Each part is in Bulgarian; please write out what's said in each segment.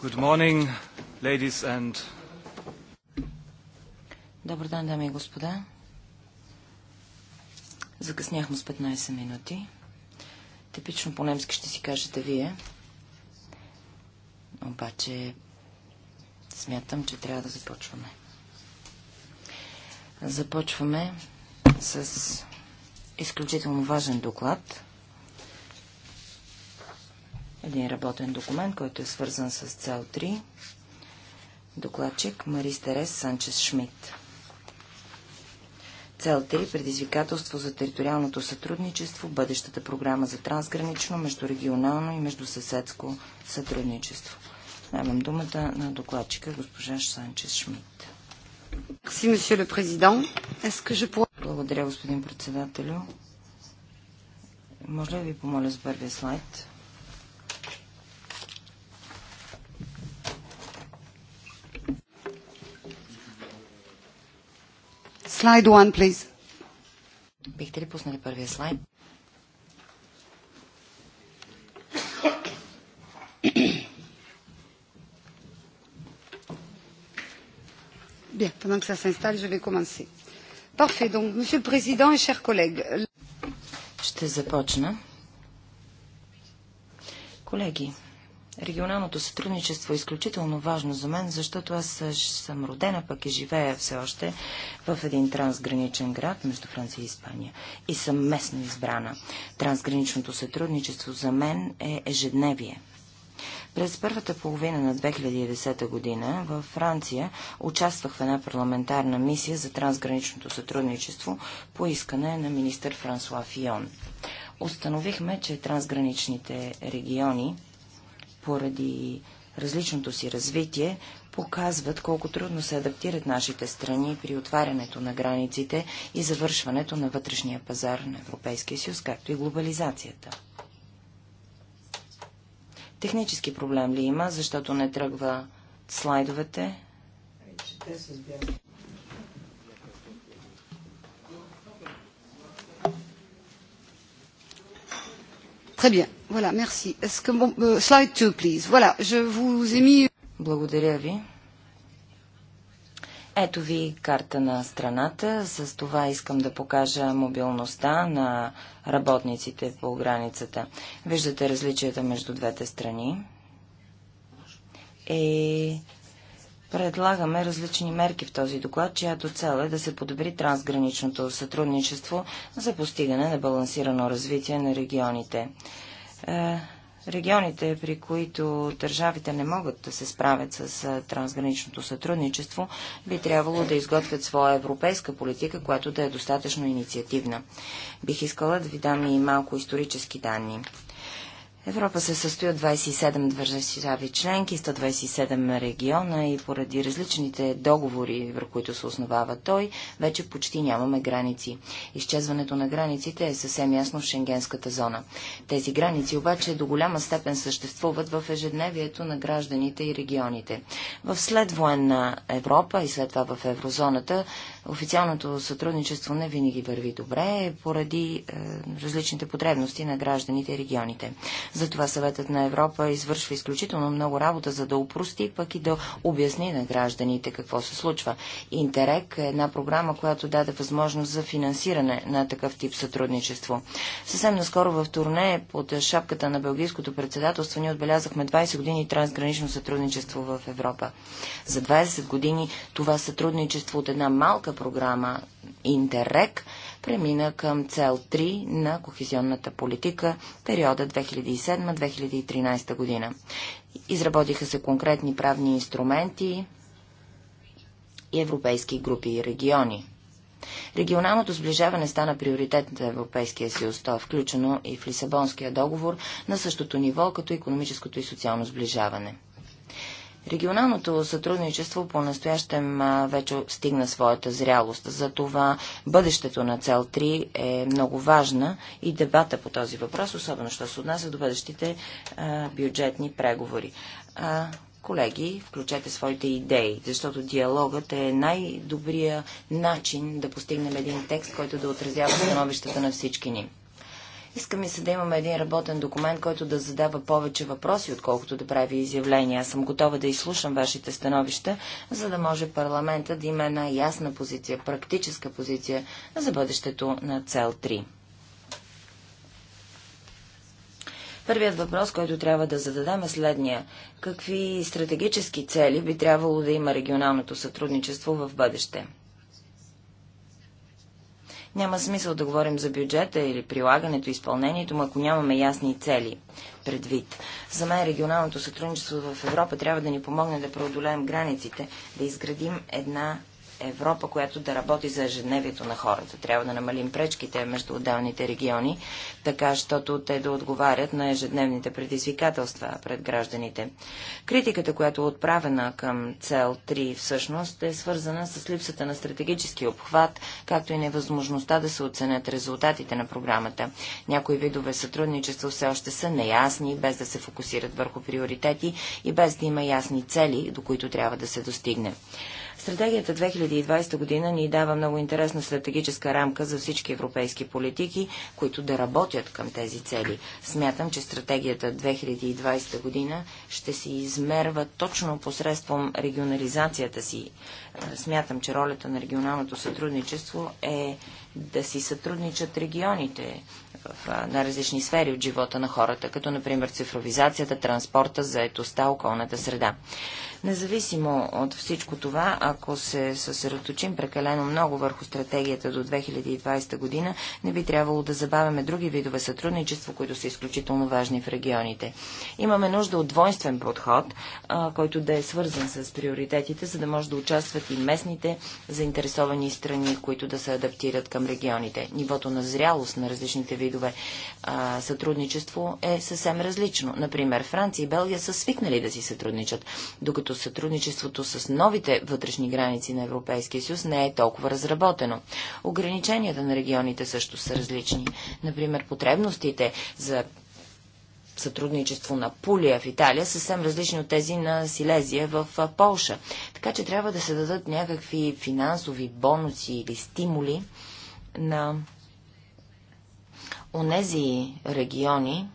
Good morning, ladies and... Добър ден, дами и господа. Закъсняхме с 15 минути. Типично по-немски ще си кажете вие. Обаче смятам, че трябва да започваме. Започваме с изключително важен доклад един работен документ, който е свързан с цел 3. Докладчик Марис Терес Санчес Шмидт. Цел 3. Предизвикателство за териториалното сътрудничество, бъдещата програма за трансгранично, междурегионално и междусъседско сътрудничество. Давам думата на докладчика госпожа Санчес Шмидт. Благодаря, господин председателю. Може ли да ви помоля с първия слайд? Слайд 1, please. Бихте ли пуснали първия слайд? Bien, pendant que ça s'installe, je vais commencer. Parfait. Donc, Monsieur le Président et chers collègues. Je Ще започна. Collègues. Регионалното сътрудничество е изключително важно за мен, защото аз съм родена, пък и живея все още в един трансграничен град между Франция и Испания. И съм местно избрана. Трансграничното сътрудничество за мен е ежедневие. През първата половина на 2010 година във Франция участвах в една парламентарна мисия за трансграничното сътрудничество по искане на министър Франсуа Фион. Установихме, че трансграничните региони поради различното си развитие, показват колко трудно се адаптират нашите страни при отварянето на границите и завършването на вътрешния пазар на Европейския съюз, както и глобализацията. Технически проблем ли има, защото не тръгва слайдовете? Е, Чете с бяло. Euh, Благодаря ви. Ето ви карта на страната. С това искам да покажа мобилността на работниците по границата. Виждате различията между двете страни. И Предлагаме различни мерки в този доклад, чиято цел е да се подобри трансграничното сътрудничество за постигане на балансирано развитие на регионите. Е, регионите, при които държавите не могат да се справят с е, трансграничното сътрудничество, би трябвало да изготвят своя европейска политика, която да е достатъчно инициативна. Бих искала да ви дам и малко исторически данни. Европа се състои от 27 държави членки, 127 региона и поради различните договори, върху които се основава той, вече почти нямаме граници. Изчезването на границите е съвсем ясно в шенгенската зона. Тези граници обаче до голяма степен съществуват в ежедневието на гражданите и регионите. В след военна Европа и след това в еврозоната официалното сътрудничество не винаги върви добре поради е, различните потребности на гражданите и регионите. Затова съветът на Европа извършва изключително много работа, за да упрости, пък и да обясни на гражданите какво се случва. Интерек е една програма, която даде възможност за финансиране на такъв тип сътрудничество. Съвсем наскоро в турне под шапката на Белгийското председателство ние отбелязахме 20 години трансгранично сътрудничество в Европа. За 20 години това сътрудничество от една малка програма Интерек – премина към цел 3 на кохезионната политика периода 2007-2013 година. Изработиха се конкретни правни инструменти и европейски групи и региони. Регионалното сближаване стана приоритет на Европейския съюз. То е включено и в Лисабонския договор на същото ниво като економическото и социално сближаване. Регионалното сътрудничество по-настоящем вече стигна своята зрялост. Затова бъдещето на цел 3 е много важна и дебата по този въпрос, особено що се отнася до бъдещите бюджетни преговори. колеги, включете своите идеи, защото диалогът е най-добрия начин да постигнем един текст, който да отразява становищата на всички ни. Иска ми се да имаме един работен документ, който да задава повече въпроси, отколкото да прави изявления. Аз съм готова да изслушам вашите становища, за да може парламента да има една ясна позиция, практическа позиция за бъдещето на цел 3. Първият въпрос, който трябва да зададем е следния. Какви стратегически цели би трябвало да има регионалното сътрудничество в бъдеще? Няма смисъл да говорим за бюджета или прилагането, и изпълнението му, ако нямаме ясни цели предвид. За мен регионалното сътрудничество в Европа трябва да ни помогне да преодолеем границите, да изградим една Европа, която да работи за ежедневието на хората. Трябва да намалим пречките между отделните региони, така, щото те да отговарят на ежедневните предизвикателства пред гражданите. Критиката, която е отправена към цел 3 всъщност, е свързана с липсата на стратегически обхват, както и невъзможността да се оценят резултатите на програмата. Някои видове сътрудничество все още са неясни, без да се фокусират върху приоритети и без да има ясни цели, до които трябва да се достигне. Стратегията 2020 година ни дава много интересна стратегическа рамка за всички европейски политики, които да работят към тези цели. Смятам, че стратегията 2020 година ще се измерва точно посредством регионализацията си. Е, смятам, че ролята на регионалното сътрудничество е да си сътрудничат регионите в, на различни сфери от живота на хората, като например цифровизацията, транспорта, заетостта, околната среда. Независимо от всичко това, ако се съсредоточим прекалено много върху стратегията до 2020 година, не би трябвало да забавяме други видове сътрудничество, които са изключително важни в регионите. Имаме нужда от двойствен подход, който да е свързан с приоритетите, за да може да участват и местните заинтересовани страни, които да се адаптират към регионите. Нивото на зрялост на различните видове сътрудничество е съвсем различно. Например, Франция и Белгия са свикнали да си сътрудничат, докато защото сътрудничеството с новите вътрешни граници на Европейския съюз не е толкова разработено. Ограниченията на регионите също са различни. Например, потребностите за сътрудничество на Пулия в Италия са съвсем различни от тези на Силезия в Полша. Така че трябва да се дадат някакви финансови бонуси или стимули на онези региони,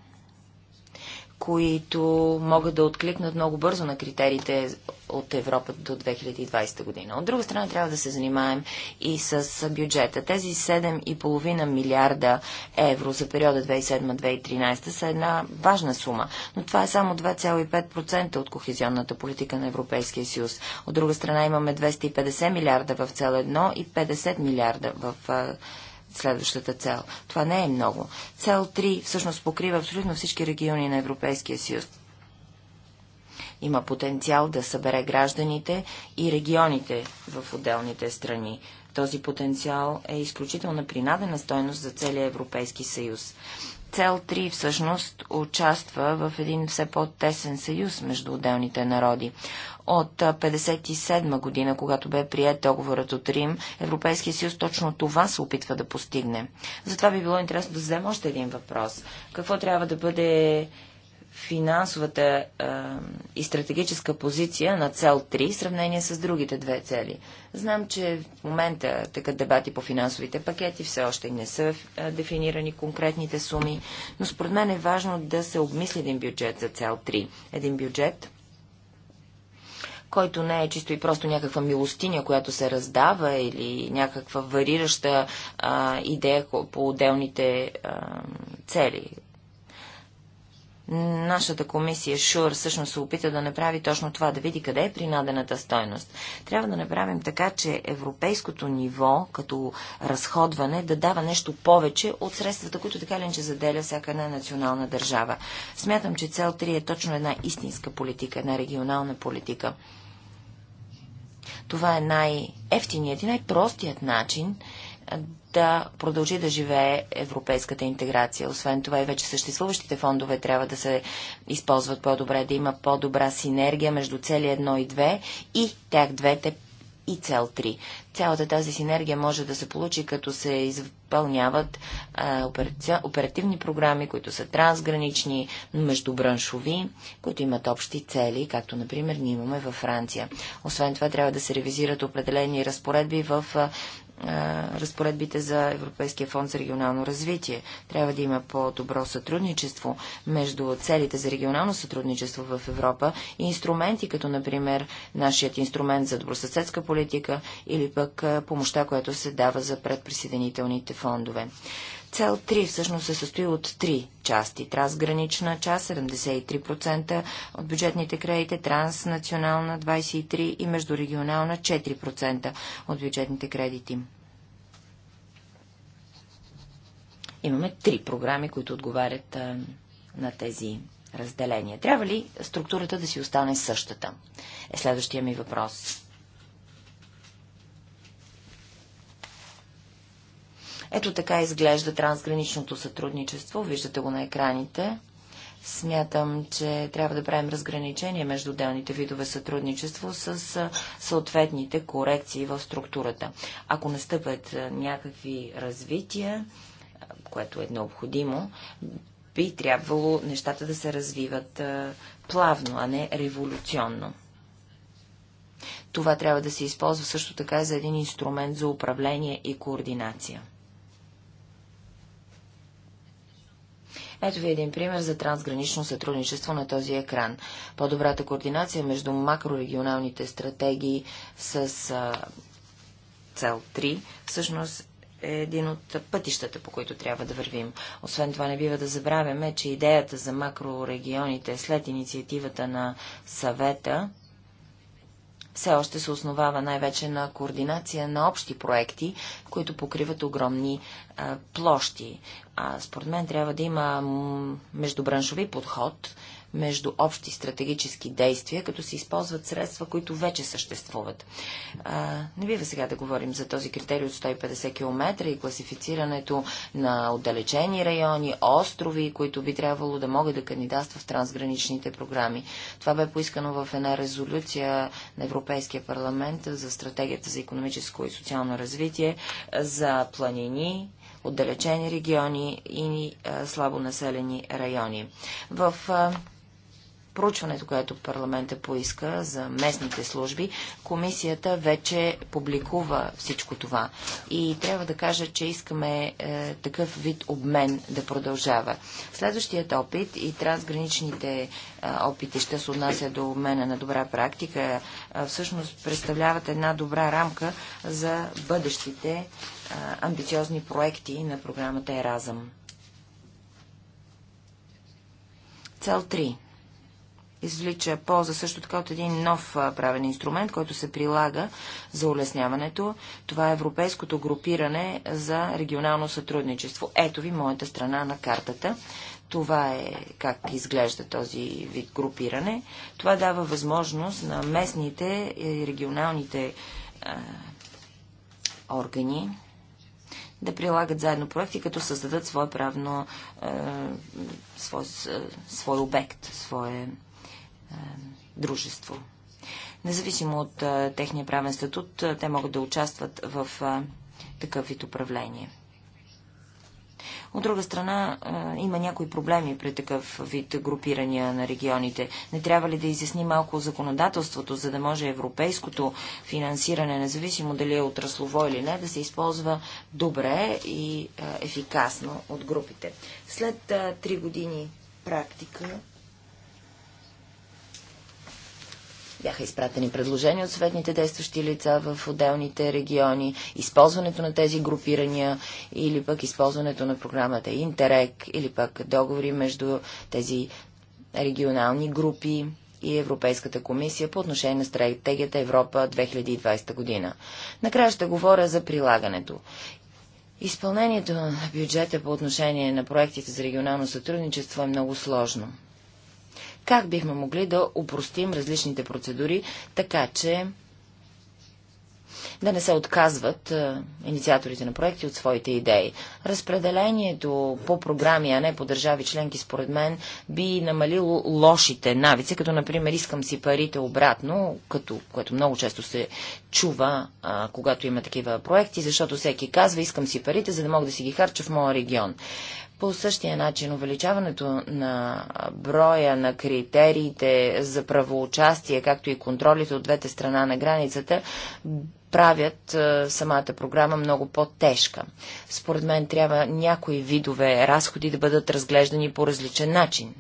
които могат да откликнат много бързо на критериите от Европа до 2020 година. От друга страна трябва да се занимаем и с бюджета. Тези 7,5 милиарда евро за периода 2007-2013 са една важна сума, но това е само 2,5% от кохезионната политика на Европейския съюз. От друга страна имаме 250 милиарда в цел 1 и 50 милиарда в следващата цел. Това не е много. Цел 3 всъщност покрива абсолютно всички региони на Европейския съюз. Има потенциал да събере гражданите и регионите в отделните страни. Този потенциал е изключително принадена стойност за целия Европейски съюз. Цел 3 всъщност участва в един все по-тесен съюз между отделните народи. От 1957 година, когато бе прият договорът от Рим, Европейския съюз точно това се опитва да постигне. Затова би било интересно да вземем още един въпрос. Какво трябва да бъде финансовата а, и стратегическа позиция на цел 3 в сравнение с другите две цели. Знам, че в момента такът дебати по финансовите пакети, все още не са а, дефинирани конкретните суми, но според мен е важно да се обмисли един бюджет за цел 3. Един бюджет, който не е чисто и просто някаква милостиня, която се раздава или някаква варираща а, идея по отделните а, цели, Нашата комисия ШУР всъщност се опита да направи точно това, да види къде е принадената стойност. Трябва да направим така, че европейското ниво като разходване да дава нещо повече от средствата, които така ли че заделя всяка една национална държава. Смятам, че цел 3 е точно една истинска политика, една регионална политика. Това е най-ефтиният и най-простият начин да продължи да живее европейската интеграция. Освен това и вече съществуващите фондове трябва да се използват по-добре, да има по-добра синергия между цели 1 и 2 и тях двете и цел 3. Цялата тази синергия може да се получи, като се изпълняват а, операци... оперативни програми, които са трансгранични, междубраншови, които имат общи цели, както, например, ние имаме във Франция. Освен това, трябва да се ревизират определени разпоредби в а, разпоредбите за Европейския фонд за регионално развитие. Трябва да има по-добро сътрудничество между целите за регионално сътрудничество в Европа и инструменти, като например нашият инструмент за добросъседска политика или пък помощта, която се дава за предприсъединителните фондове. Цел 3 всъщност се състои от три части. Трансгранична част 73% от бюджетните кредити, транснационална 23% и междурегионална 4% от бюджетните кредити. Имаме три програми, които отговарят а, на тези разделения. Трябва ли структурата да си остане същата? Е следващия ми въпрос. Ето така изглежда трансграничното сътрудничество. Виждате го на екраните. Смятам, че трябва да правим разграничение между отделните видове сътрудничество с съответните корекции в структурата. Ако настъпят някакви развития, което е необходимо, би трябвало нещата да се развиват плавно, а не революционно. Това трябва да се използва също така за един инструмент за управление и координация. Ето ви един пример за трансгранично сътрудничество на този екран. По-добрата координация между макрорегионалните стратегии с а, цел 3 всъщност е един от пътищата, по които трябва да вървим. Освен това не бива да забравяме, че идеята за макрорегионите след инициативата на съвета все още се основава най-вече на координация на общи проекти, които покриват огромни а, площи. А според мен трябва да има междубраншови подход между общи стратегически действия, като се използват средства, които вече съществуват. А, не бива сега да говорим за този критерий от 150 км и класифицирането на отдалечени райони, острови, които би трябвало да могат да кандидатстват в трансграничните програми. Това бе поискано в една резолюция на Европейския парламент за стратегията за економическо и социално развитие за планини, отдалечени региони и а, слабо населени райони. В а, проучването, което парламента поиска за местните служби, комисията вече публикува всичко това. И трябва да кажа, че искаме е, такъв вид обмен да продължава. Следващият опит и трансграничните е, опити ще се отнася до обмена на добра практика, е, всъщност представляват една добра рамка за бъдещите е, амбициозни проекти на програмата Еразъм. Цел 3 извлича полза също така от един нов правен инструмент, който се прилага за улесняването. Това е Европейското групиране за регионално сътрудничество. Ето ви моята страна на картата. Това е как изглежда този вид групиране. Това дава възможност на местните и регионалните е, органи да прилагат заедно проекти, като създадат свой правно, е, свой, свой обект, свое е, дружество. Независимо от е, техния правен статут, е, те могат да участват в такъв вид управление. От друга страна, има някои проблеми при такъв вид групирания на регионите. Не трябва ли да изясни малко законодателството, за да може европейското финансиране, независимо дали е отраслово или не, да се използва добре и ефикасно от групите? След три години практика Бяха изпратени предложения от съветните действащи лица в отделните региони, използването на тези групирания или пък използването на програмата Интерек или пък договори между тези регионални групи и Европейската комисия по отношение на стратегията Европа 2020 година. Накрая ще говоря за прилагането. Изпълнението на бюджета по отношение на проектите за регионално сътрудничество е много сложно как бихме могли да упростим различните процедури, така че да не се отказват е, инициаторите на проекти от своите идеи. Разпределението по програми, а не по държави членки, според мен, би намалило лошите навици, като, например, искам си парите обратно, като, което много често се чува, а, когато има такива проекти, защото всеки казва, искам си парите, за да мога да си ги харча в моя регион. По същия начин увеличаването на броя на критериите за правоучастие, както и контролите от двете страна на границата, правят е, самата програма много по-тежка. Според мен трябва някои видове разходи да бъдат разглеждани по различен начин.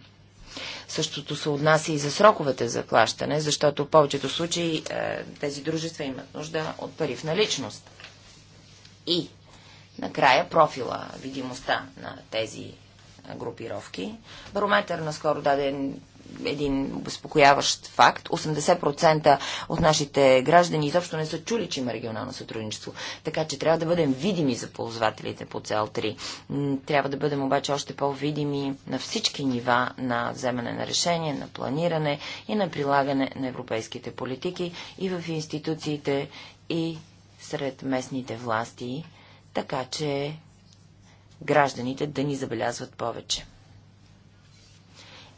Същото се отнася и за сроковете за плащане, защото в повечето случаи е, тези дружества имат нужда от пари в наличност. И Накрая профила, видимостта на тези групировки. Барометър наскоро даде един обезпокояващ факт. 80% от нашите граждани изобщо не са чули, че има регионално сътрудничество. Така че трябва да бъдем видими за ползвателите по цел 3. Трябва да бъдем обаче още по-видими на всички нива на вземане на решение, на планиране и на прилагане на европейските политики и в институциите и сред местните власти така че гражданите да ни забелязват повече.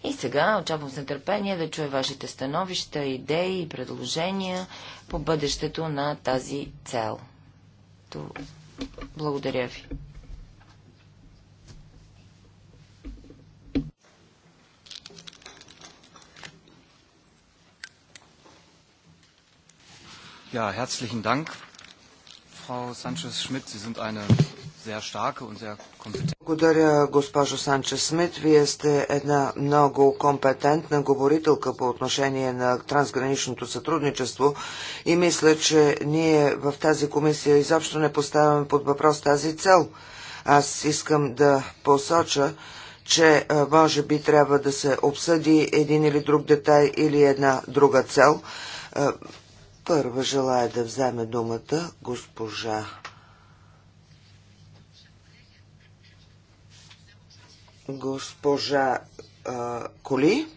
И сега очаквам с нетърпение да чуя вашите становища, идеи и предложения по бъдещето на тази цел. То... Благодаря ви. Ja, herzlichen Dank. Frau Sanchez-Schmidt. Sie sind eine sehr starke und sehr kompetente. Благодаря, госпожо Санчес Смит. Вие сте една много компетентна говорителка по отношение на трансграничното сътрудничество и мисля, че ние в тази комисия изобщо не поставяме под въпрос тази цел. Аз искам да посоча, че може би трябва да се обсъди един или друг детай или една друга цел Първа желая да вземе думата госпожа госпожа а, Коли.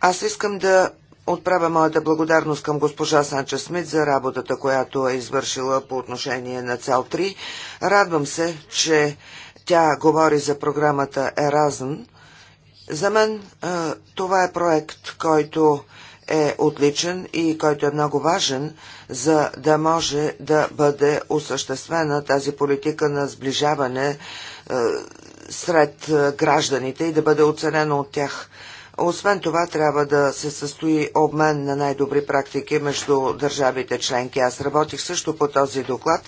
Аз искам да отправя моята благодарност към госпожа Санча Смит за работата, която е извършила по отношение на цел 3. Радвам се, че тя говори за програмата Еразън за мен това е проект, който е отличен и който е много важен, за да може да бъде осъществена тази политика на сближаване сред гражданите и да бъде оценено от тях. Освен това, трябва да се състои обмен на най-добри практики между държавите членки. Аз работих също по този доклад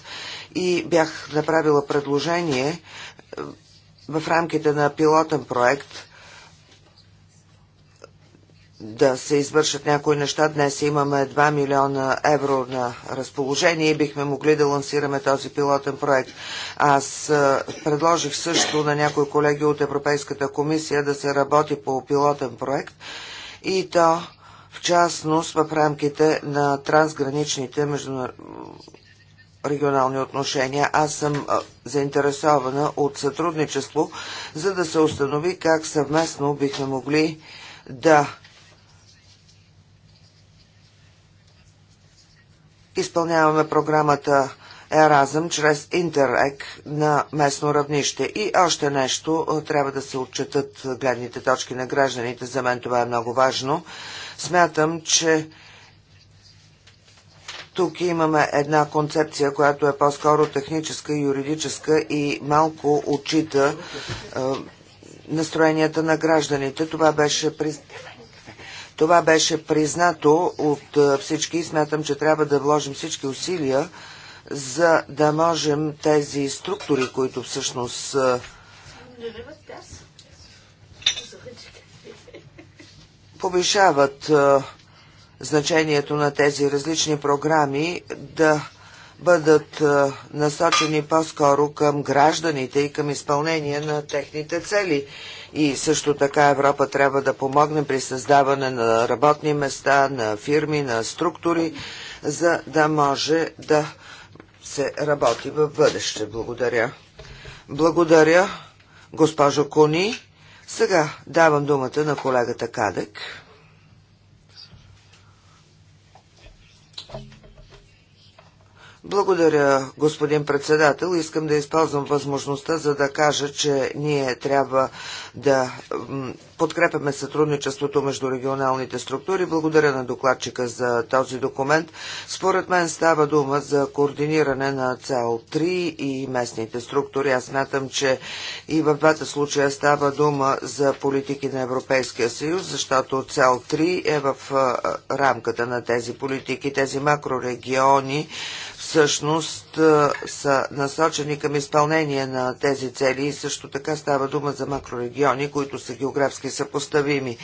и бях направила предложение в рамките на пилотен проект – да се извършат някои неща. Днес имаме 2 милиона евро на разположение и бихме могли да лансираме този пилотен проект. Аз предложих също на някои колеги от Европейската комисия да се работи по пилотен проект и то в частност в рамките на трансграничните международни регионални отношения. Аз съм заинтересована от сътрудничество, за да се установи как съвместно бихме могли да изпълняваме програмата Еразъм чрез Интерек на местно равнище. И още нещо, е, трябва да се отчетат гледните точки на гражданите. За мен това е много важно. Смятам, че тук имаме една концепция, която е по-скоро техническа, юридическа и малко отчита е, настроенията на гражданите. Това беше при това беше признато от всички и смятам, че трябва да вложим всички усилия, за да можем тези структури, които всъщност повишават значението на тези различни програми, да бъдат насочени по-скоро към гражданите и към изпълнение на техните цели. И също така Европа трябва да помогне при създаване на работни места, на фирми, на структури, за да може да се работи в бъдеще. Благодаря. Благодаря, госпожо Куни. Сега давам думата на колегата Кадек. Благодаря, господин председател. Искам да използвам възможността, за да кажа, че ние трябва да подкрепяме сътрудничеството между регионалните структури. Благодаря на докладчика за този документ. Според мен става дума за координиране на цел 3 и местните структури. Аз смятам, че и в двата случая става дума за политики на Европейския съюз, защото цел 3 е в рамката на тези политики. Тези макрорегиони всъщност са насочени към изпълнение на тези цели и също така става дума за макрорегиони, които са географски съпоставими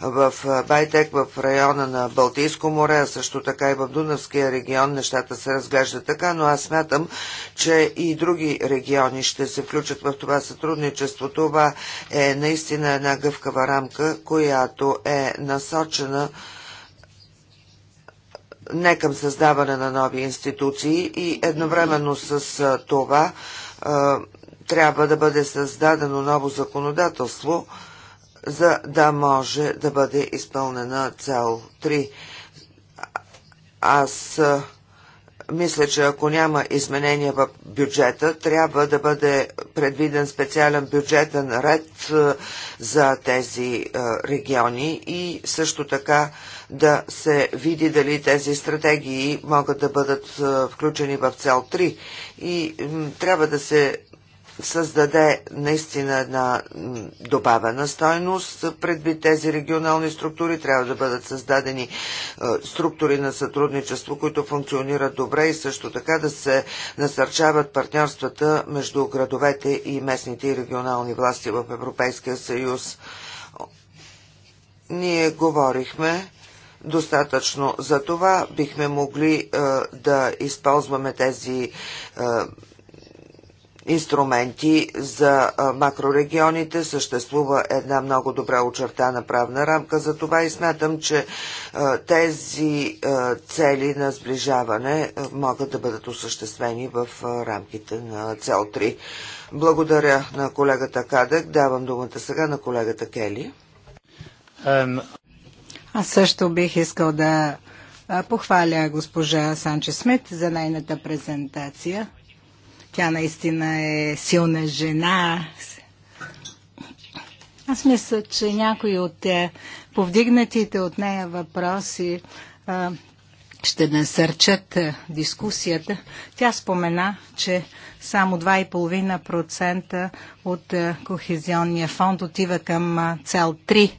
в Байтек, в района на Балтийско море, а също така и в Дунавския регион нещата се разглеждат така, но аз смятам, че и други региони ще се включат в това сътрудничество. Това е наистина една гъвкава рамка, която е насочена не към създаване на нови институции и едновременно с това трябва да бъде създадено ново законодателство, за да може да бъде изпълнена цел 3. Аз мисля, че ако няма изменения в бюджета, трябва да бъде предвиден специален бюджетен ред е, за тези е, региони и също така да се види дали тези стратегии могат да бъдат е, включени в цел 3. И трябва да се създаде наистина една добавена стойност предвид тези регионални структури. Трябва да бъдат създадени е, структури на сътрудничество, които функционират добре и също така да се насърчават партньорствата между градовете и местните и регионални власти в Европейския съюз. Ние говорихме достатъчно за това. Бихме могли е, да използваме тези е, инструменти за макрорегионите. Съществува една много добре очертана правна рамка за това и смятам, че тези цели на сближаване могат да бъдат осъществени в рамките на цел 3. Благодаря на колегата Кадък. Давам думата сега на колегата Кели. Аз също бих искал да похваля госпожа Санче Смит за нейната презентация. Тя наистина е силна жена. Аз мисля, че някои от повдигнатите от нея въпроси а, ще насърчат дискусията. Тя спомена, че само 2,5% от Кохезионния фонд отива към цел 3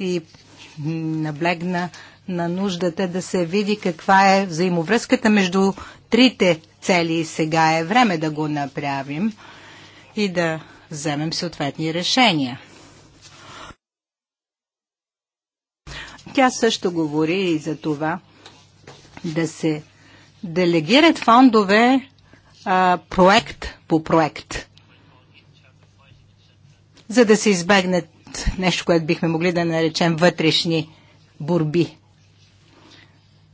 и наблегна на нуждата да се види каква е взаимовръзката между трите цели. Сега е време да го направим и да вземем съответни решения. Тя също говори и за това да се делегират фондове а, проект по проект, за да се избегнат нещо, което бихме могли да наречем вътрешни борби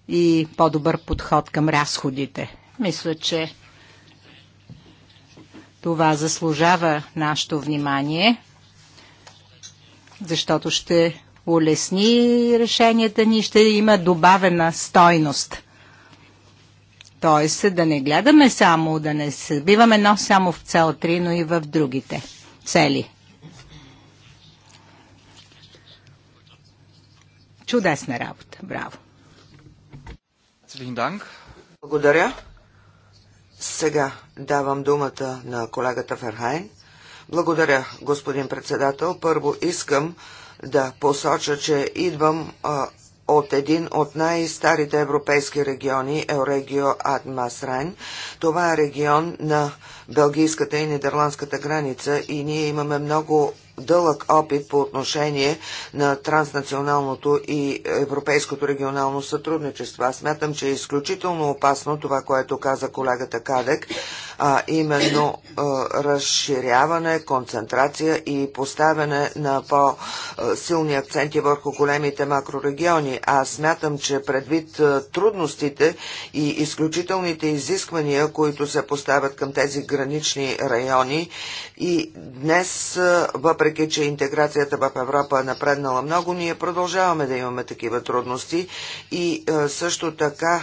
и по-добър подход към разходите. Мисля, че това заслужава нашето внимание, защото ще улесни решенията ни, ще има добавена стойност. Тоест да не гледаме само, да не се биваме но само в цел 3, но и в другите цели. Чудесна работа. Браво. Благодаря. Сега давам думата на колегата Ферхайн. Благодаря, господин председател. Първо искам да посоча, че идвам а, от един от най-старите европейски региони, Еорегио Адмасрайн. Това е регион на белгийската и нидерландската граница и ние имаме много дълъг опит по отношение на транснационалното и европейското регионално сътрудничество. Аз смятам, че е изключително опасно това, което каза колегата Кадек, а именно разширяване, концентрация и поставяне на по-силни акценти върху големите макрорегиони. Аз смятам, че предвид трудностите и изключителните изисквания, които се поставят към тези гранични райони и днес, въпреки въпреки че интеграцията в Европа е напреднала много, ние продължаваме да имаме такива трудности и е, също така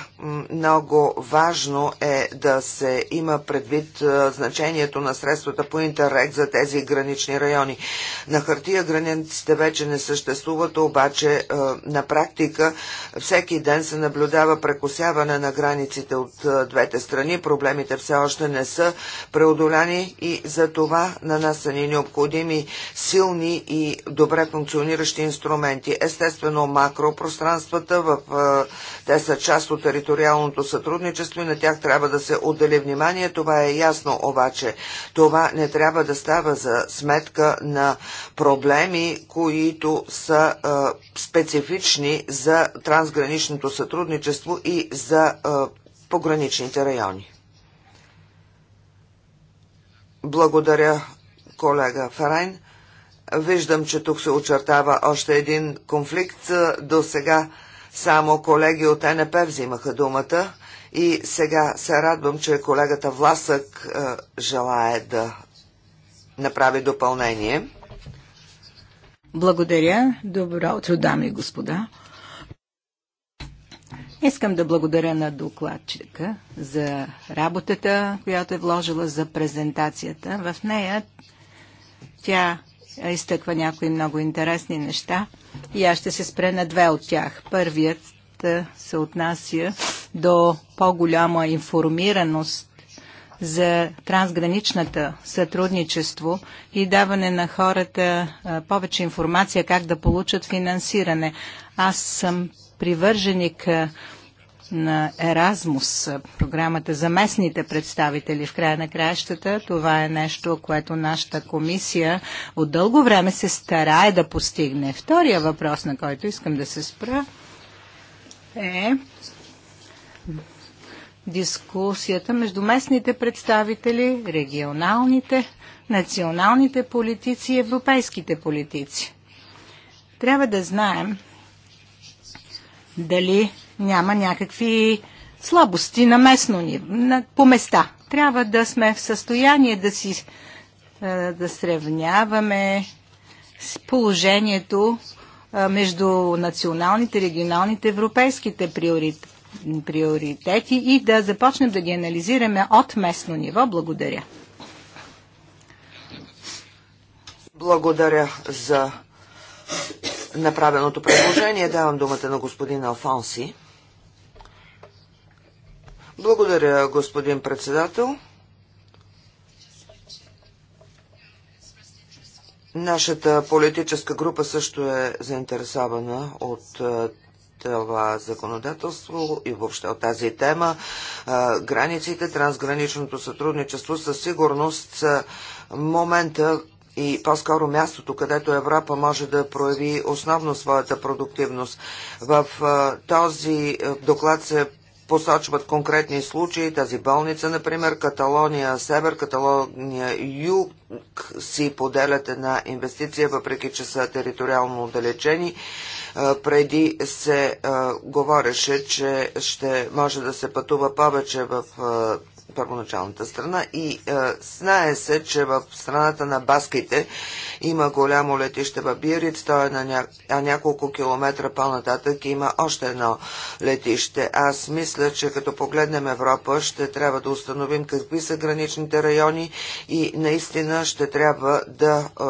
много важно е да се има предвид е, значението на средствата по интеррект за тези гранични райони. На хартия границите вече не съществуват, обаче е, на практика всеки ден се наблюдава прекосяване на границите от двете страни. Проблемите все още не са преодоляни и за това на нас са ни необходими силни и добре функциониращи инструменти. Естествено, макропространствата, в, е, те са част от териториалното сътрудничество и на тях трябва да се отдели внимание. Това е ясно, обаче това не трябва да става за сметка на проблеми, които са е, специфични за трансграничното сътрудничество и за е, пограничните райони. Благодаря, колега Фарайн. Виждам, че тук се очертава още един конфликт. До сега само колеги от НП взимаха думата и сега се радвам, че колегата Власък е, желае да направи допълнение. Благодаря. Добро утро, дами и господа. Искам да благодаря на докладчика за работата, която е вложила за презентацията. В нея тя изтъква някои много интересни неща и аз ще се спре на две от тях. Първият се отнася до по-голяма информираност за трансграничната сътрудничество и даване на хората повече информация как да получат финансиране. Аз съм привърженик на Еразмус, програмата за местните представители. В края на краищата това е нещо, което нашата комисия от дълго време се старае да постигне. Втория въпрос, на който искам да се спра, е дискусията между местните представители, регионалните, националните политици и европейските политици. Трябва да знаем дали няма някакви слабости на местно ниво, на, по места. Трябва да сме в състояние да си е, да сравняваме с положението е, между националните, регионалните, европейските приоритети и да започнем да ги анализираме от местно ниво. Благодаря. Благодаря за направеното предложение. Давам думата на господин Алфонси. Благодаря, господин председател. Нашата политическа група също е заинтересована от това законодателство и въобще от тази тема. Границите, трансграничното сътрудничество със сигурност са момента и по-скоро мястото, където Европа може да прояви основно своята продуктивност. В този доклад се посочват конкретни случаи. Тази болница, например, Каталония Север, Каталония Юг си поделят една инвестиция, въпреки че са териториално отдалечени. Преди се говореше, че ще може да се пътува повече в първоначалната страна и е, знае се, че в страната на Баските има голямо летище в Бирит, то е на ня... а няколко километра по-нататък има още едно летище. Аз мисля, че като погледнем Европа, ще трябва да установим какви са граничните райони и наистина ще трябва да е,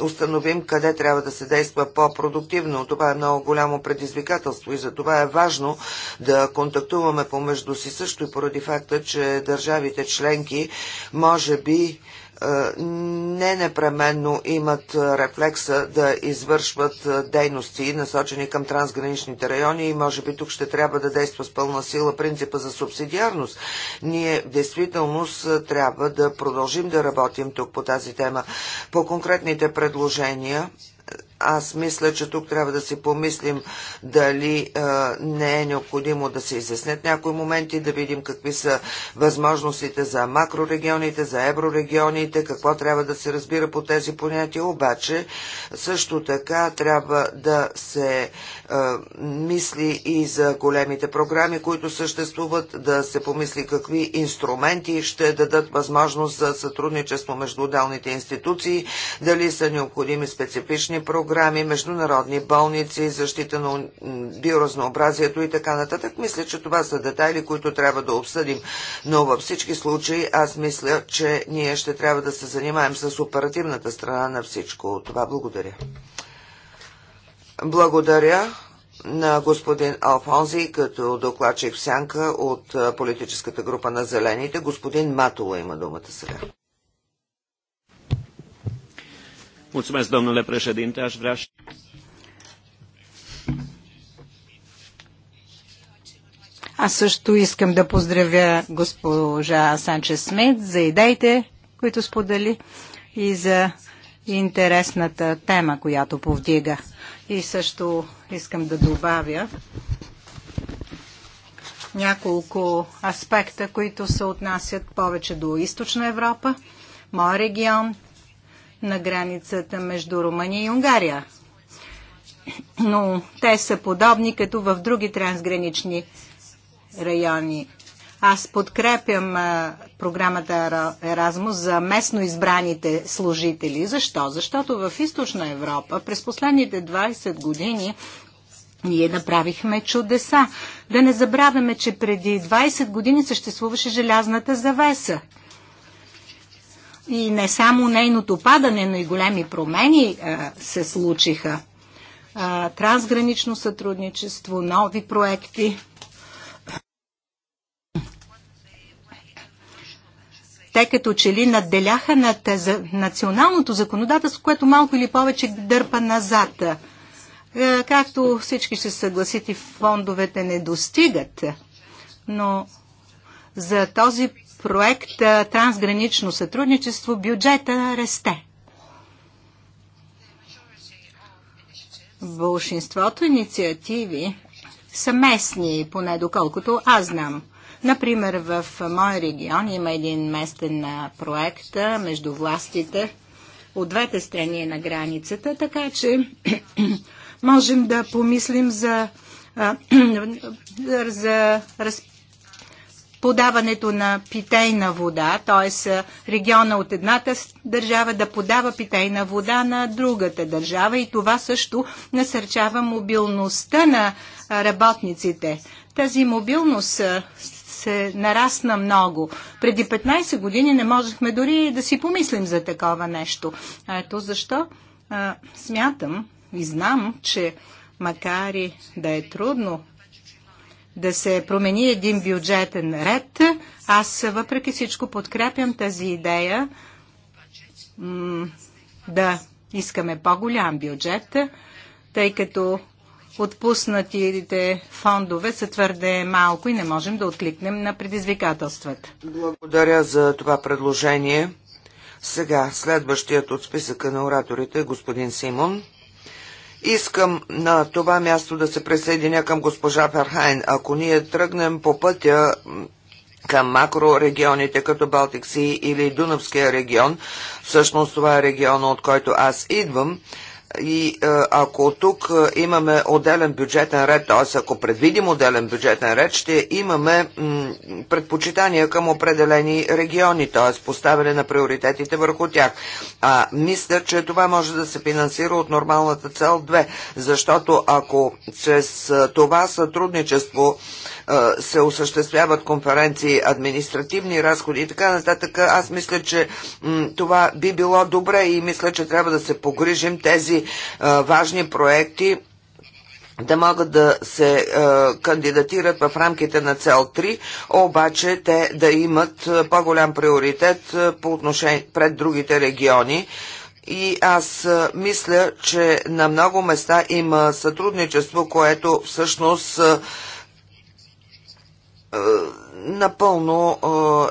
установим къде трябва да се действа по-продуктивно. Това е много голямо предизвикателство и за това е важно да контактуваме помежду си също и поради факта, че държавите членки може би е, не непременно имат рефлекса да извършват е, дейности, насочени към трансграничните райони и може би тук ще трябва да действа с пълна сила принципа за субсидиарност. Ние в действителност е, трябва да продължим да работим тук по тази тема. По конкретните предложения аз мисля, че тук трябва да си помислим дали а, не е необходимо да се изяснят някои моменти, да видим какви са възможностите за макрорегионите, за еврорегионите, какво трябва да се разбира по тези понятия. Обаче също така трябва да се а, мисли и за големите програми, които съществуват, да се помисли какви инструменти ще дадат възможност за сътрудничество между отделните институции, дали са необходими специфични програми програми, международни болници, защита на биоразнообразието и така нататък. Мисля, че това са детайли, които трябва да обсъдим. Но във всички случаи аз мисля, че ние ще трябва да се занимаем с оперативната страна на всичко. Това благодаря. Благодаря на господин Алфонзи като докладчик в сянка от политическата група на Зелените. Господин Матула има думата сега. domnule președinte. Aș vrea și... Аз също искам да поздравя госпожа Санчес Смит за идеите, които сподели и за интересната тема, която повдига. И също искам да добавя няколко аспекта, които се отнасят повече до Източна Европа, моя регион на границата между Румъния и Унгария. Но те са подобни като в други трансгранични райони. Аз подкрепям програмата Еразмус за местно избраните служители. Защо? Защото в Източна Европа през последните 20 години ние направихме чудеса. Да не забравяме, че преди 20 години съществуваше желязната завеса и не само нейното падане, но и големи промени а, е, се случиха. А, е, трансгранично сътрудничество, нови проекти. Те като че ли надделяха на теза, националното законодателство, което малко или повече дърпа назад. А, е, както всички ще съгласите, фондовете не достигат, но за този проект Трансгранично сътрудничество бюджета расте. Большинството инициативи са местни, поне доколкото аз знам. Например, в мой регион има един местен проект между властите от двете страни на границата, така че можем да помислим за, за раз, подаването на питейна вода, т.е. региона от едната държава да подава питейна вода на другата държава и това също насърчава мобилността на работниците. Тази мобилност се нарасна много. Преди 15 години не можехме дори да си помислим за такова нещо. Ето защо а, смятам и знам, че макар и да е трудно да се промени един бюджетен ред. Аз въпреки всичко подкрепям тази идея да искаме по-голям бюджет, тъй като отпуснатите фондове са твърде малко и не можем да откликнем на предизвикателствата. Благодаря за това предложение. Сега следващият от списъка на ораторите е господин Симон. Искам на това място да се присъединя към госпожа Ферхайн. Ако ние тръгнем по пътя към макрорегионите като Балтик Си или Дунавския регион, всъщност това е региона, от който аз идвам, и е, ако тук е, имаме отделен бюджетен ред, т.е. ако предвидим отделен бюджетен ред, ще имаме предпочитания към определени региони, т.е. поставяне на приоритетите върху тях. А, мисля, че това може да се финансира от нормалната цел 2, защото ако чрез е, това сътрудничество се осъществяват конференции, административни разходи и така нататък. Аз мисля, че това би било добре и мисля, че трябва да се погрижим тези важни проекти да могат да се е, кандидатират в рамките на цел 3, обаче те да имат по-голям приоритет по отношение пред другите региони. И аз мисля, че на много места има сътрудничество, което всъщност е, е, напълно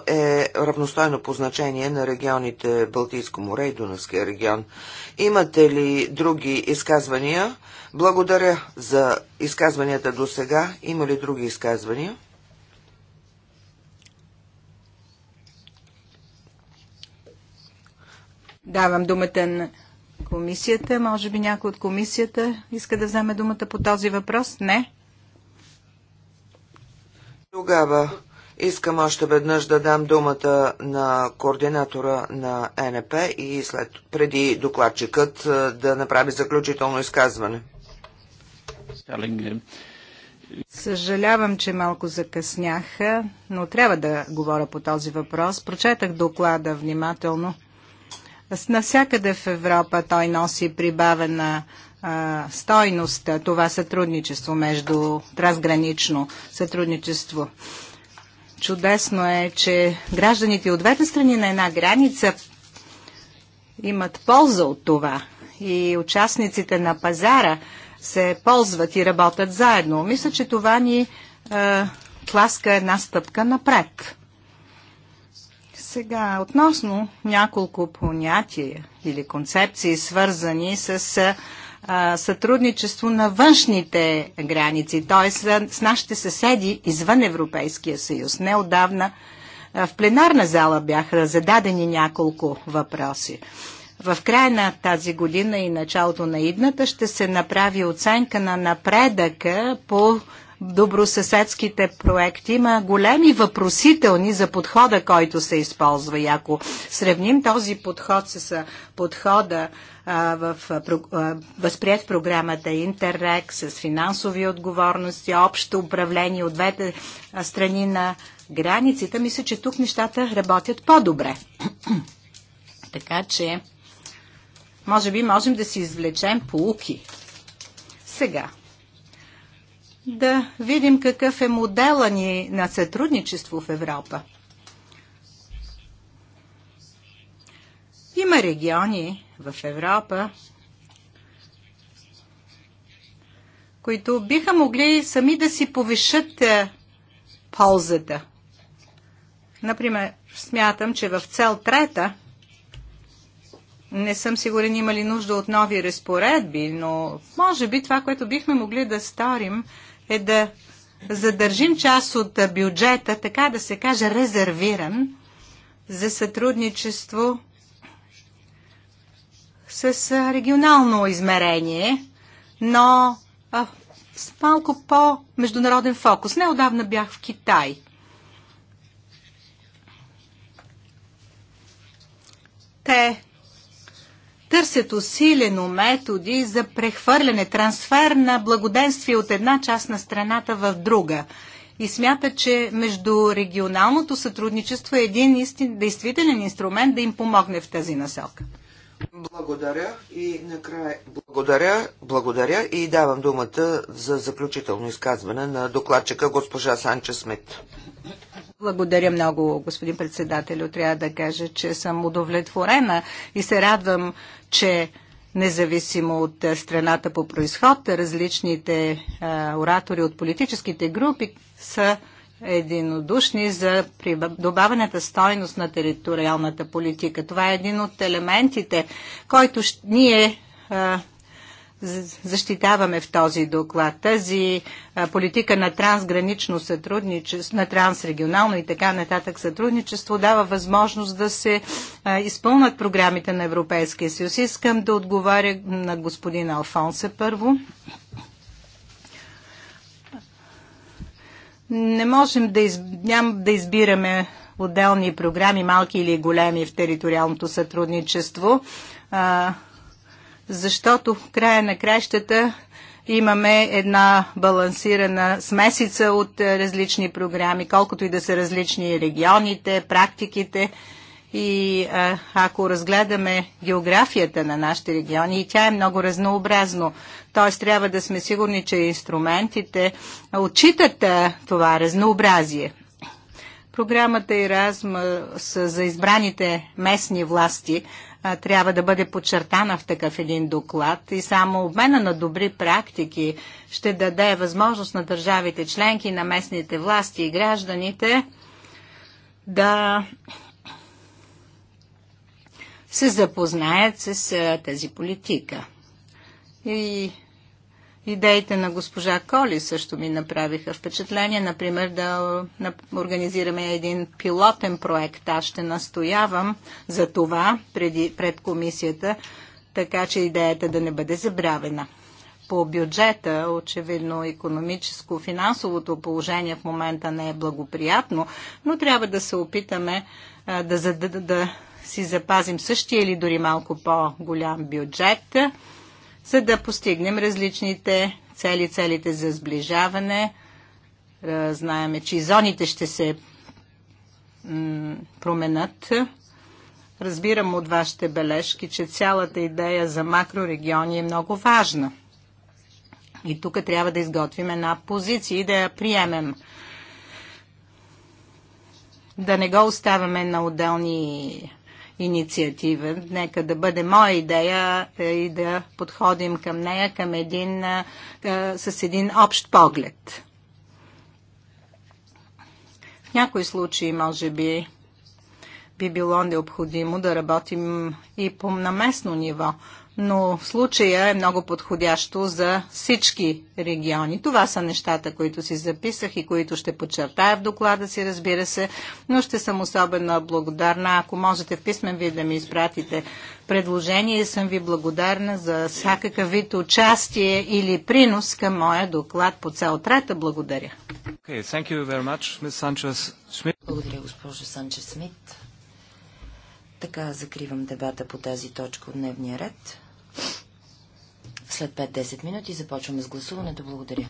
е равностойно по значение на регионите Балтийско море и Дунавския регион. Имате ли други изказвания? Благодаря за изказванията до сега. Има ли други изказвания? Давам думата на комисията. Може би някой от комисията иска да вземе думата по този въпрос? Не. Тогава искам още веднъж да дам думата на координатора на НП и след, преди докладчикът е, да направи заключително изказване. Е, Съжалявам, че малко закъсняха, но трябва да говоря по този въпрос. Прочетах доклада внимателно. Навсякъде в Европа той носи прибавена стойност това сътрудничество между трансгранично сътрудничество. Чудесно е, че гражданите от двете страни на една граница имат полза от това и участниците на пазара се ползват и работят заедно. Мисля, че това ни е, тласка една стъпка напред. Сега, относно няколко понятия или концепции, свързани с сътрудничество на външните граници, т.е. с нашите съседи извън Европейския съюз. Неодавна в пленарна зала бяха зададени няколко въпроси. В края на тази година и началото на идната ще се направи оценка на напредъка по добросъседските проекти. Има големи въпросителни за подхода, който се използва. И ако сравним този подход с подхода в, възприят програмата Интеррек с финансови отговорности, общо управление от двете страни на границите. Мисля, че тук нещата работят по-добре. така че, може би, можем да си извлечем полуки. Сега, да видим какъв е модела ни на сътрудничество в Европа. Има региони, в Европа, които биха могли сами да си повишат е, ползата. Например, смятам, че в цел трета не съм сигурен има ли нужда от нови разпоредби, но може би това, което бихме могли да сторим е да задържим част от бюджета, така да се каже резервиран, за сътрудничество с регионално измерение, но а, с малко по-международен фокус. Неодавна бях в Китай. Те търсят усилено методи за прехвърляне, трансфер на благоденствие от една част на страната в друга. И смята, че между регионалното сътрудничество е един истин, действителен инструмент да им помогне в тази насока. Благодаря и накрая благодаря, благодаря и давам думата за заключително изказване на докладчика госпожа Санче Смит. Благодаря много, господин председател, Трябва да кажа, че съм удовлетворена и се радвам, че независимо от страната по происход, различните а, оратори от политическите групи са единодушни за добавената стойност на териториалната политика. Това е един от елементите, който ние защитаваме в този доклад. Тази политика на трансгранично сътрудничество, на трансрегионално и така нататък сътрудничество дава възможност да се изпълнат програмите на Европейския съюз. Искам да отговаря на господин Алфонсе първо. Не можем да, из... Ням да избираме отделни програми, малки или големи в териториалното сътрудничество, а, защото в края на кращата имаме една балансирана смесица от различни програми, колкото и да са различни регионите, практиките и а, ако разгледаме географията на нашите региони, и тя е много разнообразно, т.е. трябва да сме сигурни, че инструментите отчитат това разнообразие. Програмата Еразма за избраните местни власти а, трябва да бъде подчертана в такъв един доклад и само обмена на добри практики ще даде възможност на държавите членки, на местните власти и гражданите да се запознаят с тази политика. И Идеите на госпожа Коли също ми направиха впечатление, например да организираме един пилотен проект. Аз ще настоявам за това преди, пред комисията, така че идеята да не бъде забравена. По бюджета, очевидно, економическо-финансовото положение в момента не е благоприятно, но трябва да се опитаме а, да, да, да си запазим същия или дори малко по-голям бюджет, за да постигнем различните цели, целите за сближаване. Е, знаеме, че и зоните ще се променят. Разбирам от вашите бележки, че цялата идея за макрорегиони е много важна. И тук трябва да изготвим една позиция и да я приемем. Да не го оставяме на отделни инициатива. Нека да бъде моя идея е, и да подходим към нея към един, е, е, с един общ поглед. В някои случаи, може би, би било необходимо да работим и по наместно ниво, но в случая е много подходящо за всички региони. Това са нещата, които си записах и които ще подчертая в доклада си, разбира се, но ще съм особено благодарна, ако можете в писмен вид да ми изпратите предложение. Съм ви благодарна за всякакъв вид участие или принос към моя доклад по цел трета. Благодаря. Okay, thank you very much, Ms. Sanchez Smith. Благодаря, госпожо Санчес Смит. Така закривам дебата по тази точка от дневния ред. След 5-10 минути започваме с гласуването. Благодаря.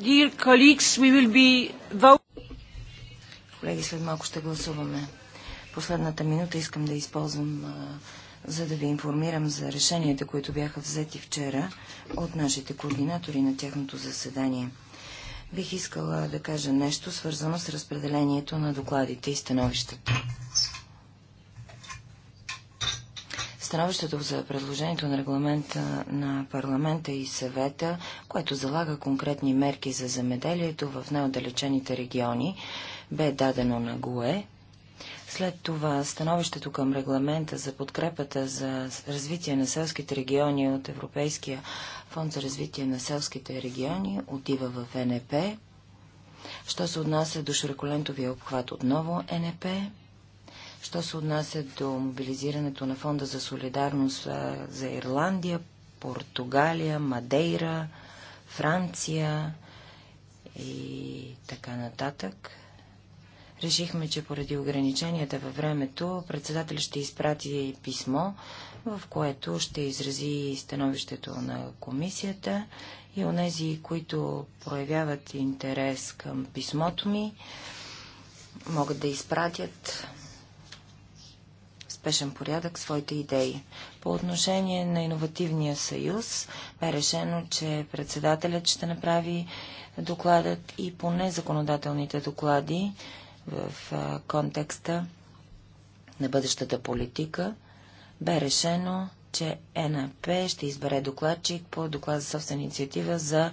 Dear colleagues, we will be Колеги, след малко ще гласуваме. Последната минута искам да използвам, а, за да ви информирам за решенията, които бяха взети вчера от нашите координатори на тяхното заседание. Бих искала да кажа нещо, свързано с разпределението на докладите и становищата. Становището за предложението на регламента на парламента и съвета, което залага конкретни мерки за замеделието в най-отдалечените региони, бе дадено на ГУЕ. След това становището към регламента за подкрепата за развитие на селските региони от Европейския фонд за развитие на селските региони отива в НП. Що се отнася до широколентовия обхват отново НП, Що се отнася до мобилизирането на Фонда за солидарност за Ирландия, Португалия, Мадейра, Франция и така нататък, решихме, че поради ограниченията във времето, председател ще изпрати писмо, в което ще изрази становището на комисията и онези, които проявяват интерес към писмото ми, могат да изпратят спешен порядък своите идеи. По отношение на иновативния съюз бе решено, че председателят ще направи докладът и поне законодателните доклади в контекста на бъдещата политика. Бе решено, че НАП ще избере докладчик по доклад за собствена инициатива за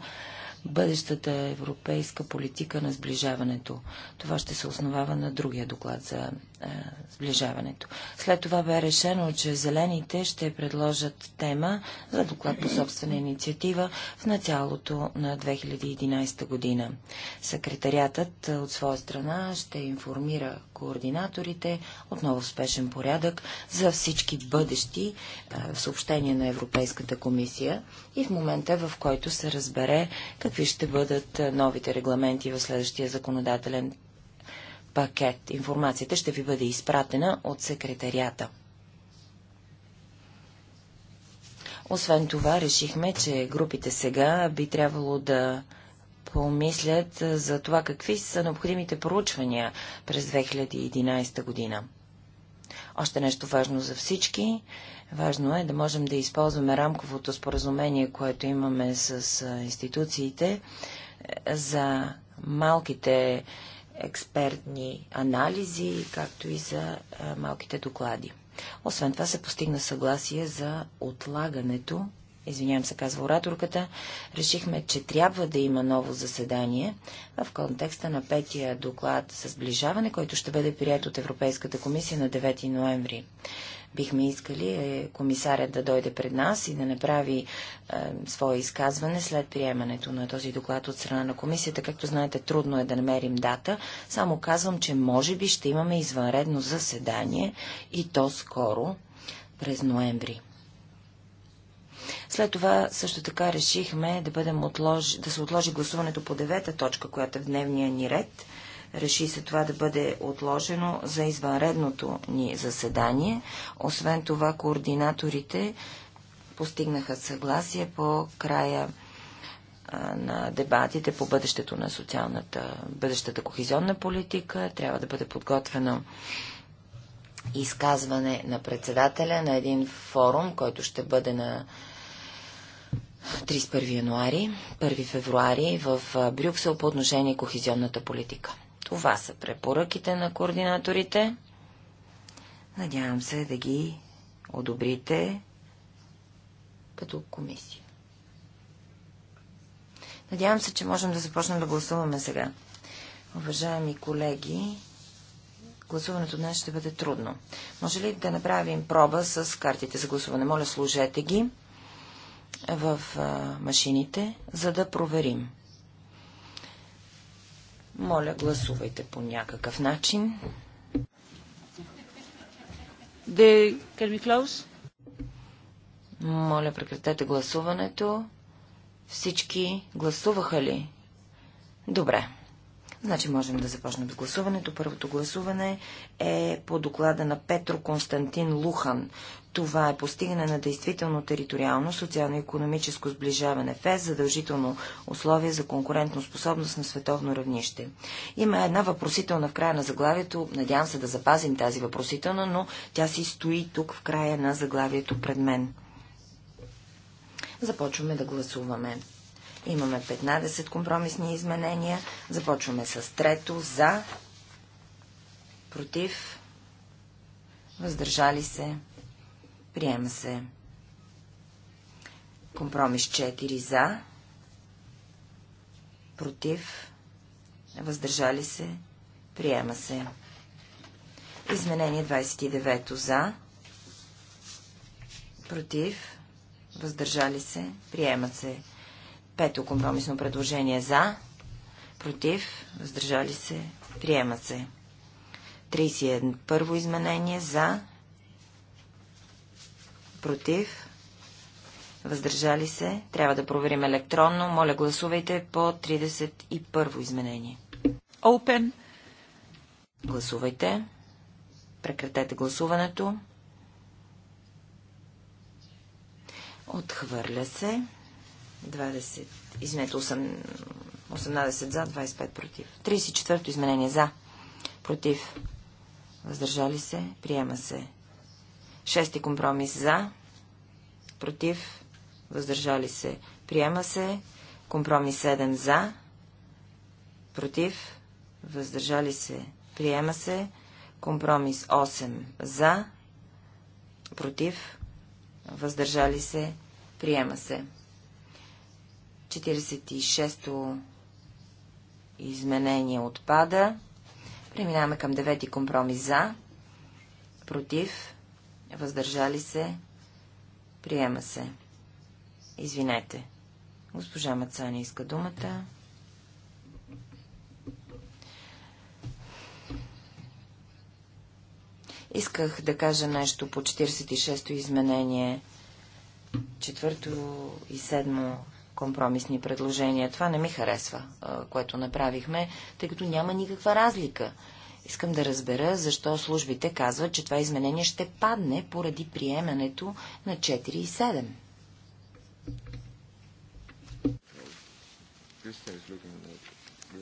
бъдещата европейска политика на сближаването. Това ще се основава на другия доклад за а, е, сближаването. След това бе решено, че зелените ще предложат тема за доклад по собствена инициатива в началото на 2011 година. Секретариатът е, от своя страна ще информира координаторите отново в спешен порядък за всички бъдещи а, е, съобщения на Европейската комисия и в момента, в който се разбере какви ще бъдат новите регламенти в следващия законодателен пакет. Информацията ще ви бъде изпратена от секретарията. Освен това, решихме, че групите сега би трябвало да помислят за това какви са необходимите проучвания през 2011 година. Още нещо важно за всички. Важно е да можем да използваме рамковото споразумение, което имаме с институциите е, за малките експертни анализи, както и за малките доклади. Освен това се постигна съгласие за отлагането, извинявам се, казва ораторката, решихме, че трябва да има ново заседание в контекста на петия доклад за сближаване, който ще бъде прият от Европейската комисия на 9 ноември бихме искали е комисарят да дойде пред нас и да направи е, свое изказване след приемането на този доклад от страна на комисията. Както знаете, трудно е да намерим дата. Само казвам, че може би ще имаме извънредно заседание и то скоро през ноември. След това също така решихме да, бъдем отлож... да се отложи гласуването по девета точка, която е в дневния ни ред – Реши се това да бъде отложено за извънредното ни заседание. Освен това, координаторите постигнаха съгласие по края на дебатите по бъдещето на социалната, бъдещата кохезионна политика. Трябва да бъде подготвено изказване на председателя на един форум, който ще бъде на 31 януари, 1 февруари в Брюксел по отношение кохезионната политика. Това са препоръките на координаторите. Надявам се да ги одобрите като комисия. Надявам се, че можем да започнем да гласуваме сега. Уважаеми колеги, гласуването днес ще бъде трудно. Може ли да направим проба с картите за гласуване? Моля, служете ги в машините, за да проверим. Моля, гласувайте по някакъв начин. The... Can we close? Моля, прекратете гласуването. Всички гласуваха ли? Добре. Значи можем да започнем с гласуването. Първото гласуване е по доклада на Петро Константин Лухан. Това е постигане на действително териториално, социално-економическо сближаване в ЕС, задължително условие за конкурентно способност на световно равнище. Има една въпросителна в края на заглавието. Надявам се да запазим тази въпросителна, но тя си стои тук в края на заглавието пред мен. Започваме да гласуваме. Имаме 15 компромисни изменения. Започваме с трето за, против, въздържали се. Приема се. Компромис 4 за. Против. Въздържали се. Приема се. Изменение 29 за. Против. Въздържали се. Приема се. Пето компромисно предложение за. Против. Въздържали се. Приема се. 31 първо изменение за против, въздържали се. Трябва да проверим електронно. Моля, гласувайте по 31 изменение. Open. Гласувайте. Прекратете гласуването. Отхвърля се. 20, извинете, 8, 18 за, 25 против. 34-то изменение за, против. Въздържали се, приема се. Шести компромис за, против, въздържали се, приема се. Компромис 7 за, против, въздържали се, приема се. Компромис 8 за, против, въздържали се, приема се. 46-то изменение отпада. Преминаваме към 9-ти компромис за, против, въздържали се, приема се. Извинете. Госпожа Мацани иска думата. Исках да кажа нещо по 46-то изменение, четвърто и седмо компромисни предложения. Това не ми харесва, което направихме, тъй като няма никаква разлика Искам да разбера, защо службите казват, че това изменение ще падне поради приемането на 4 и 7.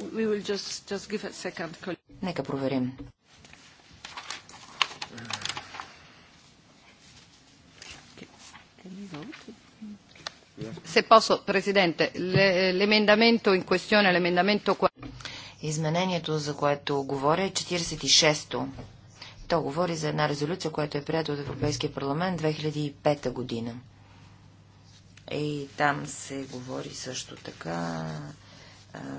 Just, just second... Нека проверим. Се посо, президенте, l'emendamento in questione, l'emendamento Изменението, за което говоря, е 46-то. То говори за една резолюция, която е прията от Европейския парламент 2005 година. И там се говори също така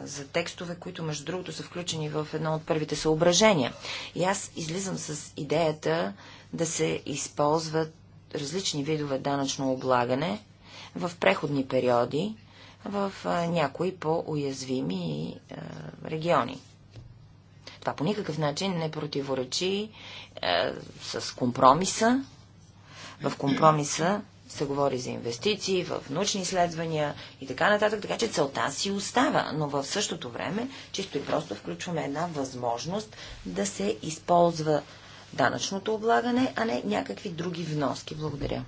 за текстове, които между другото са включени в едно от първите съображения. И аз излизам с идеята да се използват различни видове данъчно облагане в преходни периоди, в някои по-уязвими региони. Това по никакъв начин не противоречи с компромиса. В компромиса се говори за инвестиции, в научни изследвания и така нататък, така че целта си остава, но в същото време чисто и просто включваме една възможност да се използва данъчното облагане, а не някакви други вноски. Благодаря.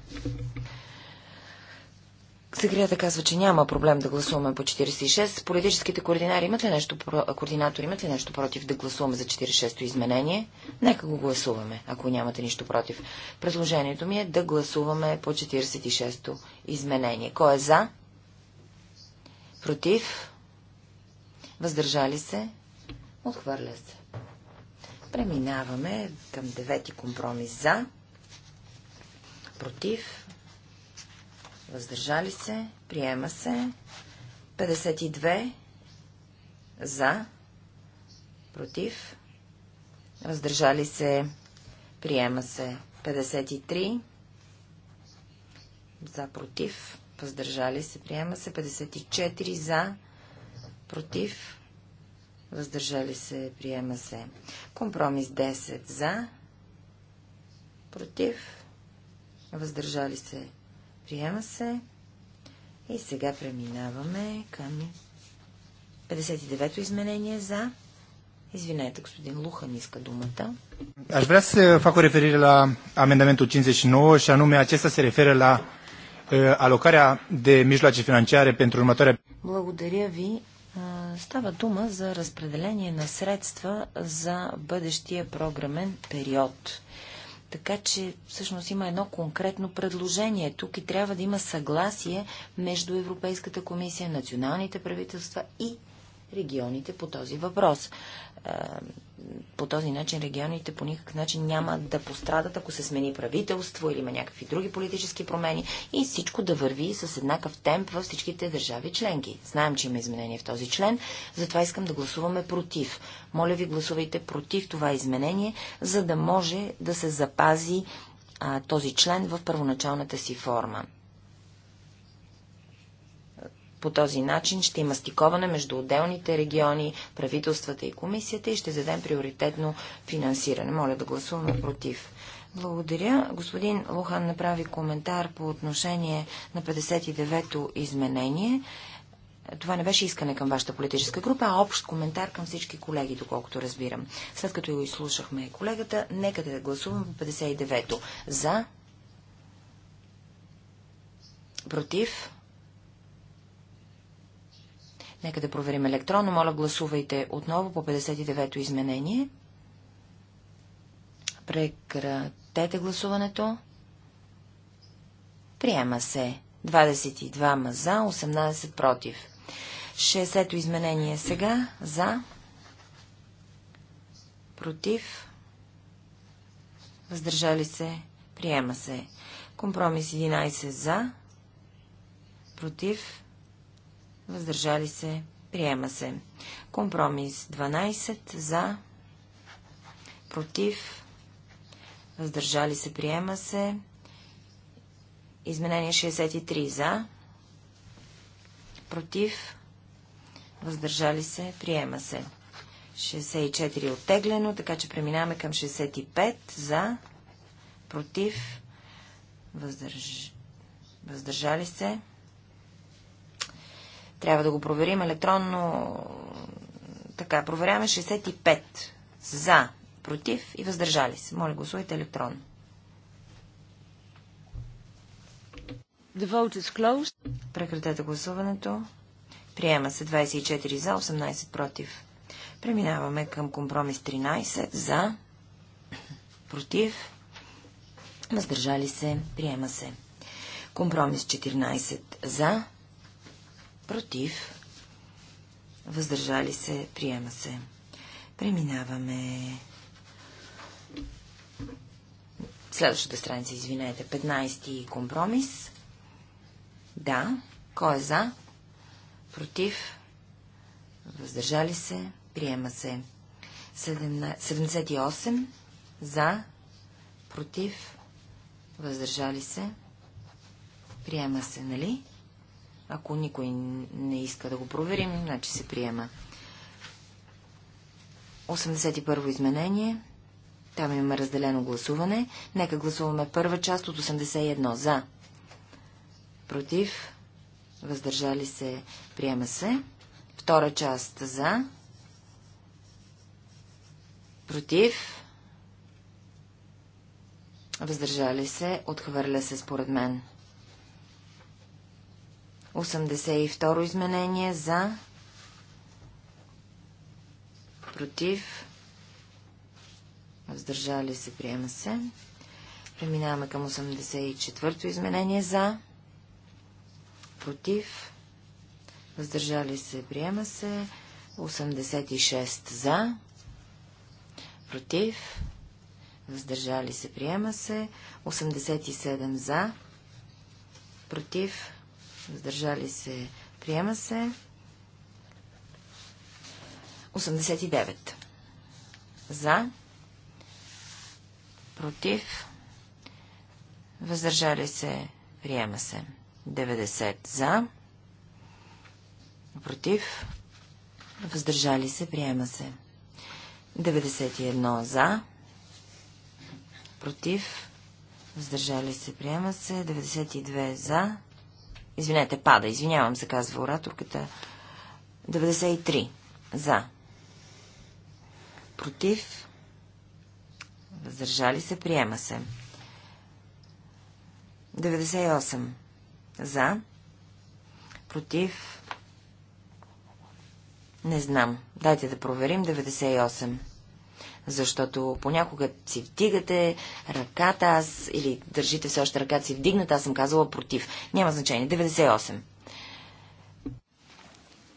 Секрета казва, че няма проблем да гласуваме по 46. Политическите координатори имат ли нещо, координатори имат ли нещо против да гласуваме за 46-то изменение? Нека го гласуваме, ако нямате нищо против. Предложението ми е да гласуваме по 46-то изменение. Кой е за? Против? Въздържали се? Отхвърля се. Преминаваме към девети компромис за, против, въздържали се, приема се. 52 за, против, въздържали се, приема се. 53 за, против, въздържали се, приема се. 54 за, против, въздържали се, приема се. Компромис 10 за, против, въздържали се, Приема се. И сега преминаваме към 59-то изменение за. Извинете, господин Лухан иска думата. Аз vrea се fac o referire la 59 și anume acesta се referă la uh, alocarea de mijloace financiare pentru următoarea... Благодаря ви. Uh, става дума за разпределение на средства за бъдещия програмен период. Така че всъщност има едно конкретно предложение тук и трябва да има съгласие между Европейската комисия, националните правителства и регионите по този въпрос. Е, по този начин регионите по никакъв начин няма да пострадат, ако се смени правителство или има някакви други политически промени и всичко да върви с еднакъв темп във всичките държави членки. Знаем, че има изменение в този член, затова искам да гласуваме против. Моля ви, гласувайте против това изменение, за да може да се запази този член в първоначалната си форма. По този начин ще има стиковане между отделните региони, правителствата и комисията и ще зададем приоритетно финансиране. Моля да гласуваме против. Благодаря. Господин Лухан направи коментар по отношение на 59-то изменение. Това не беше искане към вашата политическа група, а общ коментар към всички колеги, доколкото разбирам. След като го изслушахме колегата, нека да гласуваме по 59-то. За? Против? Нека да проверим електронно. Моля, гласувайте отново по 59-то изменение. Прекратете гласуването. Приема се. 22 за, 18 против. 60-то изменение сега. За. Против. Въздържали се. Приема се. Компромис 11 за. Против въздържали се, приема се. Компромис 12 за, против, въздържали се, приема се. Изменение 63 за, против, въздържали се, приема се. 64 е оттеглено, така че преминаваме към 65 за, против, въздърж... въздържали се, трябва да го проверим електронно. Така, проверяваме 65 за, против и въздържали се. Моля, гласувайте електронно. The vote is closed. Прекратете гласуването. Приема се 24 за, 18 против. Преминаваме към компромис 13 за, против, въздържали се, приема се. Компромис 14 за, против, въздържали се, приема се. Преминаваме следващата страница, извинете, 15-ти компромис. Да, кой е за? Против, въздържали се, приема се. 78 за, против, въздържали се, приема се, нали? Ако никой не иска да го проверим, значи се приема. 81 изменение. Там имаме разделено гласуване. Нека гласуваме първа част от 81. За. Против. Въздържали се. Приема се. Втора част за. Против. Въздържали се. Отхвърля се според мен. 82 изменение за, против, въздържали се, приема се. Преминаваме към 84-то изменение за, против, въздържали се, приема се. 86 за, против, въздържали се, приема се. 87 за, против, въздържали се, приема се. 89. За, против, въздържали се, приема се. 90 за, против, въздържали се, приема се. 91 за, против, въздържали се, приема се. 92 за, Извинете, пада. Извинявам се, казва ораторката. 93. За. Против. Въздържали се. Приема се. 98. За. Против. Не знам. Дайте да проверим. 98. Защото понякога си вдигате ръката, аз или държите все още ръката си вдигната, аз съм казала против. Няма значение. 98.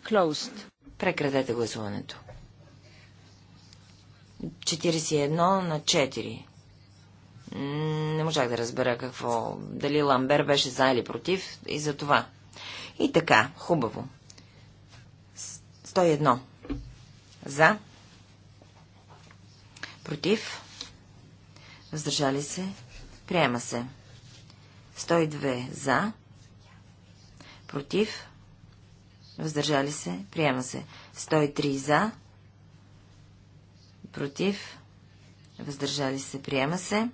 Closed. Прекратете гласуването. 41 на 4. Не можах да разбера какво, дали Ламбер беше за или против и за това. И така, хубаво. 101. За. Против. Въздържали се. Приема се. 102 за. Против. Въздържали се. Приема се. 103 за. Против. Въздържали се. Приема се.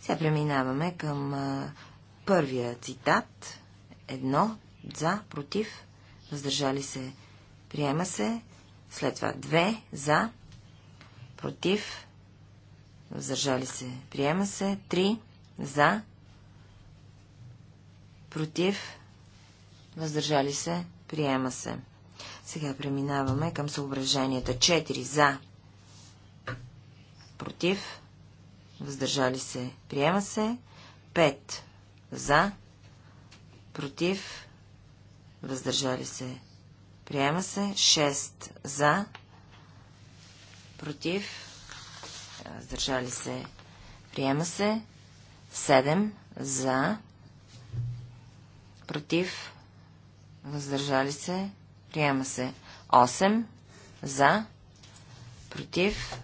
Сега преминаваме към а, първия цитат. Едно. За. Против. Въздържали се. Приема се. След това две. За. Против въздържали се, приема се. 3 за, против, въздържали се, приема се. Сега преминаваме към съображенията. 4 за, против, въздържали се, приема се. 5 за, против, въздържали се, приема се. 6 за, против, Сдържали се, приема се. 7 за, против, въздържали се, приема се. 8 за, против,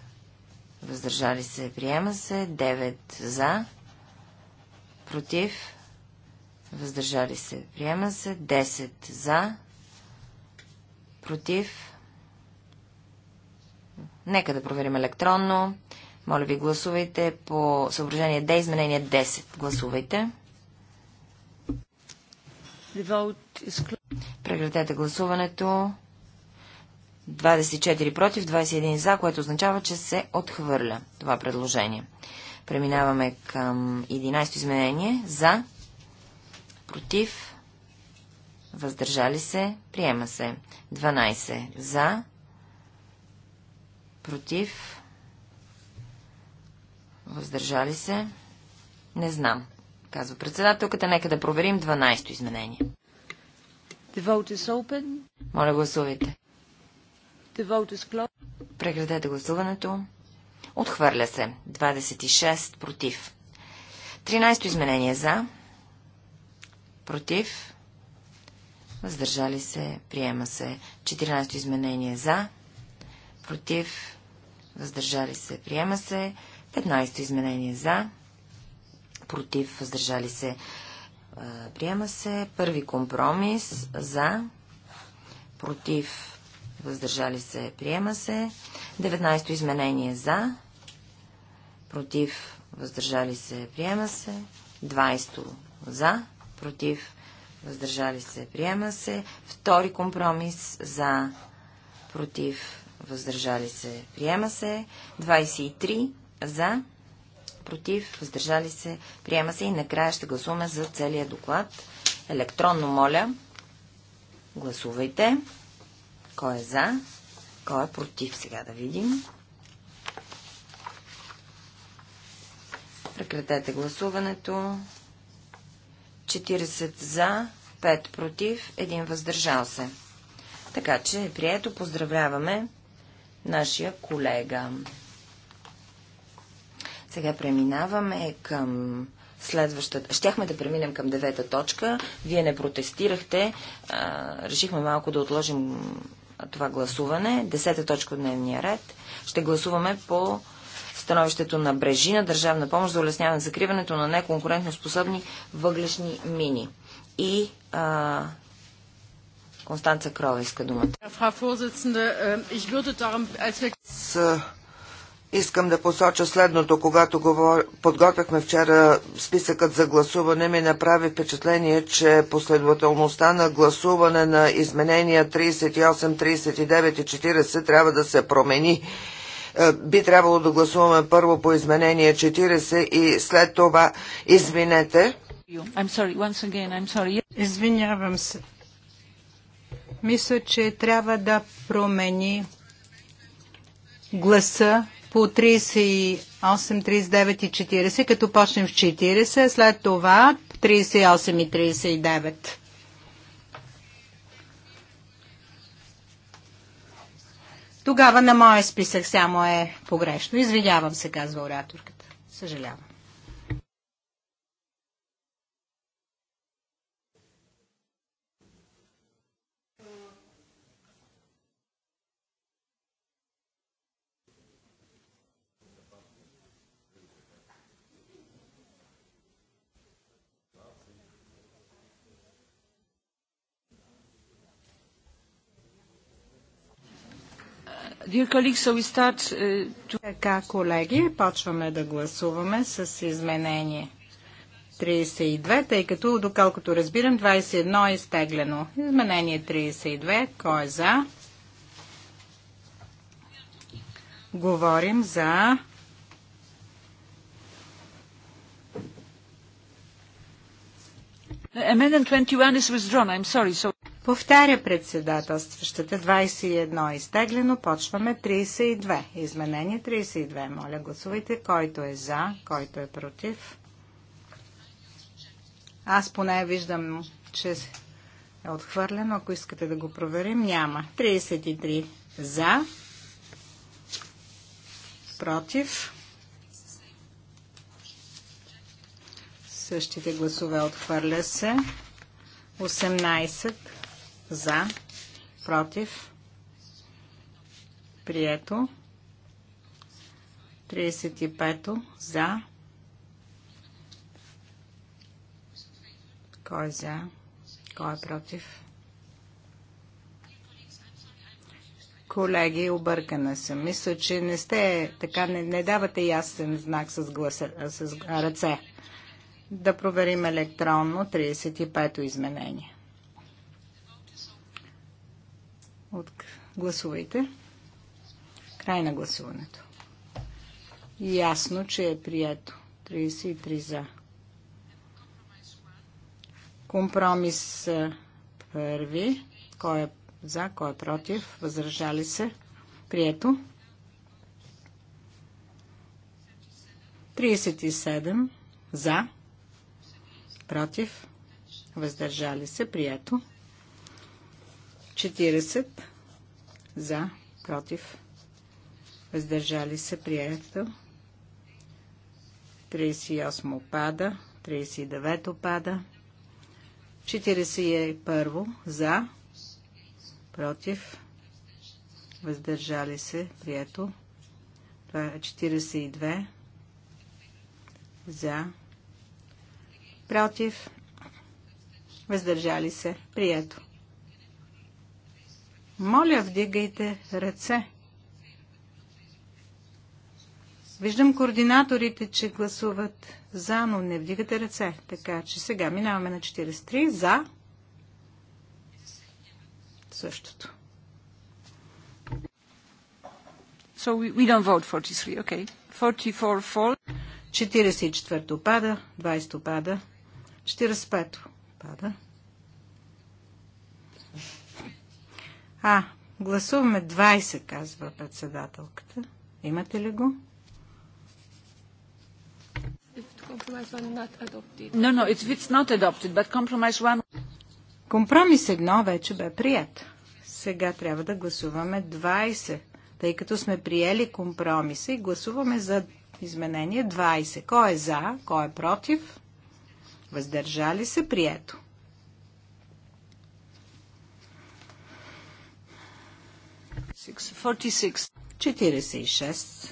въздържали се, приема се. 9 за, против, въздържали се, приема се. 10 за, против, Нека да проверим електронно. Моля ви, гласувайте по съображение Д, изменение 10. Гласувайте. Прекратете гласуването. 24 против, 21 за, което означава, че се отхвърля това предложение. Преминаваме към 11 изменение. За, против, въздържали се, приема се. 12 за, против, Въздържали се? Не знам. Казва председателката. Нека да проверим 12-то изменение. The vote is open. Моля гласувайте. The vote is Прекратете гласуването. Отхвърля се. 26 против. 13-то изменение за. Против. Въздържали се. Приема се. 14-то изменение за. Против. Въздържали се. Приема се. 15-то изменение за, против, въздържали се, приема се. Първи компромис за, против, въздържали се, приема се. 19-то изменение за, против, въздържали се, приема се. 20-то за, против, въздържали се, приема се. Втори компромис за, против, въздържали се, приема се. 23 за, против, въздържали се, приема се и накрая ще гласуваме за целия доклад. Електронно моля, гласувайте. Кой е за, кой е против, сега да видим. Прекратете гласуването. 40 за, 5 против, 1 въздържал се. Така че, прието, поздравляваме нашия колега. Сега преминаваме към следващата. Щяхме да преминем към девета точка. Вие не протестирахте. решихме малко да отложим това гласуване. Десета точка от дневния ред. Ще гласуваме по становището на Брежина, държавна помощ за улесняване на закриването на неконкурентно способни въглешни мини. И а, Констанца Крова иска думата. Э, С Искам да посоча следното, когато говор... подготвяхме вчера списъкът за гласуване, ми направи впечатление, че последователността на гласуване на изменения 38, 39 и 40 трябва да се промени. Е, би трябвало да гласуваме първо по изменение 40 и след това извинете. Sorry, Извинявам се. Мисля, че трябва да промени гласа по 38, 39 и 40, като почнем в 40, след това 38 и 39. Тогава на моя списък само е погрешно. Извинявам се, казва ораторката. Съжалявам. Uh, така, колеги, почваме да гласуваме с изменение 32, тъй като, доколкото разбирам, 21 е изтеглено. Изменение 32, кой е за? Говорим за Amendment 21 is withdrawn. I'm sorry. So Повтаря председателстващата 21 изтеглено, почваме 32. Изменение 32. Моля, гласувайте който е за, който е против. Аз поне виждам, че е отхвърлено. Ако искате да го проверим, няма. 33 за, против. Същите гласове отхвърля се. 18 за. Против. Прието. 35 то за. Кой е за? Кой е против? Колеги, объркана съм. Мисля, че не сте така, не, не давате ясен знак с, гласа, с ръце. Да проверим електронно 35-то изменение. Гласувайте. Край на гласуването. Ясно, че е прието. 33 за. Компромис първи. Кой е за, кой е против? Възражали се. Прието. 37 за. Против. Въздържали се. Прието. 40 за, против, въздържали се, прието. 38 пада, 39 пада, 41 за, против, въздържали се, прието. 42 е за, против, въздържали се, прието. Моля, вдигайте ръце. Виждам координаторите, че гласуват за, но не вдигате ръце. Така че сега минаваме на 43. За. Същото. So we, we don't vote 43, okay. 44 fall. 44 пада, 20 пада, 45 пада. А, гласуваме 20, казва председателката. Имате ли го? No, no, it's, it's not adopted, but compromise one... Компромис едно вече бе прият. Сега трябва да гласуваме 20, тъй като сме приели компромиса и гласуваме за изменение 20. Кой е за, кой е против? Въздържали се, прието. 46.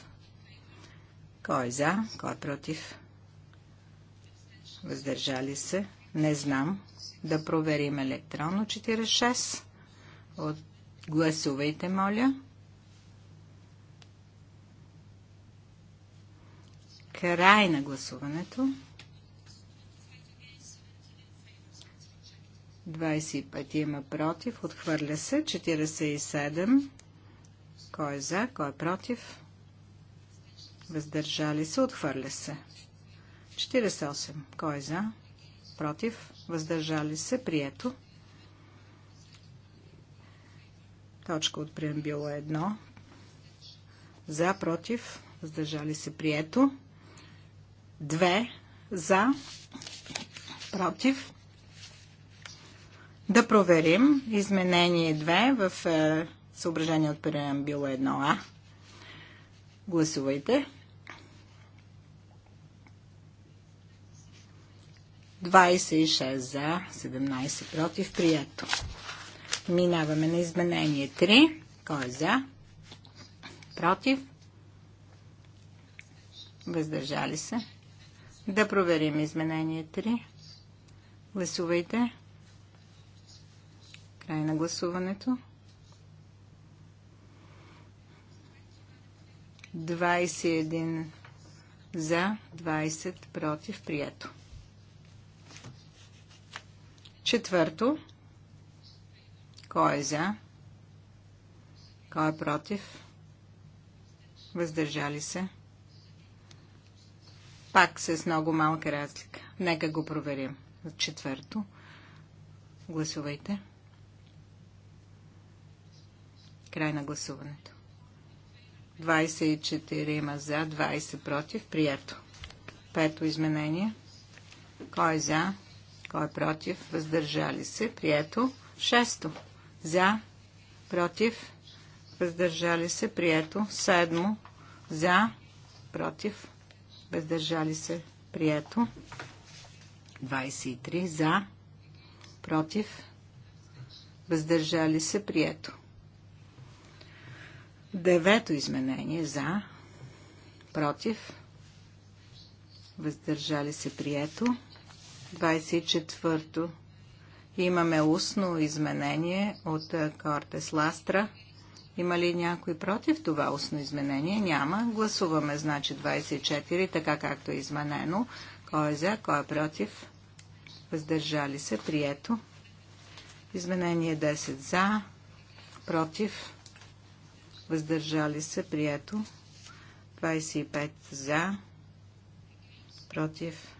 Кой е за? Кой е против? Въздържали се? Не знам. Да проверим електронно 46. От... Гласувайте, моля. Край на гласуването. 25 има против. Отхвърля се. 47. Кой е за? Кой е против? Въздържали се? Отхвърля се. 48. Кой е за? Против? Въздържали се? Прието. Точка от преамбюла 1. За, против, въздържали се, прието. 2. За, против. Да проверим изменение 2 в е, Съображение от преамбила 1А. Гласувайте. 26 за, 17 против, прието. Минаваме на изменение 3. Кой е за? Против? Въздържали се? Да проверим изменение 3. Гласувайте. Край на гласуването. 21 за, 20 против, прието. Четвърто. Кой е за? Кой е против? Въздържали се? Пак с много малка разлика. Нека го проверим. Четвърто. Гласувайте. Край на гласуването. 24 има за, 20 против. Прието. Пето изменение. Кой е за? Кой е против? Въздържали се. Прието. Шесто. За. Против. Въздържали се. Прието. Седмо. За. Против. Въздържали се. Прието. 23. За. Против. Въздържали се. Прието. Девето изменение за, против, въздържали се прието. 24-то имаме устно изменение от Кортес Ластра. Има ли някой против това устно изменение? Няма. Гласуваме, значи, 24, така както е изменено. Кой е за, кой е против? Въздържали се, прието. Изменение 10 за, против, въздържали се, прието. 25 за, против,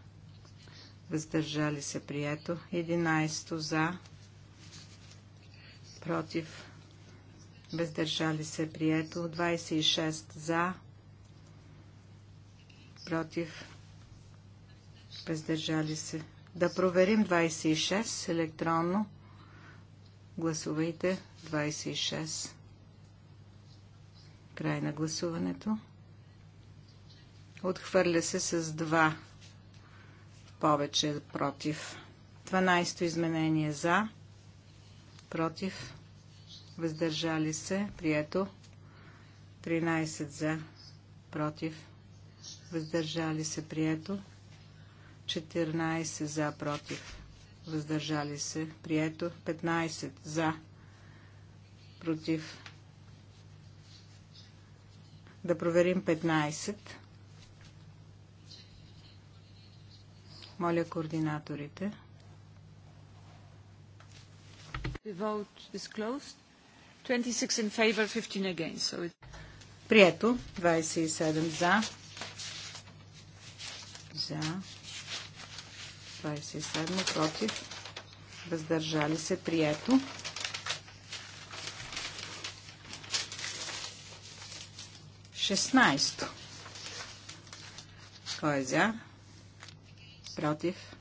въздържали се, прието. 11 за, против, въздържали се, прието. 26 за, против, въздържали се. Да проверим 26 електронно. Гласувайте 26. Край на гласуването. Отхвърля се с 2 повече против. 12-то изменение за, против, въздържали се, прието. 13 за, против, въздържали се, прието. 14 за, против, въздържали се, прието. 15 за, против, да проверим 15. Моля координаторите. The vote is closed. 26 in favor, 15 against. So it... Прието. 27 за. За. 27 против. Въздържали се. Прието. 16. Кой е за? Против.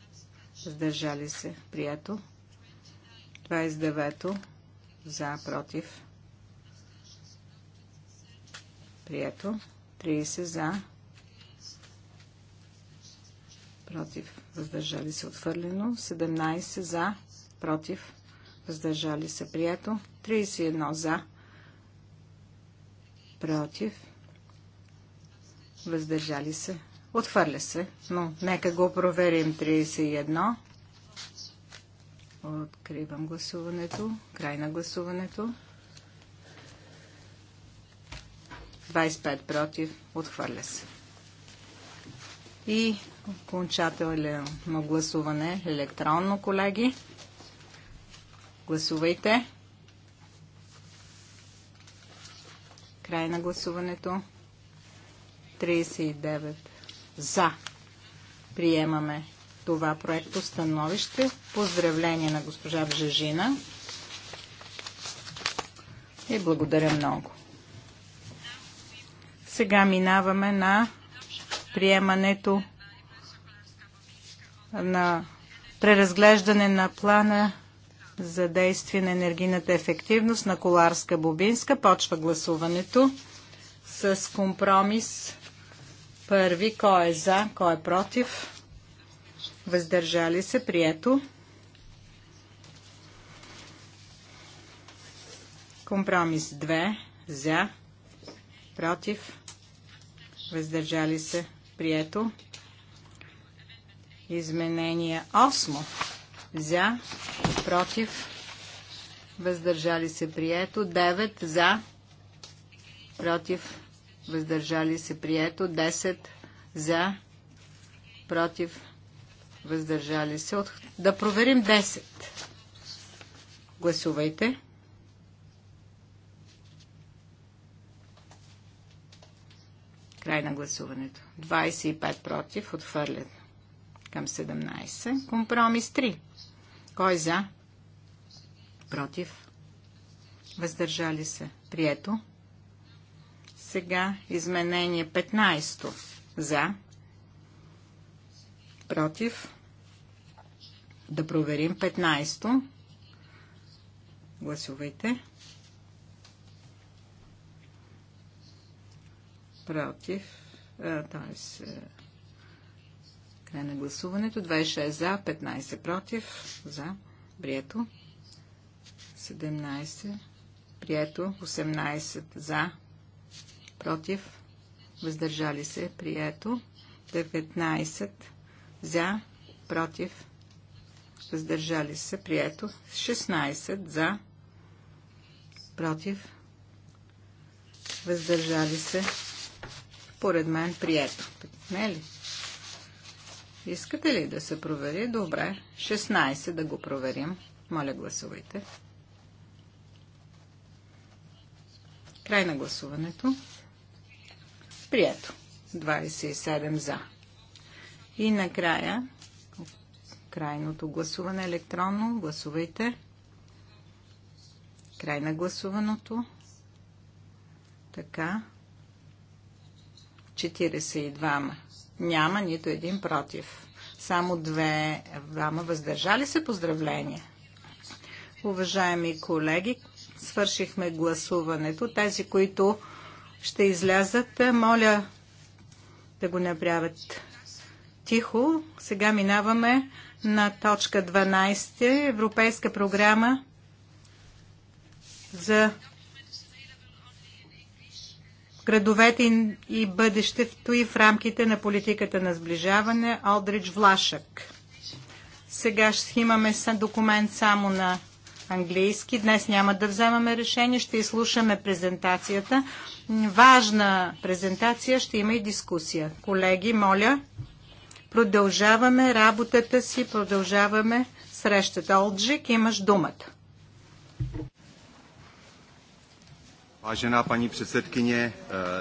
Въздържали се. Прието. 29. За. Против. Прието. 30. За. Против. Въздържали се. Отвърлено. 17. За. Против. Въздържали се. Прието. 31. За. Против Въздържали се. Отхвърля се, но нека го проверим. 31. Откривам гласуването. Край на гласуването. 25 против. Отхвърля се. И окончателно гласуване електронно, колеги. Гласувайте. Край на гласуването. 39 за. Приемаме това проекто становище. Поздравление на госпожа Бжежина. И благодаря много. Сега минаваме на приемането на преразглеждане на плана за действие на енергийната ефективност на Коларска-Бобинска. Почва гласуването с компромис Първи, кой е за, кой е против? Въздържали се, прието. Компромис 2, за, против, въздържали се, прието. Изменение 8, за, против, въздържали се, прието. 9, за, против, въздържали се прието, 10 за, против, въздържали се. От... Да проверим 10. Гласувайте. Край на гласуването. 25 против, отхвърлят към 17. Компромис 3. Кой за? Против. Въздържали се. Прието. Сега изменение 15 за, против, да проверим 15 Гласувайте. Против, Тоест, е, край на гласуването. 26 за, 15 против, за, прието. 17 прието, 18 за, против, въздържали се, прието. 19 за, против, въздържали се, прието. 16 за, против, въздържали се, поред мен прието. Не ли? Искате ли да се провери? Добре. 16 да го проверим. Моля, гласувайте. Край на гласуването. Прието. 27 за. И накрая, крайното гласуване електронно. Гласувайте. Край на гласуваното. Така. 42 няма нито един против. Само две двама въздържали се. Поздравления. Уважаеми колеги, свършихме гласуването. Тези, които ще излязат. Моля да го набряват тихо. Сега минаваме на точка 12. Европейска програма за градовете и бъдещето и в рамките на политиката на сближаване Олдрич Влашък. Сега ще имаме документ само на английски. Днес няма да вземаме решение, ще изслушаме презентацията. Важна презентация, ще има и дискусия. Колеги, моля, продължаваме работата си, продължаваме срещата. Олджик, имаш думата. Vážená paní předsedkyně,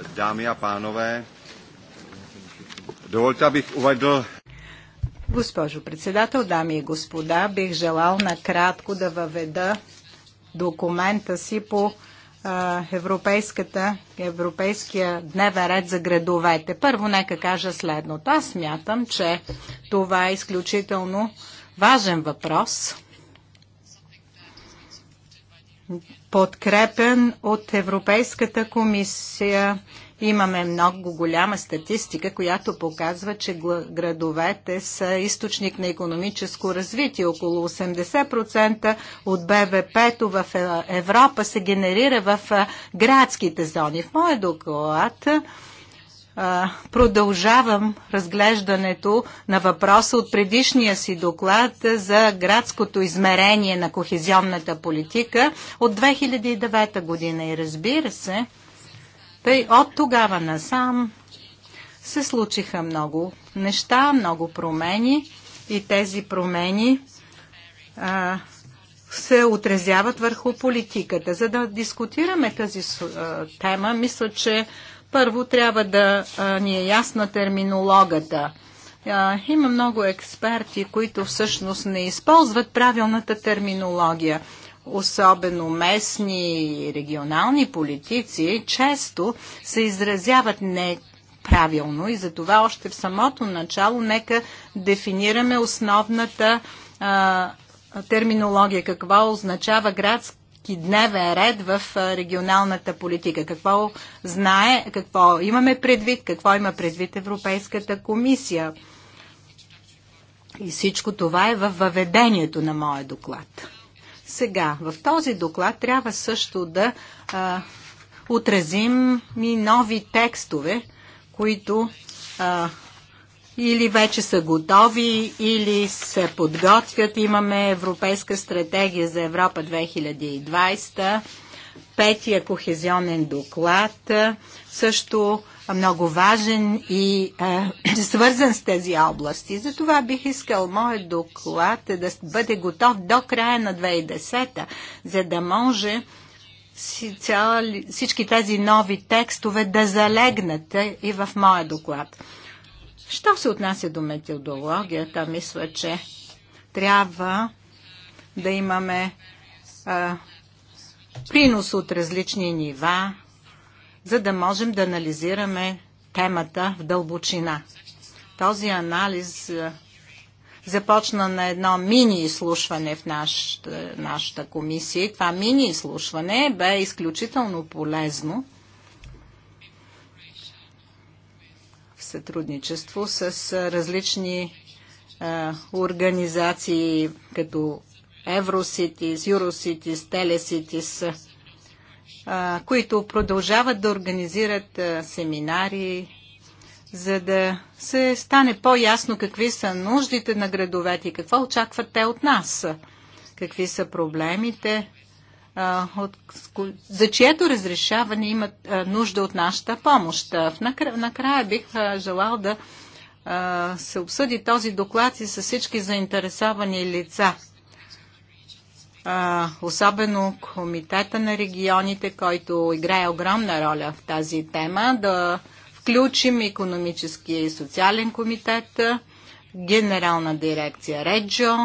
eh, dámy a pánové, dovolte, abych uvedl Госпожо председател, дами и господа, бих желал накратко да въведа документа си по европейската, европейския дневен ред за градовете. Първо нека кажа следното. Аз смятам, че това е изключително важен въпрос – подкрепен от Европейската комисия. Имаме много голяма статистика, която показва, че градовете са източник на економическо развитие. Около 80% от БВП-то в е, Европа се генерира в е, градските зони. В моя доклад продължавам разглеждането на въпроса от предишния си доклад за градското измерение на кохезионната политика от 2009 година. И разбира се, тъй от тогава насам се случиха много неща, много промени и тези промени а, се отразяват върху политиката. За да дискутираме тази а, тема, мисля, че първо трябва да а, ни е ясна терминологата. А, има много експерти, които всъщност не използват правилната терминология. Особено местни и регионални политици често се изразяват не правилно и затова още в самото начало нека дефинираме основната а, терминология, какво означава градска дневен ред в регионалната политика. Какво знае, какво имаме предвид, какво има предвид Европейската комисия. И всичко това е във въведението на моя доклад. Сега, в този доклад трябва също да а, отразим и нови текстове, които а, или вече са готови, или се подготвят. Имаме Европейска стратегия за Европа 2020, петия кохезионен доклад, също много важен и е, свързан с тези области. Затова бих искал моят доклад е да бъде готов до края на 2010, за да може всички тези нови текстове да залегнат е, и в моя доклад. Що се отнася до методологията, мисля, че трябва да имаме а, принос от различни нива, за да можем да анализираме темата в дълбочина. Този анализ а, започна на едно мини-изслушване в нашата, нашата комисия. Това мини-изслушване бе изключително полезно сътрудничество с различни организации, като Евроситис, Юроситис, Телеситис, които продължават да организират семинари, за да се стане по-ясно какви са нуждите на градовете и какво очакват те от нас, какви са проблемите, от, за чието разрешаване имат нужда от нашата помощ. Накра, накрая бих желал да се обсъди този доклад и с всички заинтересовани лица. Особено Комитета на регионите, който играе огромна роля в тази тема, да включим економическия и социален комитет, Генерална дирекция Реджо,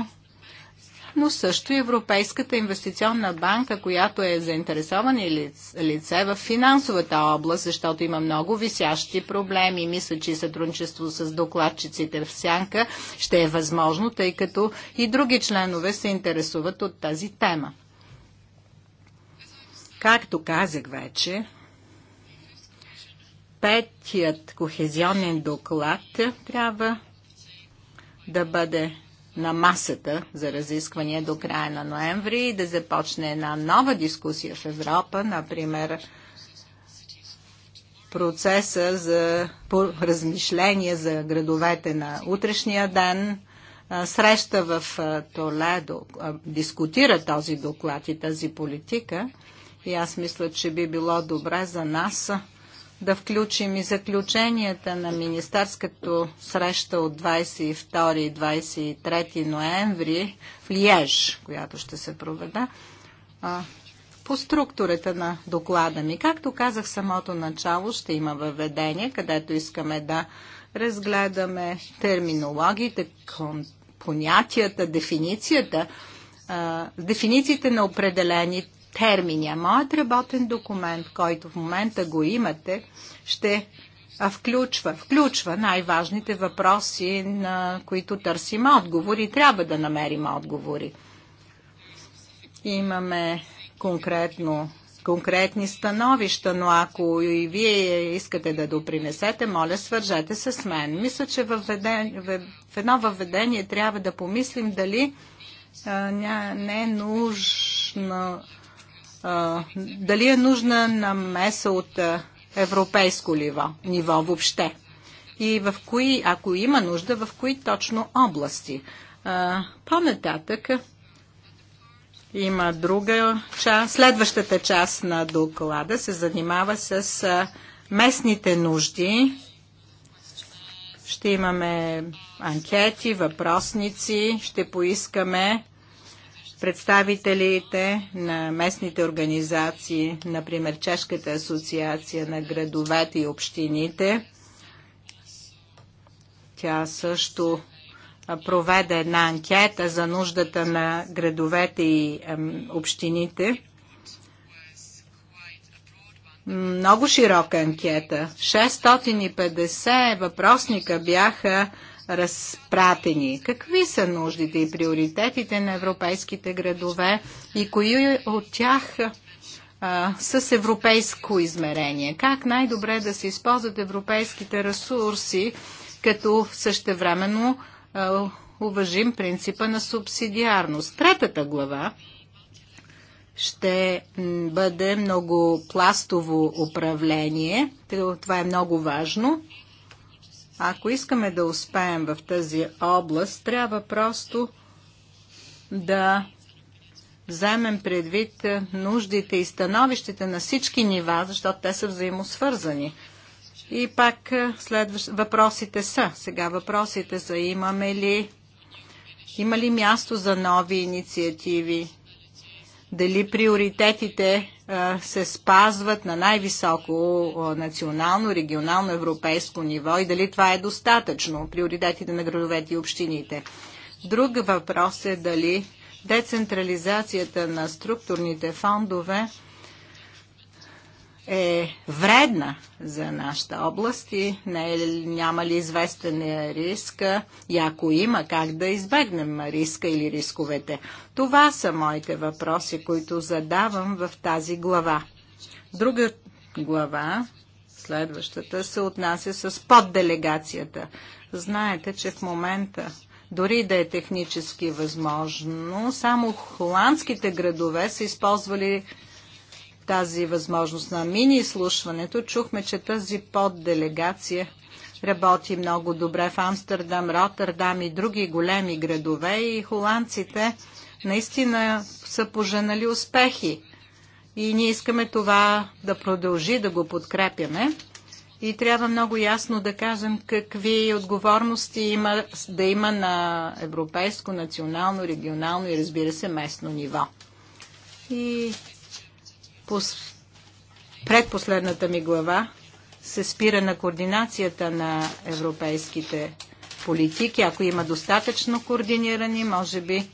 но също и Европейската инвестиционна банка, която е заинтересована лице в финансовата област, защото има много висящи проблеми. Мисля, че сътрудничество с докладчиците в Сянка ще е възможно, тъй като и други членове се интересуват от тази тема. Както казах вече, петият кохезионен доклад трябва да бъде на масата за разисквания до края на ноември и да започне една нова дискусия в Европа, например процеса за размишление за градовете на утрешния ден. Среща в Толедо дискутира този доклад и тази политика и аз мисля, че би било добре за нас да включим и заключенията на министерското среща от 22 и 23 ноември в Лиеж, която ще се проведе, по структурата на доклада ми. Както казах самото начало, ще има въведение, където искаме да разгледаме терминологиите, понятията, дефиницията, дефинициите на определени термини. А моят работен документ, който в момента го имате, ще включва, включва най-важните въпроси, на които търсим отговори. Трябва да намерим отговори. Имаме конкретно конкретни становища, но ако и вие искате да допринесете, моля, свържете се с мен. Мисля, че в едно въведение трябва да помислим дали а, не е нужно дали е нужна намеса от европейско ниво, ниво въобще? И в кои, ако има нужда, в кои точно области? По-нататък има друга част. Следващата част на доклада се занимава с местните нужди. Ще имаме анкети, въпросници, ще поискаме представителите на местните организации, например Чешката асоциация на градовете и общините. Тя също проведе една анкета за нуждата на градовете и общините. Много широка анкета. 650 въпросника бяха разпратени. Какви са нуждите и приоритетите на европейските градове и кои от тях а, с европейско измерение? Как най-добре да се използват европейските ресурси, като същевременно а, уважим принципа на субсидиарност? Третата глава ще бъде много пластово управление. Това е много важно. Ако искаме да успеем в тази област, трябва просто да вземем предвид нуждите и становищите на всички нива, защото те са взаимосвързани. И пак е, следващ... въпросите са. Сега въпросите са имаме ли има ли място за нови инициативи? дали приоритетите се спазват на най-високо национално, регионално, европейско ниво и дали това е достатъчно, приоритетите на градовете и общините. Друг въпрос е дали децентрализацията на структурните фондове е вредна за нашата област и не е, няма ли известен риск и ако има как да избегнем риска или рисковете. Това са моите въпроси, които задавам в тази глава. Друга глава, следващата, се отнася с подделегацията. Знаете, че в момента дори да е технически възможно, само холандските градове са използвали тази възможност на мини-изслушването. Чухме, че тази подделегация работи много добре в Амстердам, Роттердам и други големи градове и холандците наистина са поженали успехи. И ние искаме това да продължи, да го подкрепяме. И трябва много ясно да кажем какви отговорности има, да има на европейско, национално, регионално и разбира се местно ниво. И предпоследната ми глава се спира на координацията на европейските политики. Ако има достатъчно координирани, може би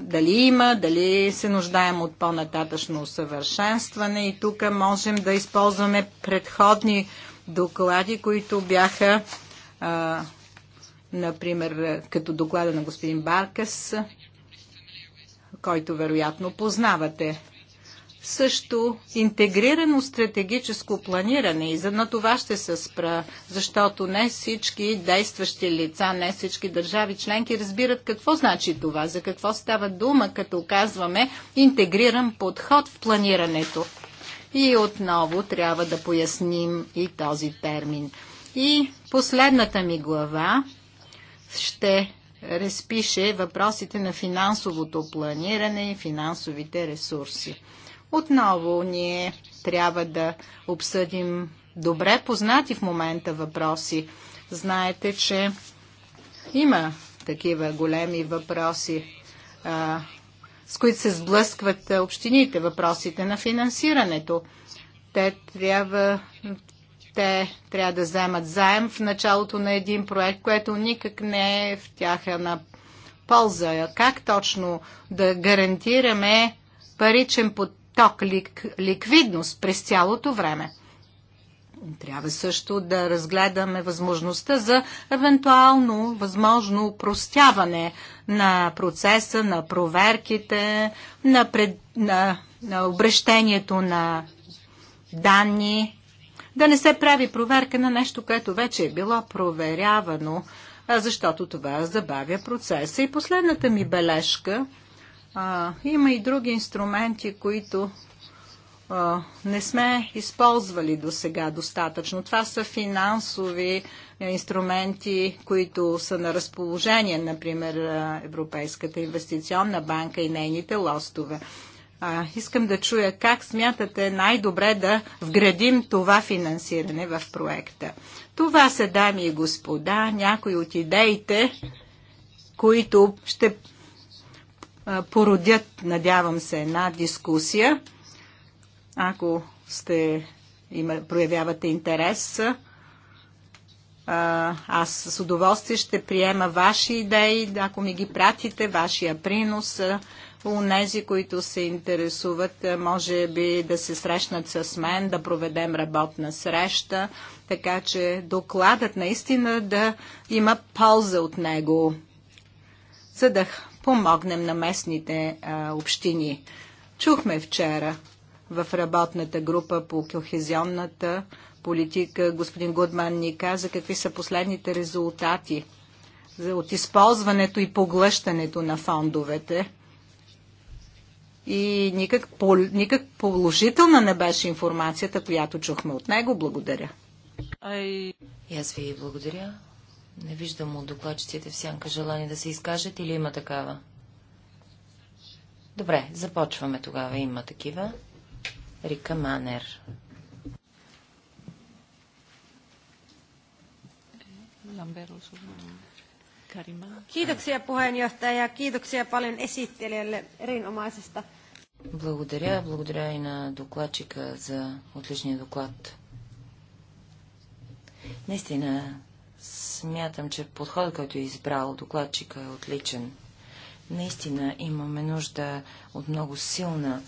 дали има, дали се нуждаем от по-нататъчно усъвършенстване и тук можем да използваме предходни доклади, които бяха например като доклада на господин Баркас, който вероятно познавате също интегрирано стратегическо планиране и за на това ще се спра, защото не всички действащи лица, не всички държави членки разбират какво значи това, за какво става дума, като казваме интегриран подход в планирането. И отново трябва да поясним и този термин. И последната ми глава ще разпише въпросите на финансовото планиране и финансовите ресурси. Отново ние трябва да обсъдим добре познати в момента въпроси. Знаете, че има такива големи въпроси, а, с които се сблъскват общините, въпросите на финансирането. Те трябва, те трябва да вземат заем в началото на един проект, което никак не е в тяхна полза. Как точно да гарантираме паричен поток ток, лик, ликвидност през цялото време. Трябва също да разгледаме възможността за евентуално възможно упростяване на процеса, на проверките, на, пред, на, на обращението на данни. Да не се прави проверка на нещо, което вече е било проверявано, защото това забавя процеса. И последната ми бележка – а, има и други инструменти, които а, не сме използвали до сега достатъчно. Това са финансови е, инструменти, които са на разположение, например Европейската инвестиционна банка и нейните лостове. А, искам да чуя как смятате най-добре да вградим това финансиране в проекта. Това са, дами и господа, някои от идеите, които ще породят, надявам се, една дискусия. Ако сте, има, проявявате интерес, аз с удоволствие ще приема ваши идеи, ако ми ги пратите, вашия принос. у нези, които се интересуват, може би да се срещнат с мен, да проведем работна среща, така че докладът наистина да има полза от него, за да помогнем на местните а, общини. Чухме вчера в работната група по кохезионната политика. Господин Гудман ни каза какви са последните резултати от използването и поглъщането на фондовете. И никак, пол, никак положителна не беше информацията, която чухме от него. Благодаря. И аз ви благодаря. Не виждам от докладчиците в сянка желание да се изкажат или има такава? Добре, започваме тогава. Има такива. Рика Манер. Kiitoksia puheenjohtaja ja kiitoksia paljon esittelijälle erinomaisesta. Благодаря, благодаря и на докладчика за отличния доклад. Наистина, Смятам, че подходът, който е избрал докладчика е отличен. Наистина имаме нужда от много силна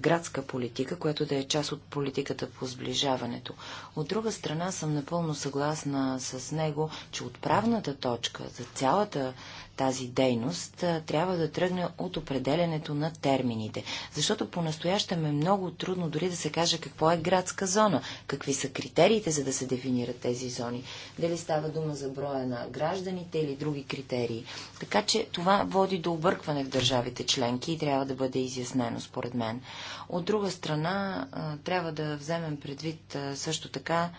градска политика, която да е част от политиката по сближаването. От друга страна съм напълно съгласна с него, че отправната точка за цялата тази дейност трябва да тръгне от определенето на термините, защото по-настоящем е много трудно дори да се каже какво е градска зона, какви са критериите за да се дефинират тези зони, дали става дума за броя на гражданите или други критерии. Така че това води до объркване в държавите членки и трябва да бъде изяснено според мен. От друга страна трябва да вземем предвид също така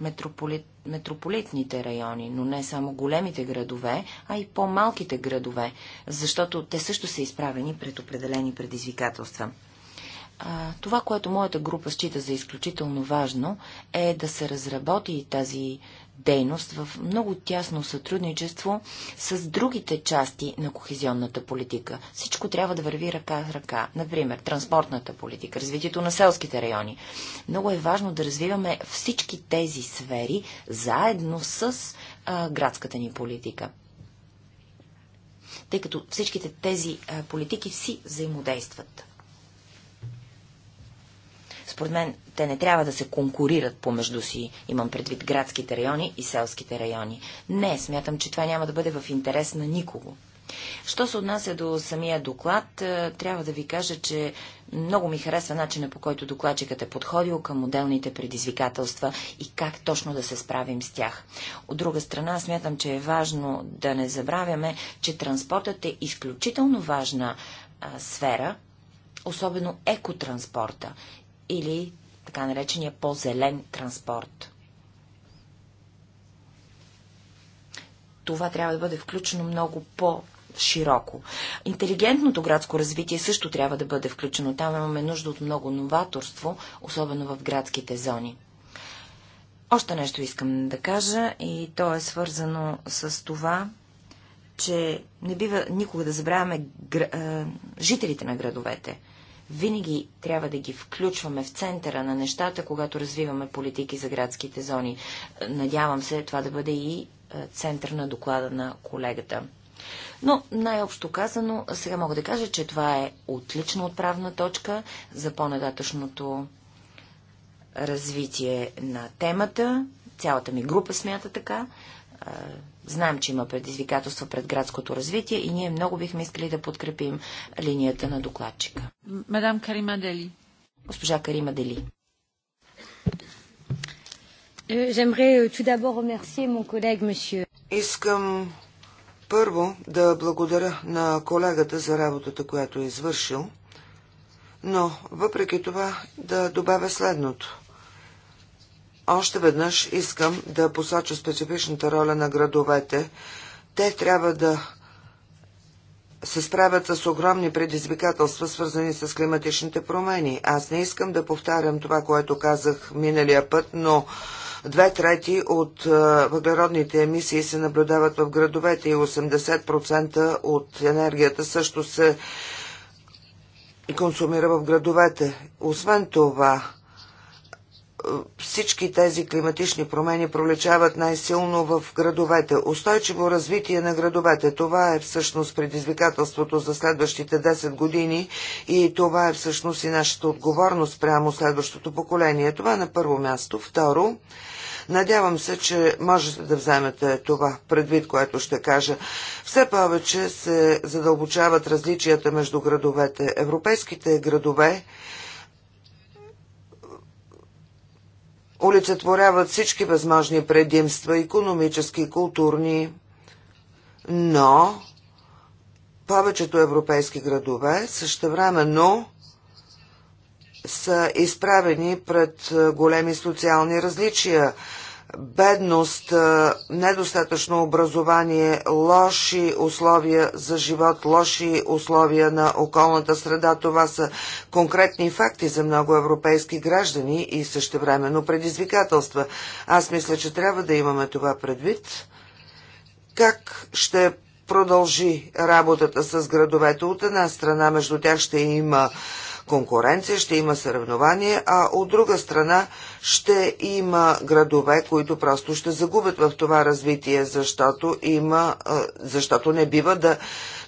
метрополит, метрополитните райони, но не само големите градове, а и по-малките градове, защото те също са изправени пред определени предизвикателства. А, това, което моята група счита за изключително важно, е да се разработи тази дейност в много тясно сътрудничество с другите части на кохезионната политика. Всичко трябва да върви ръка в ръка. Например, транспортната политика, развитието на селските райони. Много е важно да развиваме всички тези сфери заедно с а, градската ни политика. Тъй като всичките тези а, политики си взаимодействат. Според мен те не трябва да се конкурират помежду си, имам предвид градските райони и селските райони. Не, смятам, че това няма да бъде в интерес на никого. Що се отнася до самия доклад, е, трябва да ви кажа, че много ми харесва начина по който докладчикът е подходил към отделните предизвикателства и как точно да се справим с тях. От друга страна, смятам, че е важно да не забравяме, че транспортът е изключително важна а, сфера, особено екотранспорта или така наречения по-зелен транспорт. Това трябва да бъде включено много по- широко. Интелигентното градско развитие също трябва да бъде включено. Там имаме нужда от много новаторство, особено в градските зони. Още нещо искам да кажа и то е свързано с това, че не бива никога да забравяме гр... Е, жителите на градовете. Винаги трябва да ги включваме в центъра на нещата, когато развиваме политики за градските зони. Надявам се това да бъде и е, център на доклада на колегата. Но най-общо казано, сега мога да кажа, че това е отлична отправна точка за по-нататъчното развитие на темата. Цялата ми група смята така. Е, Знаем, че има предизвикателства пред градското развитие и ние много бихме искали да подкрепим линията на докладчика. Мадам Карима Дели. Госпожа Карима Дели. Е, е, Искам първо да благодаря на колегата за работата, която е извършил, но въпреки това да добавя следното. Още веднъж искам да посоча специфичната роля на градовете. Те трябва да се справят с огромни предизвикателства, свързани с климатичните промени. Аз не искам да повтарям това, което казах миналия път, но две трети от е, въглеродните емисии се наблюдават в градовете и 80% от енергията също се консумира в градовете. Освен това, всички тези климатични промени проличават най-силно в градовете. Устойчиво развитие на градовете. Това е всъщност предизвикателството за следващите 10 години и това е всъщност и нашата отговорност прямо следващото поколение. Това е на първо място. Второ, Надявам се, че можете да вземете това предвид, което ще кажа. Все повече се задълбочават различията между градовете. Европейските градове олицетворяват всички възможни предимства, економически, културни, но повечето европейски градове същевременно са изправени пред големи социални различия бедност, недостатъчно образование, лоши условия за живот, лоши условия на околната среда. Това са конкретни факти за много европейски граждани и същевременно предизвикателства. Аз мисля, че трябва да имаме това предвид. Как ще продължи работата с градовете? От една страна между тях ще има конкуренция, ще има съревнование, а от друга страна ще има градове, които просто ще загубят в това развитие, защото, има, защото не бива да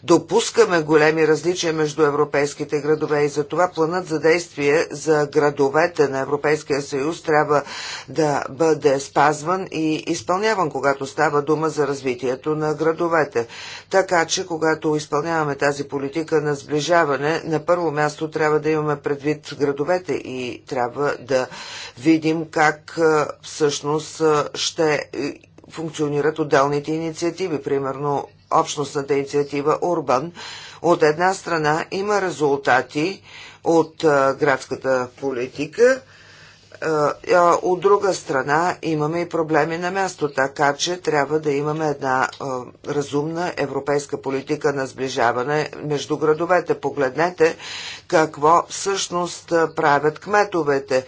допускаме големи различия между европейските градове и затова планът за действие за градовете на Европейския съюз трябва да бъде спазван и изпълняван, когато става дума за развитието на градовете. Така че, когато изпълняваме тази политика на сближаване, на първо място трябва да имаме предвид градовете и трябва да видим как всъщност ще функционират отделните инициативи, примерно общностната инициатива Урбан, от една страна има резултати от градската политика, от друга страна имаме и проблеми на място, така че трябва да имаме една разумна европейска политика на сближаване между градовете. Погледнете какво всъщност правят кметовете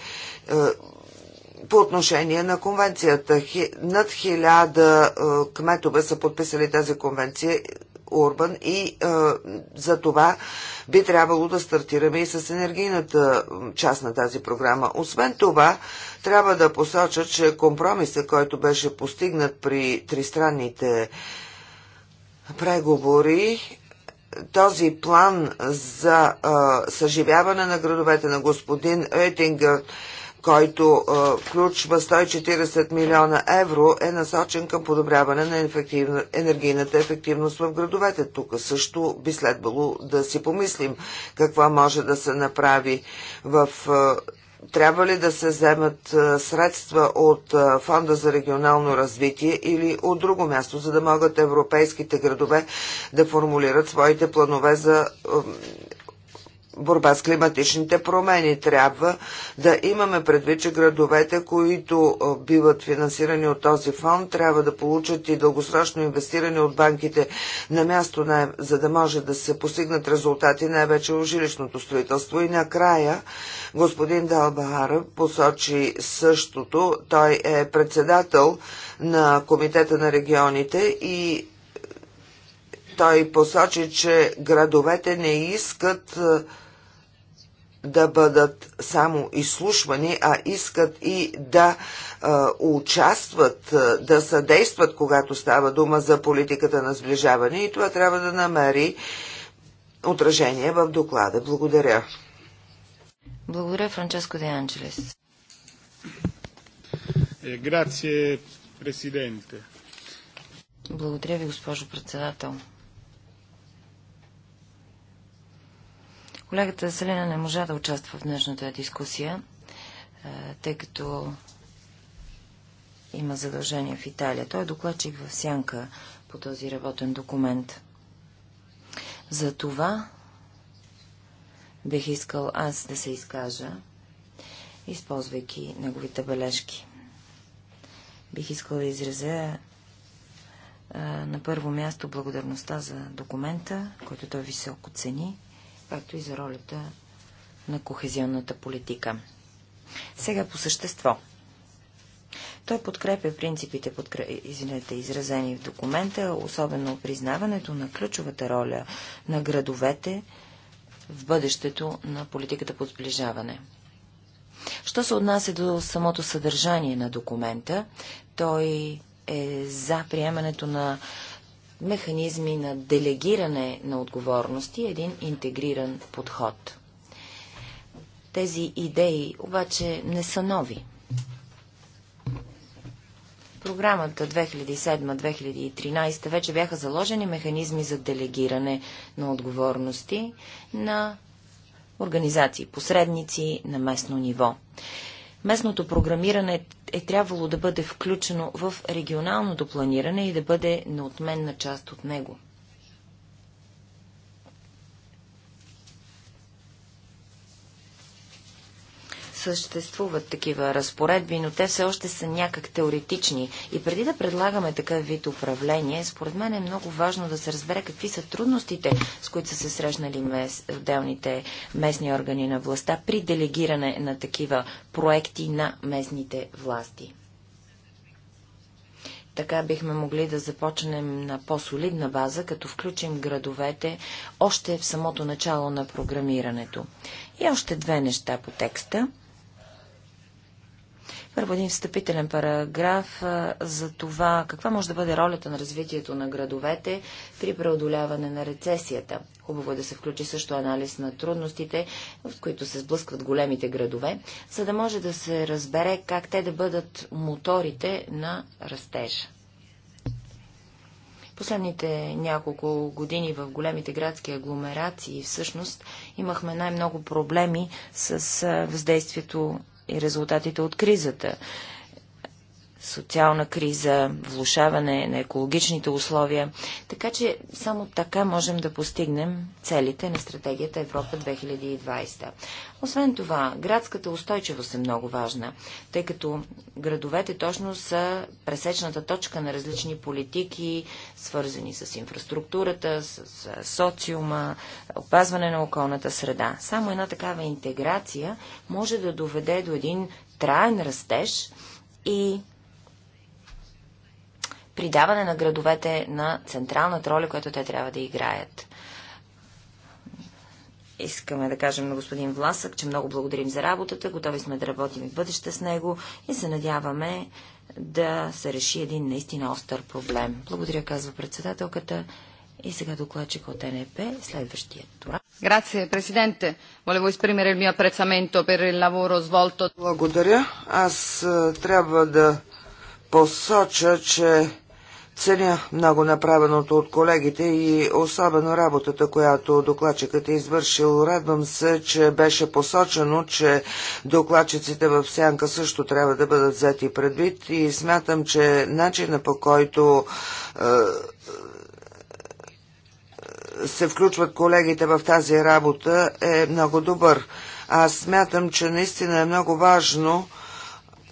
по отношение на конвенцията. Над хиляда е, кметове са подписали тази конвенция Урбан и е, за това би трябвало да стартираме и с енергийната част на тази програма. Освен това, трябва да посоча, че компромиса, който беше постигнат при тристранните преговори, този план за е, съживяване на градовете на господин Рейтингър, който включва 140 милиона евро, е насочен към подобряване на ефективна, енергийната ефективност в градовете. Тук също би следвало да си помислим какво може да се направи в. трябва ли да се вземат средства от Фонда за регионално развитие или от друго място, за да могат европейските градове да формулират своите планове за борба с климатичните промени. Трябва да имаме предвид, че градовете, които биват финансирани от този фонд, трябва да получат и дългосрочно инвестиране от банките на място, за да може да се постигнат резултати най-вече в жилищното строителство. И накрая господин Далбахара посочи същото. Той е председател на Комитета на регионите и той посочи, че градовете не искат да бъдат само изслушвани, а искат и да а, участват, да съдействат, когато става дума за политиката на сближаване и това трябва да намери отражение в доклада. Благодаря. Благодаря, Франческо Де Анджелес. Е, президенте. Благодаря ви, госпожо председател. Колегата Селина не можа да участва в днешната дискусия, е, тъй като има задължения в Италия. Той е докладчик в сянка по този работен документ. За това бих искал аз да се изкажа, използвайки неговите бележки. Бих искал да изразя е, на първо място благодарността за документа, който той високо цени както и за ролята на кохезионната политика. Сега по същество. Той подкрепя принципите, подкреп... извинете, изразени в документа, особено признаването на ключовата роля на градовете в бъдещето на политиката по сближаване. Що се отнася до самото съдържание на документа, той е за приемането на механизми на делегиране на отговорности, един интегриран подход. Тези идеи обаче не са нови. Програмата 2007-2013 вече бяха заложени механизми за делегиране на отговорности на организации, посредници на местно ниво. Местното програмиране е трябвало да бъде включено в регионалното планиране и да бъде неотменна част от него. съществуват такива разпоредби, но те все още са някак теоретични. И преди да предлагаме такъв вид управление, според мен е много важно да се разбере какви са трудностите, с които са се срещнали мес, отделните местни органи на властта при делегиране на такива проекти на местните власти. Така бихме могли да започнем на по-солидна база, като включим градовете още в самото начало на програмирането. И още две неща по текста. Първо един встъпителен параграф за това каква може да бъде ролята на развитието на градовете при преодоляване на рецесията. Хубаво е да се включи също анализ на трудностите, в които се сблъскват големите градове, за да може да се разбере как те да бъдат моторите на растежа. Последните няколко години в големите градски агломерации всъщност имахме най-много проблеми с въздействието и резултатите от кризата социална криза, влушаване на екологичните условия. Така че само така можем да постигнем целите на стратегията Европа 2020. Освен това, градската устойчивост е много важна, тъй като градовете точно са пресечната точка на различни политики, свързани с инфраструктурата, с, социума, опазване на околната среда. Само една такава интеграция може да доведе до един траен растеж и придаване на градовете на централната роля, която те трябва да играят. Искаме да кажем на господин Власък, че много благодарим за работата, готови сме да работим и в бъдеще с него и се надяваме да се реши един наистина остър проблем. Благодаря, казва председателката. И сега докладчик от НЕП, следващия тура. Grazie Presidente, volevo esprimere il mio apprezzamento per il lavoro svolto. Благодаря. Аз е, трябва да посоча, че Ценя много направеното от колегите и особено работата, която докладчикът е извършил. Радвам се, че беше посочено, че докладчиците в сянка също трябва да бъдат взети предвид и смятам, че начина по който е, се включват колегите в тази работа е много добър. Аз смятам, че наистина е много важно е,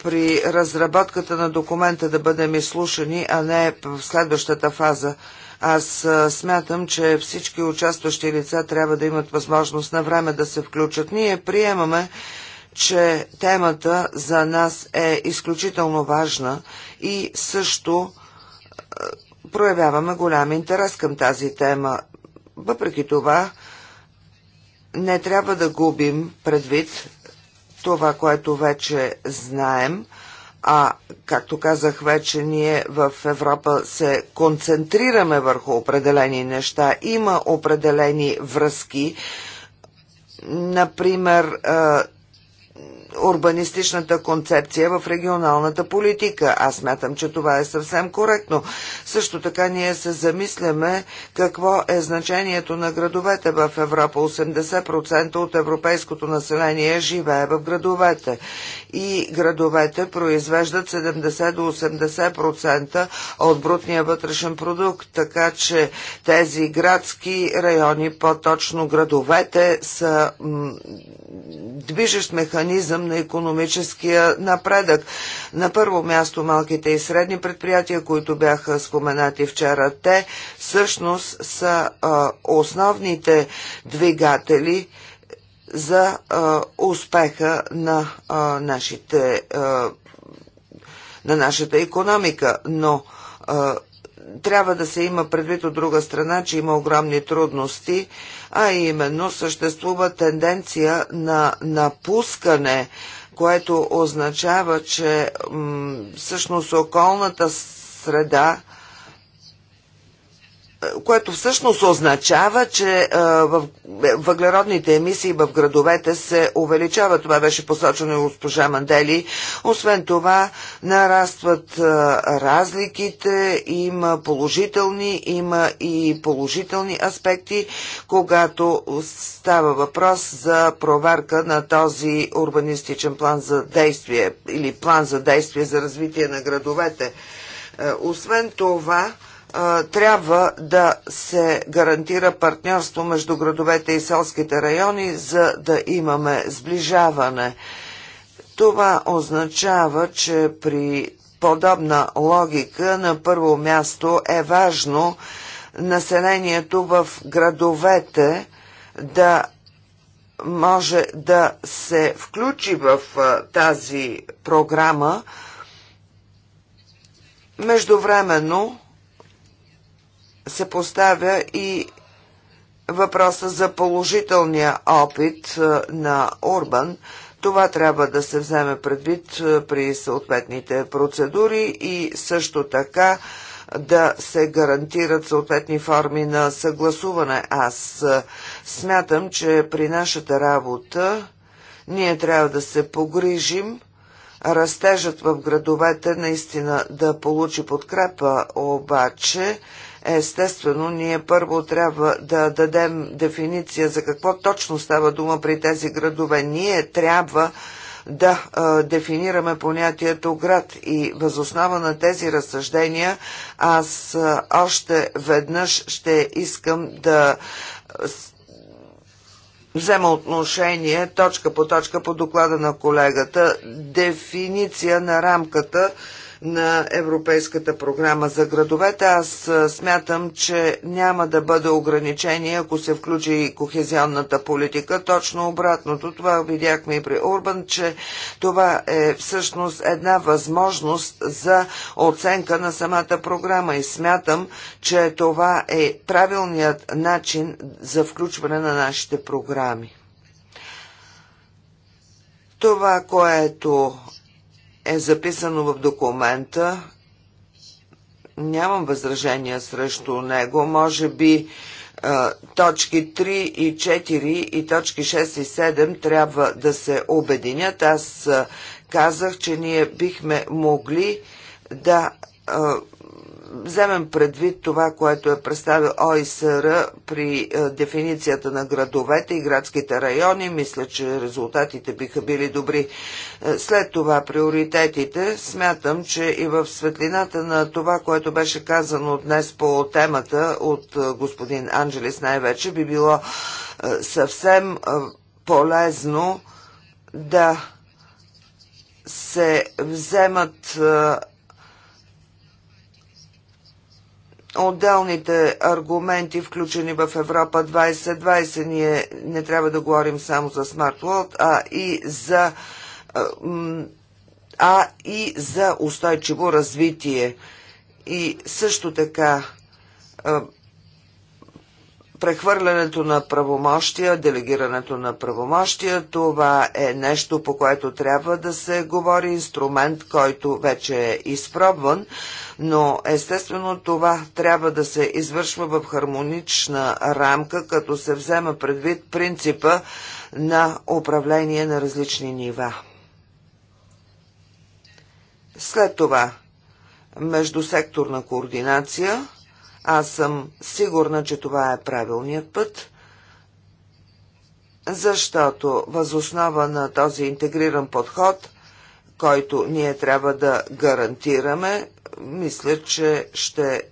при разработката на документа да бъдем изслушани, а не в следващата фаза. Аз смятам, че всички участващи лица трябва да имат възможност на време да се включат. Ние приемаме, че темата за нас е изключително важна и също проявяваме голям интерес към тази тема. Въпреки това, не трябва да губим предвид това, което вече знаем, а, както казах вече, ние в Европа се концентрираме върху определени неща. Има определени връзки. Например, урбанистичната концепция в регионалната политика. Аз смятам, че това е съвсем коректно. Също така ние се замисляме какво е значението на градовете в Европа. 80% от европейското население живее в градовете. И градовете произвеждат 70 до 80% от брутния вътрешен продукт, така че тези градски райони, по-точно градовете, са движещ механизъм ритъм на економическия напредък. На първо място малките и средни предприятия, които бяха споменати вчера, те всъщност са а, основните двигатели за а, успеха на а, нашите а, на нашата економика, но а, трябва да се има предвид от друга страна, че има огромни трудности, а именно съществува тенденция на напускане, което означава, че всъщност околната среда което всъщност означава, че въглеродните емисии в градовете се увеличават. Това беше посочено и госпожа Мандели. Освен това, нарастват разликите, има положителни, има и положителни аспекти, когато става въпрос за проверка на този урбанистичен план за действие или план за действие за развитие на градовете. Освен това, трябва да се гарантира партньорство между градовете и селските райони, за да имаме сближаване. Това означава, че при подобна логика на първо място е важно населението в градовете да може да се включи в тази програма. Междувременно се поставя и въпроса за положителния опит е, на Орбан. Това трябва да се вземе предвид е, при съответните процедури и също така да се гарантират съответни форми на съгласуване. Аз е, смятам, че при нашата работа ние трябва да се погрижим растежът в градовете наистина да получи подкрепа, обаче Естествено, ние първо трябва да дадем дефиниция за какво точно става дума при тези градове. Ние трябва да а, дефинираме понятието град и възоснова на тези разсъждения аз а, още веднъж ще искам да взема отношение точка по точка по доклада на колегата. Дефиниция на рамката на Европейската програма за градовете. Аз смятам, че няма да бъде ограничение, ако се включи и кохезионната политика. Точно обратното, това видяхме и при Урбан, че това е всъщност една възможност за оценка на самата програма и смятам, че това е правилният начин за включване на нашите програми. Това, което е записано в документа. Нямам възражения срещу него. Може би е, точки 3 и 4 и точки 6 и 7 трябва да се обединят. Аз е, казах, че ние бихме могли да е, вземем предвид това, което е представил ОИСР при е, дефиницията на градовете и градските райони, мисля, че резултатите биха били добри. Е, след това приоритетите, смятам, че и в светлината на това, което беше казано днес по темата от е, господин Анджелис най-вече, би било съвсем полезно да се вземат отделните аргументи, включени в Европа 2020, ние не трябва да говорим само за Smart World, а и за, а и за устойчиво развитие. И също така Прехвърлянето на правомощия, делегирането на правомощия, това е нещо, по което трябва да се говори, инструмент, който вече е изпробван, но естествено това трябва да се извършва в хармонична рамка, като се взема предвид принципа на управление на различни нива. След това междусекторна координация – аз съм сигурна, че това е правилният път, защото възоснова на този интегриран подход, който ние трябва да гарантираме, мисля, че ще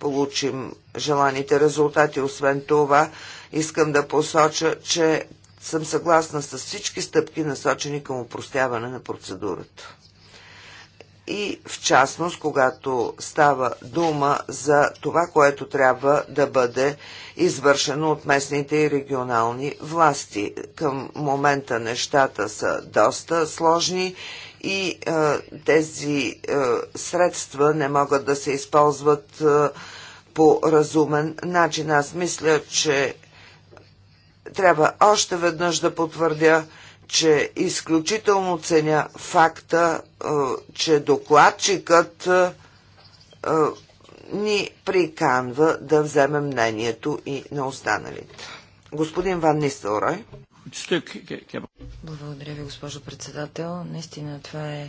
получим желаните резултати. Освен това, искам да посоча, че съм съгласна с всички стъпки, насочени към упростяване на процедурата и в частност, когато става дума за това, което трябва да бъде извършено от местните и регионални власти. Към момента нещата са доста сложни и е, тези е, средства не могат да се използват е, по разумен начин. Аз мисля, че трябва още веднъж да потвърдя, че изключително ценя факта, е, че докладчикът е, е, ни приканва да вземе мнението и на останалите. Господин Ван Нистелрой. Благодаря ви, госпожо председател. Наистина това е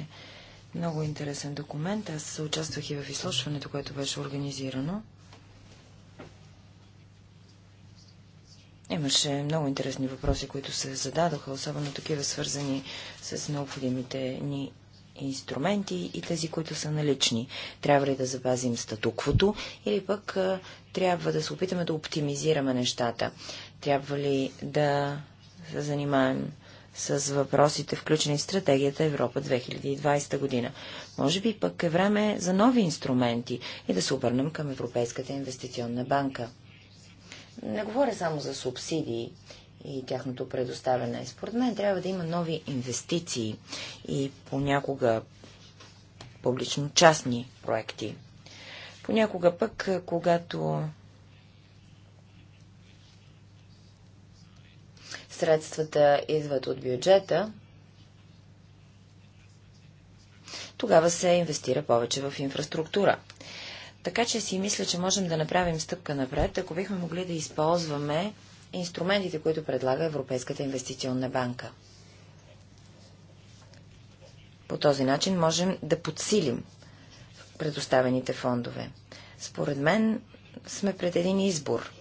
много интересен документ. Аз участвах и в изслушването, което беше организирано. Имаше много интересни въпроси, които се зададоха, особено такива свързани с необходимите ни инструменти и тези, които са налични. Трябва ли да запазим статуквото или пък трябва да се опитаме да оптимизираме нещата? Трябва ли да се занимаем с въпросите, включени в стратегията Европа 2020 година. Може би пък е време за нови инструменти и да се обърнем към Европейската инвестиционна банка. Не говоря само за субсидии и тяхното предоставяне. Според мен трябва да има нови инвестиции и понякога публично-частни проекти. Понякога пък, когато средствата идват от бюджета, тогава се инвестира повече в инфраструктура. Така че си мисля, че можем да направим стъпка напред, ако бихме могли да използваме инструментите, които предлага Европейската инвестиционна банка. По този начин можем да подсилим предоставените фондове. Според мен сме пред един избор.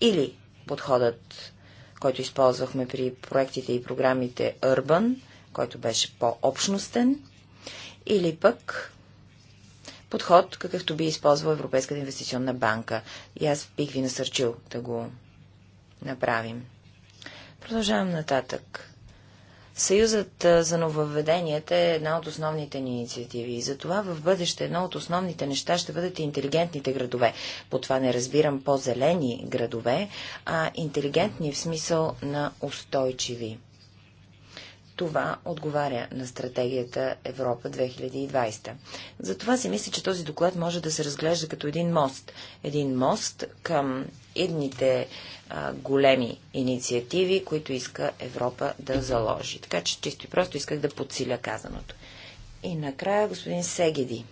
Или подходът, който използвахме при проектите и програмите Urban, който беше по-общностен, или пък подход, какъвто би използвал Европейската инвестиционна банка. И аз бих ви насърчил да го направим. Продължавам нататък. Съюзът за нововведенията е една от основните ни инициативи и затова в бъдеще едно от основните неща ще бъдат интелигентните градове. По това не разбирам по-зелени градове, а интелигентни в смисъл на устойчиви. Това отговаря на стратегията Европа 2020. Затова си мисля, че този доклад може да се разглежда като един мост. Един мост към едните а, големи инициативи, които иска Европа да заложи. Така че чисто и просто исках да подсиля казаното. И накрая господин Сегеди.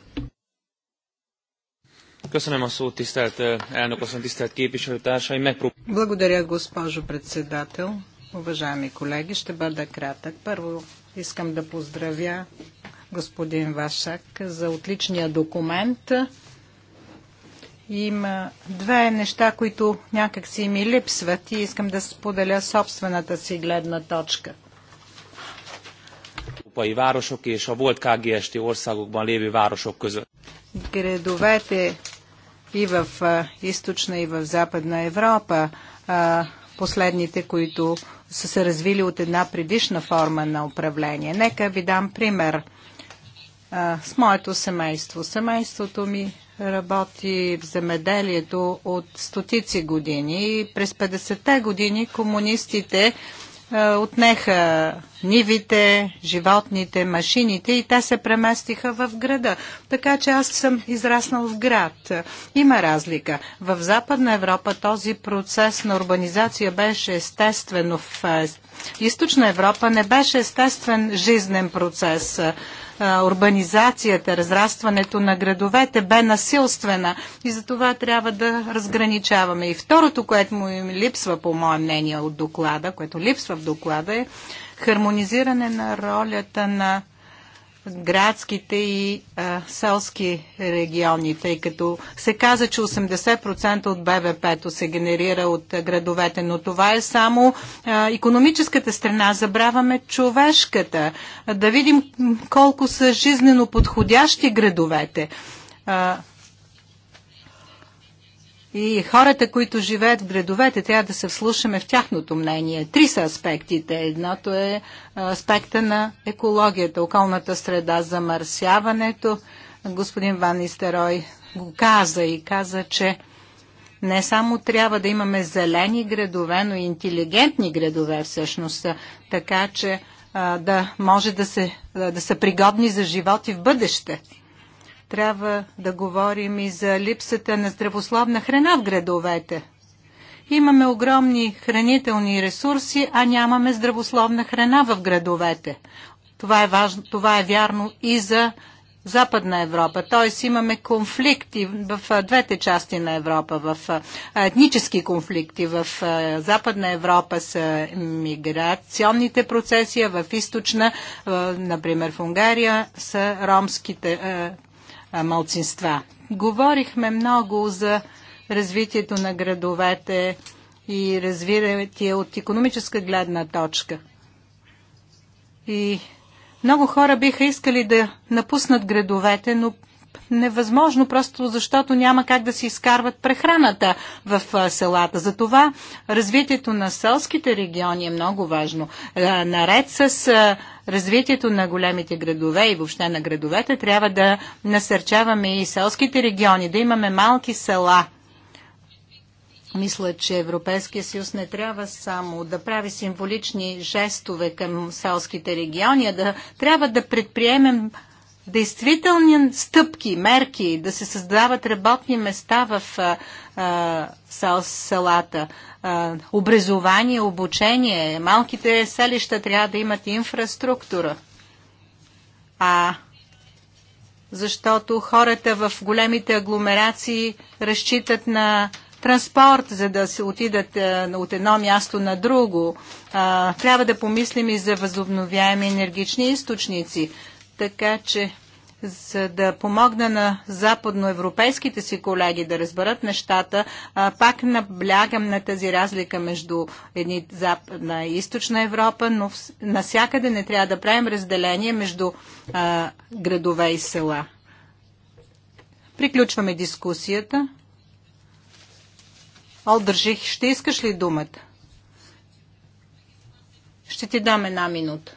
Eh, Благодаря, госпожо председател. Уважаеми колеги, ще бъда кратък. Първо искам да поздравя господин Вашак за отличния документ. Има две неща, които някак си ми липсват и искам да споделя собствената си гледна точка. Градовете и в източна и в западна Европа, последните, които са се развили от една предишна форма на управление. Нека ви дам пример а, с моето семейство. Семейството ми работи в земеделието от стотици години и през 50-те години комунистите е, отнеха нивите, животните, машините и те се преместиха в града. Така че аз съм израснал в град. Има разлика. В Западна Европа този процес на урбанизация беше естествен, в е, Източна Европа не беше естествен жизнен процес урбанизацията, разрастването на градовете бе насилствена и за това трябва да разграничаваме. И второто, което му им липсва, по мое мнение, от доклада, което липсва в доклада е хармонизиране на ролята на градските и а, селски региони, тъй като се каза, че 80% от БВП-то се генерира от градовете, но това е само а, економическата страна, забравяме човешката. Да видим колко са жизнено подходящи градовете. А, и хората, които живеят в градовете, трябва да се вслушаме в тяхното мнение. Три са аспектите. Едното е аспекта на екологията, околната среда, замърсяването. Господин Ван Истерой го каза и каза, че не само трябва да имаме зелени градове, но и интелигентни градове всъщност, така че да може да се, да са пригодни за живот и в бъдеще. Трябва да говорим и за липсата на здравословна храна в градовете. Имаме огромни хранителни ресурси, а нямаме здравословна храна в градовете. Това е, важно, това е вярно и за Западна Европа. Т.е. имаме конфликти в двете части на Европа. В етнически конфликти в Западна Европа са миграционните процеси, а в източна, например в Унгария, са ромските малцинства. Говорихме много за развитието на градовете и развитие от економическа гледна точка. И много хора биха искали да напуснат градовете, но невъзможно, просто защото няма как да се изкарват прехраната в селата. Затова развитието на селските региони е много важно. Наред с развитието на големите градове и въобще на градовете, трябва да насърчаваме и селските региони, да имаме малки села. Мисля, че Европейския съюз не трябва само да прави символични жестове към селските региони, а да трябва да предприемем действителни стъпки, мерки, да се създават работни места в селата, образование, обучение. Малките селища трябва да имат инфраструктура. А защото хората в големите агломерации разчитат на транспорт, за да се отидат от едно място на друго. трябва да помислим и за възобновяеми енергични източници така че за да помогна на западноевропейските си колеги да разберат нещата, пак наблягам на тази разлика между едни западна и източна Европа, но насякъде не трябва да правим разделение между а, градове и села. Приключваме дискусията. Олдържих, ще искаш ли думата? Ще ти дам една минута.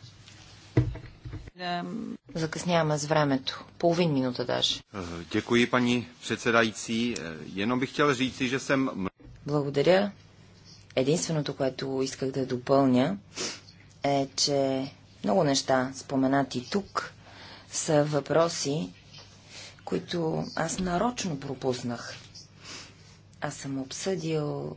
Закъсняваме с времето. Половин минута даже. Е, děkuji, пани председající. Е, jenom bych chtěl říci, že jsem... Благодаря. Единственото, което исках да допълня, е, че много неща споменати тук са въпроси, които аз нарочно пропуснах. Аз съм обсъдил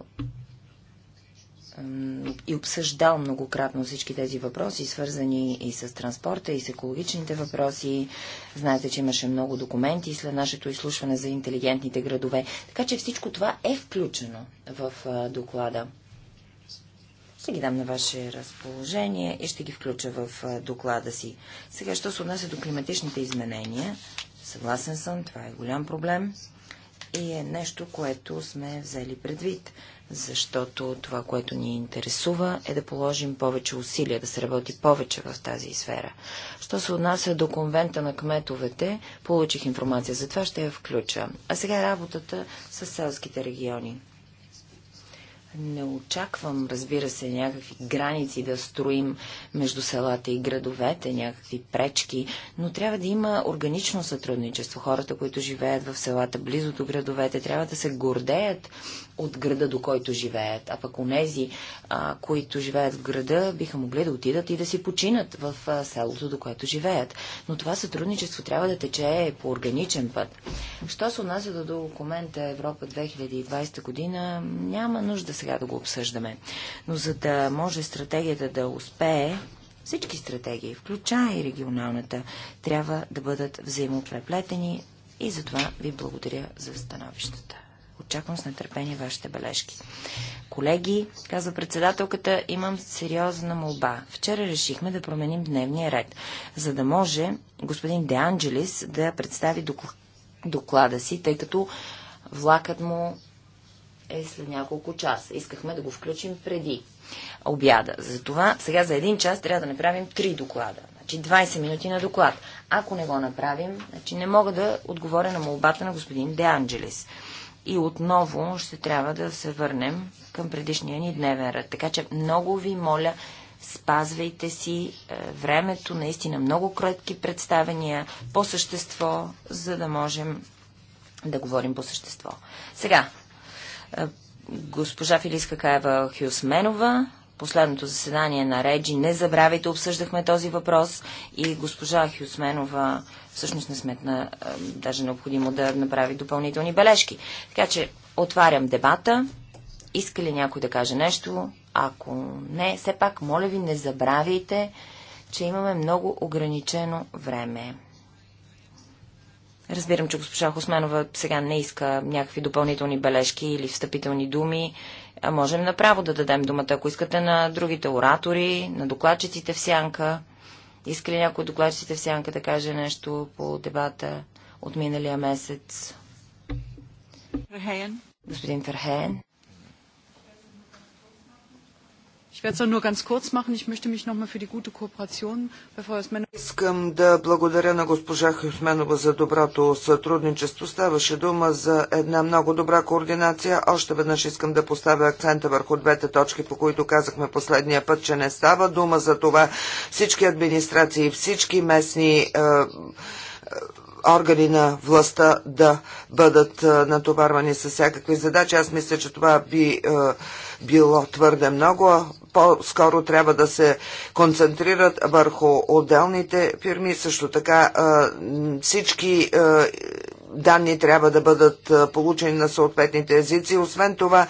и обсъждал многократно всички тези въпроси, свързани и с транспорта, и с екологичните въпроси. Знаете, че имаше много документи след нашето изслушване за интелигентните градове. Така че всичко това е включено в доклада. Ще ги дам на ваше разположение и ще ги включа в доклада си. Сега, що се отнася до климатичните изменения, съгласен съм, това е голям проблем и е нещо, което сме взели предвид защото това, което ни интересува, е да положим повече усилия, да се работи повече в тази сфера. Що се отнася до конвента на кметовете, получих информация за това, ще я включа. А сега работата с селските региони. Не очаквам, разбира се, някакви граници да строим между селата и градовете, някакви пречки, но трябва да има органично сътрудничество. Хората, които живеят в селата близо до градовете, трябва да се гордеят от града, до който живеят. А пък онези, а, които живеят в града, биха могли да отидат и да си починат в а, селото, до което живеят. Но това сътрудничество трябва да тече по органичен път. Що се отнася до документа Европа 2020 година, няма нужда сега да го обсъждаме. Но за да може стратегията да успее, всички стратегии, включая и регионалната, трябва да бъдат взаимопреплетени. и затова ви благодаря за становищата. Очаквам с нетърпение вашите бележки. Колеги, казва председателката, имам сериозна молба. Вчера решихме да променим дневния ред, за да може господин Де Анджелис да представи доклада си, тъй като влакът му е след няколко часа. Искахме да го включим преди обяда. Затова сега за един час трябва да направим три доклада. Значи 20 минути на доклад. Ако не го направим, значи не мога да отговоря на молбата на господин Де Анджелис и отново ще трябва да се върнем към предишния ни дневен ред. Така че много ви моля, спазвайте си е, времето, наистина много кратки представения по същество, за да можем да говорим по същество. Сега, е, госпожа Филиска Каева Хюсменова последното заседание на Реджи. Не забравяйте, обсъждахме този въпрос и госпожа Хюсменова всъщност не сметна даже необходимо да направи допълнителни бележки. Така че отварям дебата. Иска ли някой да каже нещо? Ако не, все пак, моля ви, не забравяйте, че имаме много ограничено време. Разбирам, че госпожа Хосменова сега не иска някакви допълнителни бележки или встъпителни думи. А можем направо да дадем думата, ако искате, на другите оратори, на докладчиците в сянка. Иска ли някой от докладчиците в сянка да каже нещо по дебата от миналия месец? Ферхейен. Господин Ферхейен. Искам да благодаря на госпожа Хюсменова за доброто сътрудничество. Ставаше дума за една много добра координация. Още веднъж искам да поставя акцента върху двете точки, по които казахме последния път, че не става дума за това всички администрации, всички местни е, е органи на властта да бъдат е, натоварвани с всякакви задачи. Аз мисля, че това би е, било твърде много, по-скоро трябва да се концентрират върху отделните фирми, също така всички данни трябва да бъдат получени на съответните езици. Освен това,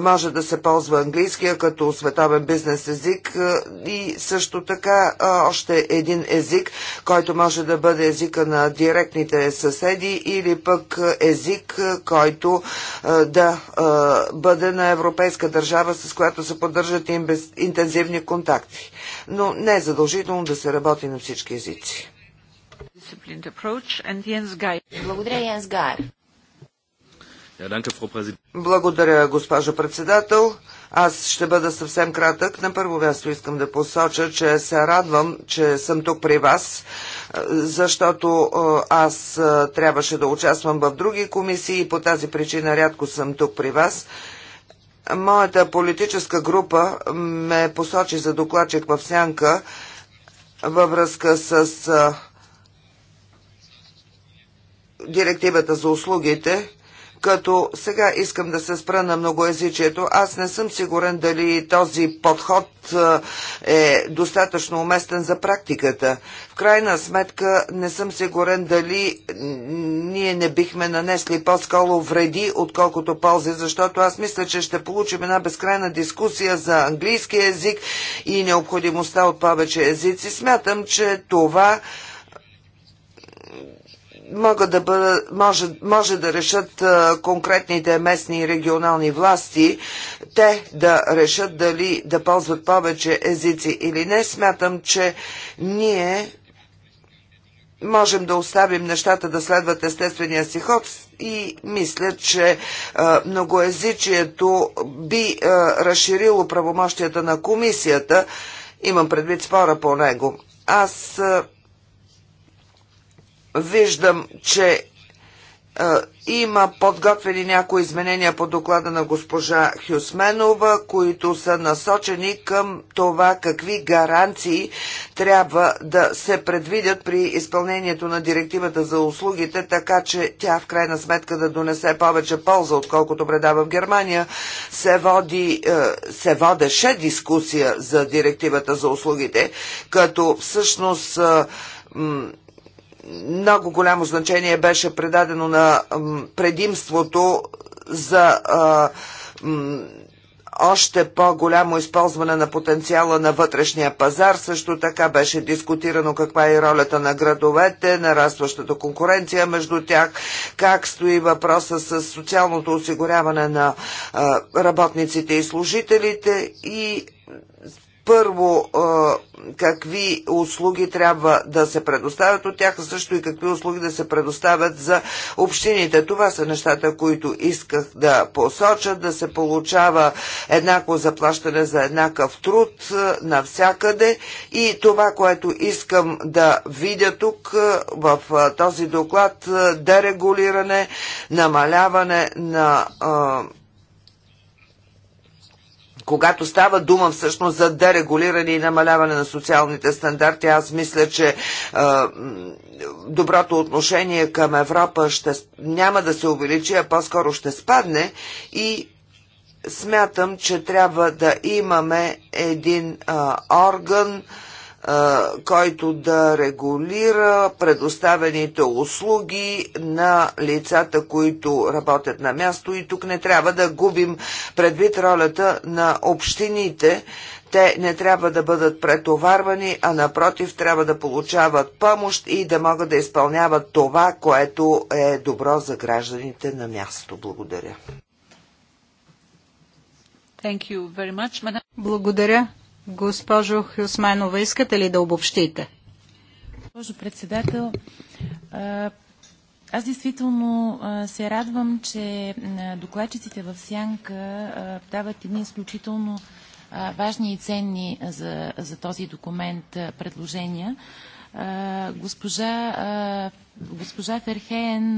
може да се ползва английския като световен бизнес език и също така още един език, който може да бъде езика на директните съседи или пък език, който да бъде на европейска държава, с която се поддържат интензивни контакти. Но не е задължително да се работи на всички езици disciplined approach. And Jens Geier. Благодаря, Йенс Гайер. Благодаря, госпожо председател. Аз ще бъда съвсем кратък. На първо място искам да посоча, че се радвам, че съм тук при вас, защото аз трябваше да участвам в други комисии и по тази причина рядко съм тук при вас. Моята политическа група ме посочи за докладчик в Сянка във връзка с директивата за услугите, като сега искам да се спра на многоязичието. Аз не съм сигурен дали този подход е достатъчно уместен за практиката. В крайна сметка не съм сигурен дали ние не бихме нанесли по-скоро вреди, отколкото ползи, защото аз мисля, че ще получим една безкрайна дискусия за английски език и необходимостта от повече езици. Смятам, че това могат да бъдат, може, може да решат а, конкретните местни и регионални власти, те да решат дали да ползват повече езици или не. Смятам, че ние можем да оставим нещата да следват естествения си ход и мисля, че а, би а, разширило правомощията на комисията. Имам предвид спора по него. Аз а, виждам, че има подготвени някои изменения по доклада на госпожа Хюсменова, които са насочени към това какви гаранции трябва да се предвидят при изпълнението на директивата за услугите, така че тя в крайна сметка да донесе повече полза, отколкото предава в Германия. Се, води, се водеше дискусия за директивата за услугите, като всъщност много голямо значение беше предадено на предимството за а, още по-голямо използване на потенциала на вътрешния пазар. Също така беше дискутирано каква е ролята на градовете, нарастващата конкуренция между тях, как стои въпроса с социалното осигуряване на а, работниците и служителите и първо какви услуги трябва да се предоставят от тях, също и какви услуги да се предоставят за общините. Това са нещата, които исках да посоча, да се получава еднакво заплащане за еднакъв труд навсякъде и това, което искам да видя тук в този доклад, дерегулиране, намаляване на когато става дума всъщност за дерегулиране и намаляване на социалните стандарти, аз мисля, че а, е, доброто отношение към Европа ще, няма да се увеличи, а по-скоро ще спадне и смятам, че трябва да имаме един а, орган, а, който да регулира предоставените услуги на лицата, които работят на място. И тук не трябва да губим предвид ролята на общините. Те не трябва да бъдат претоварвани, а напротив трябва да получават помощ и да могат да изпълняват това, което е добро за гражданите на място. Благодаря. Благодаря. Госпожо Хюсменова, искате ли да обобщите? Госпожо председател, аз действително се радвам, че докладчиците в Сянка дават едни изключително важни и ценни за, за този документ предложения. Госпожа, госпожа Ферхеен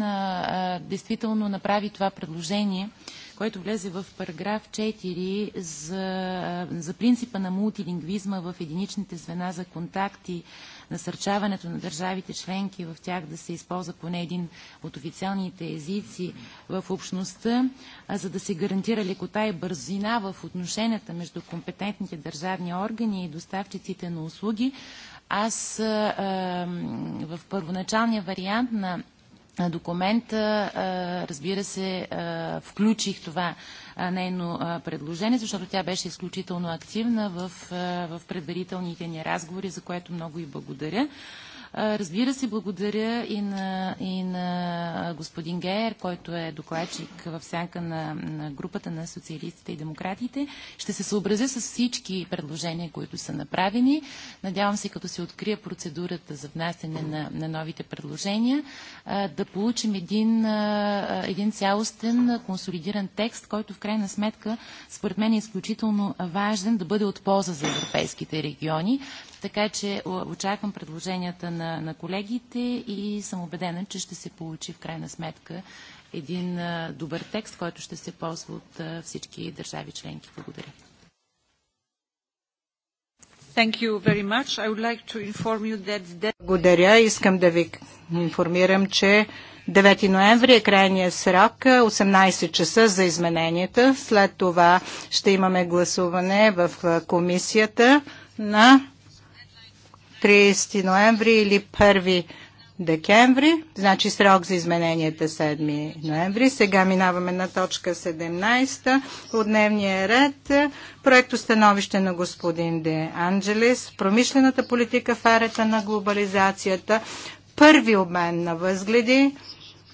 действително направи това предложение – който влезе в параграф 4 за, за принципа на мултилингвизма в единичните звена за контакти, насърчаването на държавите членки в тях да се използва поне един от официалните езици в общността, за да се гарантира лекота и бързина в отношенията между компетентните държавни органи и доставчиците на услуги. Аз в първоначалния вариант на документа, разбира се, включих това нейно предложение, защото тя беше изключително активна в, предварителните ни разговори, за което много и благодаря. Разбира се, благодаря и на, и на господин Гейер, който е докладчик в сянка на, на групата на социалистите и демократите. Ще се съобразя с всички предложения, които са направени. Надявам се, като се открия процедурата за внасене на, на новите предложения, да получим един, един цялостен консолидиран текст, който в крайна сметка, според мен е изключително важен да бъде от полза за европейските региони. Така е, че очаквам предложенията на, на колегите и съм убедена, че ще се получи в крайна сметка един добър текст, който ще се ползва от всички държави членки. Благодаря. Like that... Благодаря. Искам да ви информирам, че 9 ноември е крайният срок, 18 е, часа за измененията. След това ще имаме гласуване в комисията на 30 ноември или 1 декември, значи срок за измененията 7 е ноември. Сега минаваме на точка 17 от дневния ред. Проекто становище на господин Де Анджелес. Промишлената политика в арета на глобализацията. Първи обмен на възгледи.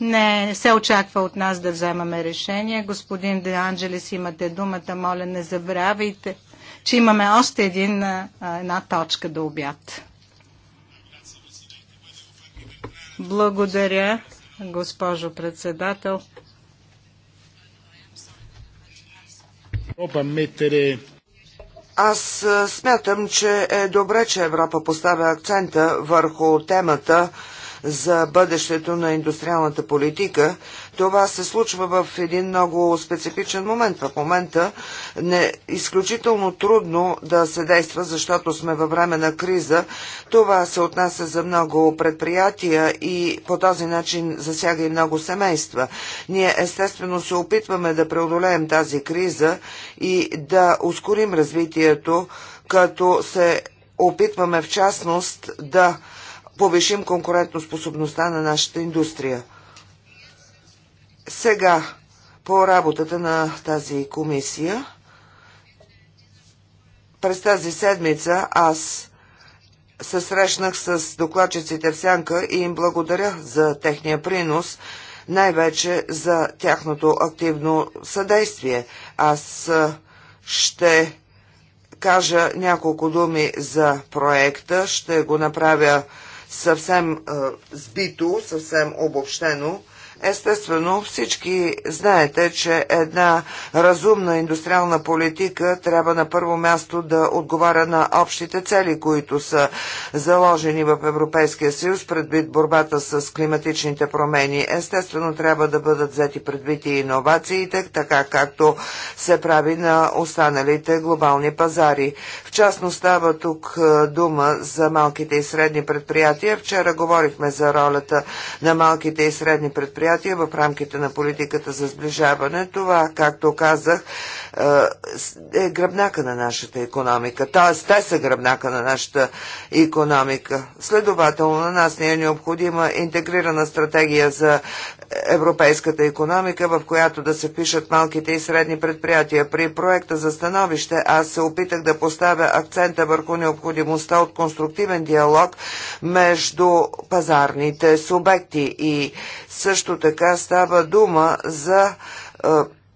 Не се очаква от нас да вземаме решение. Господин Де Анджелес, имате думата. Моля, не забравяйте, че имаме още един, една точка до обяд. Благодаря, госпожо председател. Аз смятам, че е добре, че Европа поставя акцента върху темата за бъдещето на индустриалната политика, това се случва в един много специфичен момент. В момента не е изключително трудно да се действа, защото сме във време на криза. Това се отнася за много предприятия и по този начин засяга и много семейства. Ние естествено се опитваме да преодолеем тази криза и да ускорим развитието, като се опитваме в частност да повишим конкурентоспособността на нашата индустрия. Сега по работата на тази комисия. През тази седмица аз се срещнах с докладчиците в Сянка и им благодаря за техния принос, най-вече за тяхното активно съдействие. Аз ще кажа няколко думи за проекта, ще го направя съвсем е, сбито, съвсем обобщено. Естествено, всички знаете, че една разумна индустриална политика трябва на първо място да отговаря на общите цели, които са заложени в Европейския съюз предвид борбата с климатичните промени. Естествено, трябва да бъдат взети предвид и иновациите, така както се прави на останалите глобални пазари. В частност става тук е, дума за малките и средни предприятия. Вчера говорихме за ролята на малките и средни предприятия мероприятия в рамките на политиката за сближаване. Това, както казах, е, е гръбнака на нашата економика. Тоест, те са гръбнака на нашата економика. Следователно, на нас не е необходима интегрирана стратегия за европейската економика, в която да се пишат малките и средни предприятия. При проекта за становище аз се опитах да поставя акцента върху необходимостта от конструктивен диалог между пазарните субекти и също така става дума за е,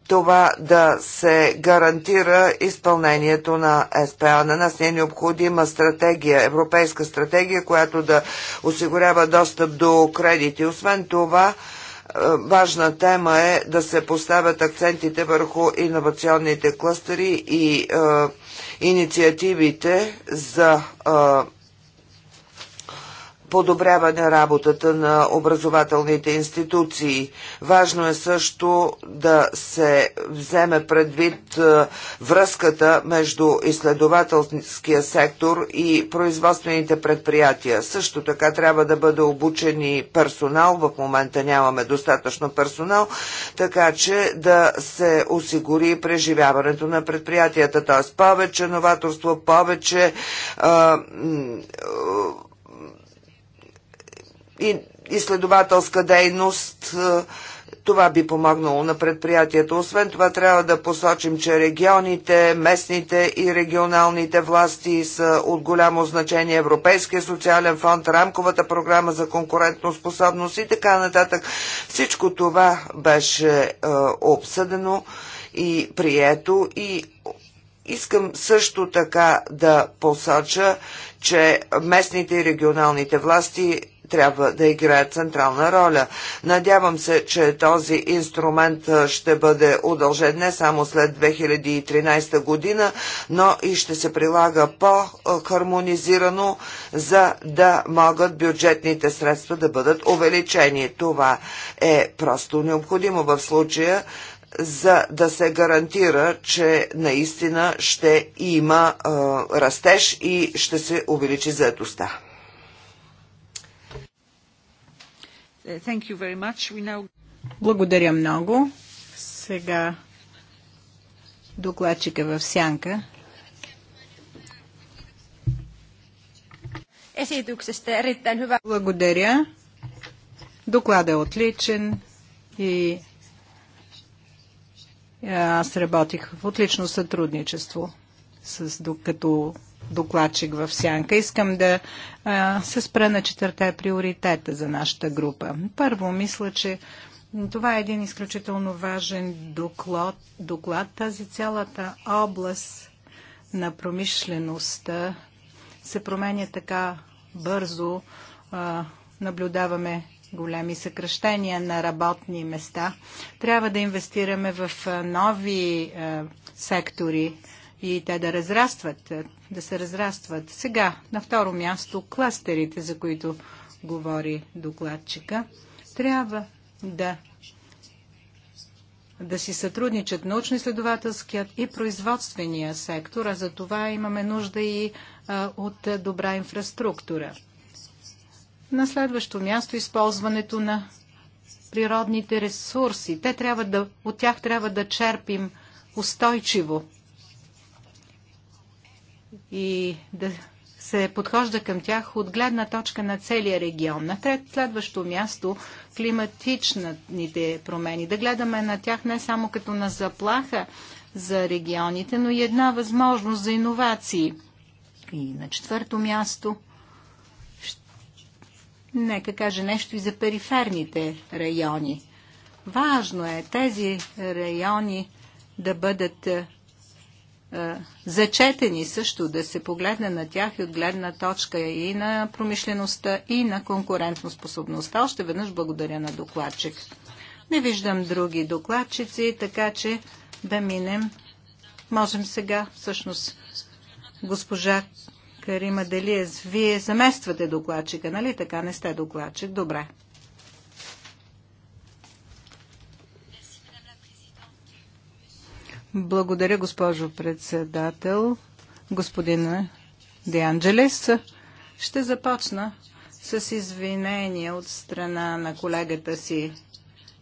това да се гарантира изпълнението на СПА. На нас не е необходима стратегия, европейска стратегия, която да осигурява достъп до кредити. Освен това, е, важна тема е да се поставят акцентите върху иновационните клъстери и е, инициативите за е, подобряване работата на образователните институции. Важно е също да се вземе предвид е, връзката между изследователския сектор и производствените предприятия. Също така трябва да бъде обучен и персонал. В момента нямаме достатъчно персонал, така че да се осигури преживяването на предприятията, т.е. повече новаторство, повече а, е, изследователска дейност. Е, това би помогнало на предприятието. Освен това трябва да посочим, че регионите, местните и регионалните власти са от голямо значение. Европейския социален фонд, рамковата програма за конкурентно способност и така нататък. Всичко това беше е, обсъдено и прието и Искам също така да посоча, че местните и регионалните власти трябва да играе централна роля. Надявам се, че този инструмент ще бъде удължен не само след 2013 година, но и ще се прилага по-хармонизирано, за да могат бюджетните средства да бъдат увеличени. Това е просто необходимо в случая за да се гарантира, че наистина ще има е, растеж и ще се увеличи заедостта. Thank you very much. We now... Благодаря много. Сега докладчика в сянка. Благодаря. Докладът е отличен и аз работих в отлично сътрудничество с, като докладчик в сянка. Искам да а, се спра на четвърта приоритета за нашата група. Първо, мисля, че това е един изключително важен доклад. доклад. Тази цялата област на промишлеността се променя така бързо. А, наблюдаваме големи съкръщения на работни места. Трябва да инвестираме в нови а, сектори и те да разрастват, е, да се разрастват. Сега, на второ място, кластерите, за които говори докладчика, трябва да да си сътрудничат научно-изследователският и производствения сектор, а за това имаме нужда и а, е, от добра инфраструктура. На следващо място използването на природните ресурси. Те трябва да, от тях трябва да черпим устойчиво и да се подхожда към тях от гледна точка на целия регион. На трет, следващо място климатичните промени. Да гледаме на тях не само като на заплаха за регионите, но и една възможност за иновации. И на четвърто място нека каже нещо и за периферните райони. Важно е тези райони да бъдат е, зачетени също да се погледне на тях и от гледна точка и на промишлеността, и на конкурентоспособността. Още веднъж благодаря на докладчик. Не виждам други докладчици, така че да минем. Можем сега, всъщност, госпожа Карима Делиез, вие замествате докладчика, нали така? Не сте докладчик. Добре. Благодаря, госпожо председател. Господин Де Анджелес, ще започна с извинение от страна на колегата си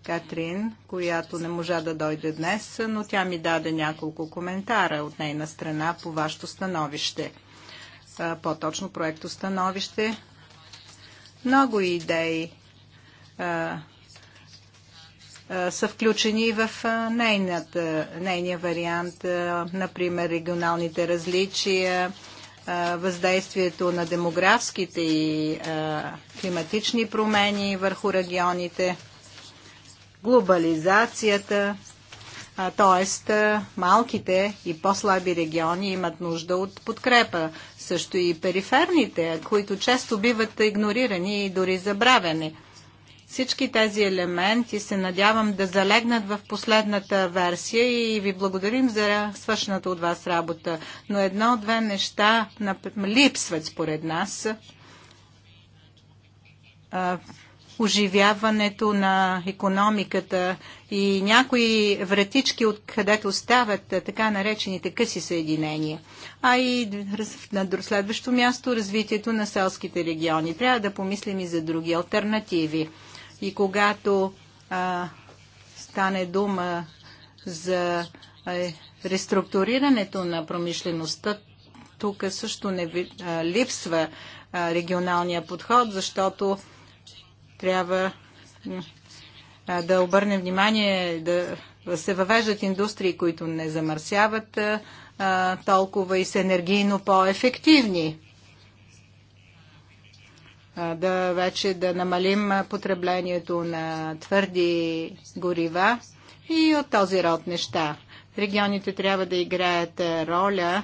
Катрин, която не можа да дойде днес, но тя ми даде няколко коментара от нейна страна по вашето становище. По-точно проекто становище. Много идеи са включени в нейната, нейния вариант, например регионалните различия, въздействието на демографските и климатични промени върху регионите, глобализацията, т.е. малките и по-слаби региони имат нужда от подкрепа. Също и периферните, които често биват игнорирани и дори забравени. Всички тези елементи се надявам да залегнат в последната версия и ви благодарим за свършената от вас работа. Но едно-две неща липсват според нас. Оживяването на економиката и някои вратички, откъдето стават така наречените къси съединения. А и на следващо място развитието на селските региони. Трябва да помислим и за други альтернативи. И когато а, стане дума за а, реструктурирането на промишлеността, тук също не а, липсва а, регионалния подход, защото трябва а, да обърнем внимание да се въвеждат индустрии, които не замърсяват а, толкова и са енергийно по-ефективни да вече да намалим потреблението на твърди горива и от този род неща. Регионите трябва да играят роля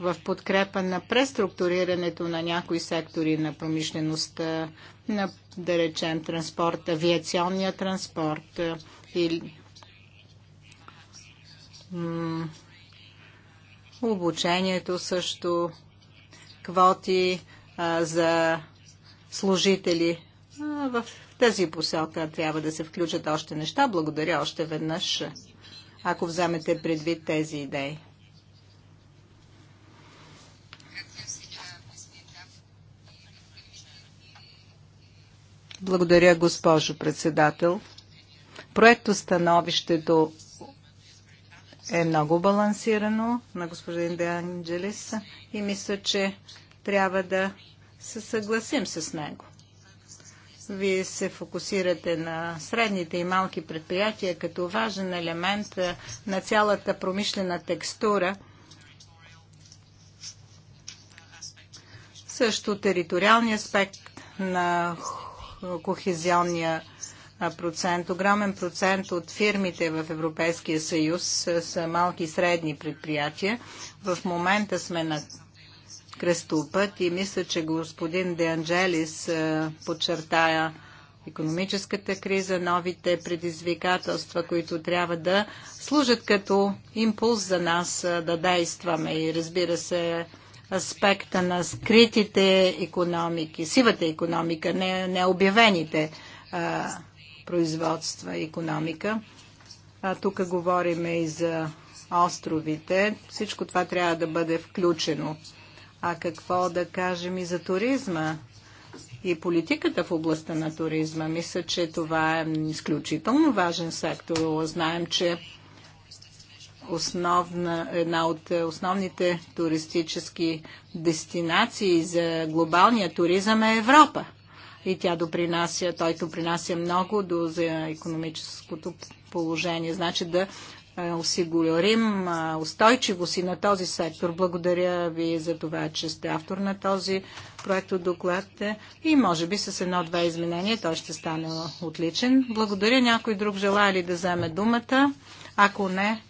в подкрепа на преструктурирането на някои сектори на промишлеността, на, да речем, транспорт, авиационния транспорт или обучението също, квоти а, за служители. В тази поселка трябва да се включат още неща. Благодаря още веднъж, ако вземете предвид тези идеи. Благодаря, госпожо председател. Проекто становището е много балансирано на господин Де Анджелис и мисля, че трябва да се съгласим с него. Вие се фокусирате на средните и малки предприятия като важен елемент на цялата промишлена текстура, също териториалния аспект на кохезионния процент. Огромен процент от фирмите в Европейския съюз са малки и средни предприятия. В момента сме на кръстопът и мисля, че господин Де Анджелис е, подчертая економическата криза, новите предизвикателства, които трябва да служат като импулс за нас е, да действаме и разбира се аспекта на скритите економики, сивата економика, не, необявените а, е, производства економика. А, тук говорим и за островите. Всичко това трябва да бъде включено. А какво да кажем и за туризма? и политиката в областта на туризма. Мисля, че това е изключително важен сектор. Знаем, че основна, една от основните туристически дестинации за глобалния туризъм е Европа. И тя допринася, той допринася много до за економическото положение. Значи да е, осигурим е, устойчивост и на този сектор. Благодаря ви за това, че сте автор на този проект от доклад и може би с едно два изменения той ще стане отличен. Благодаря. Някой друг желая ли да вземе думата? Ако не,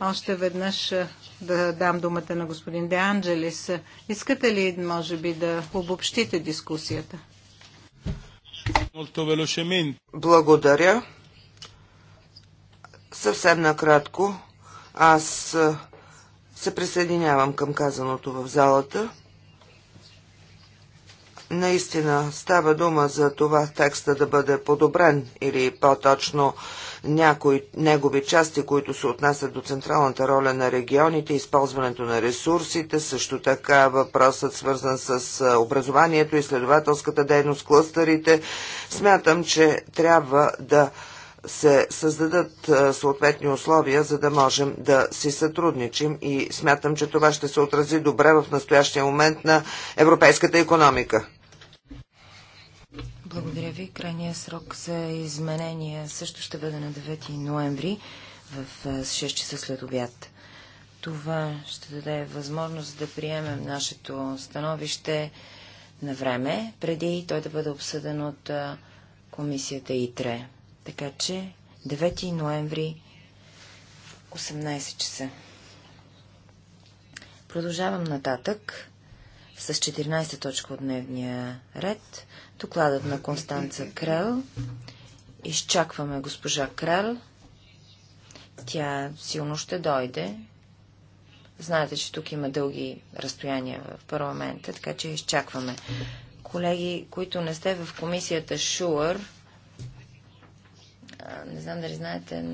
още веднъж е, да дам думата на господин Де Анджелис. Искате ли, може би, да обобщите дискусията? Благодаря. Съвсем накратко, аз се присъединявам към казаното в залата. Наистина става дума за това текста да бъде подобрен или по-точно някои негови части, които се отнасят до централната роля на регионите, използването на ресурсите, също така въпросът свързан с образованието, изследователската дейност, клъстерите. Смятам, че трябва да се създадат съответни условия, за да можем да си сътрудничим и смятам, че това ще се отрази добре в настоящия момент на европейската економика. Благодаря ви. Крайният срок за изменения също ще бъде на 9 ноември в 6 часа след обяд. Това ще даде възможност да приемем нашето становище на време, преди той да бъде обсъден от комисията ИТРЕ. Така че 9 ноември 18 часа. Продължавам нататък с 14 точка от дневния ред. Докладът на Констанца Крел. Изчакваме госпожа Крел. Тя силно ще дойде. Знаете, че тук има дълги разстояния в парламента, така че изчакваме. Колеги, които не сте в комисията Шуър, не знам дали знаете,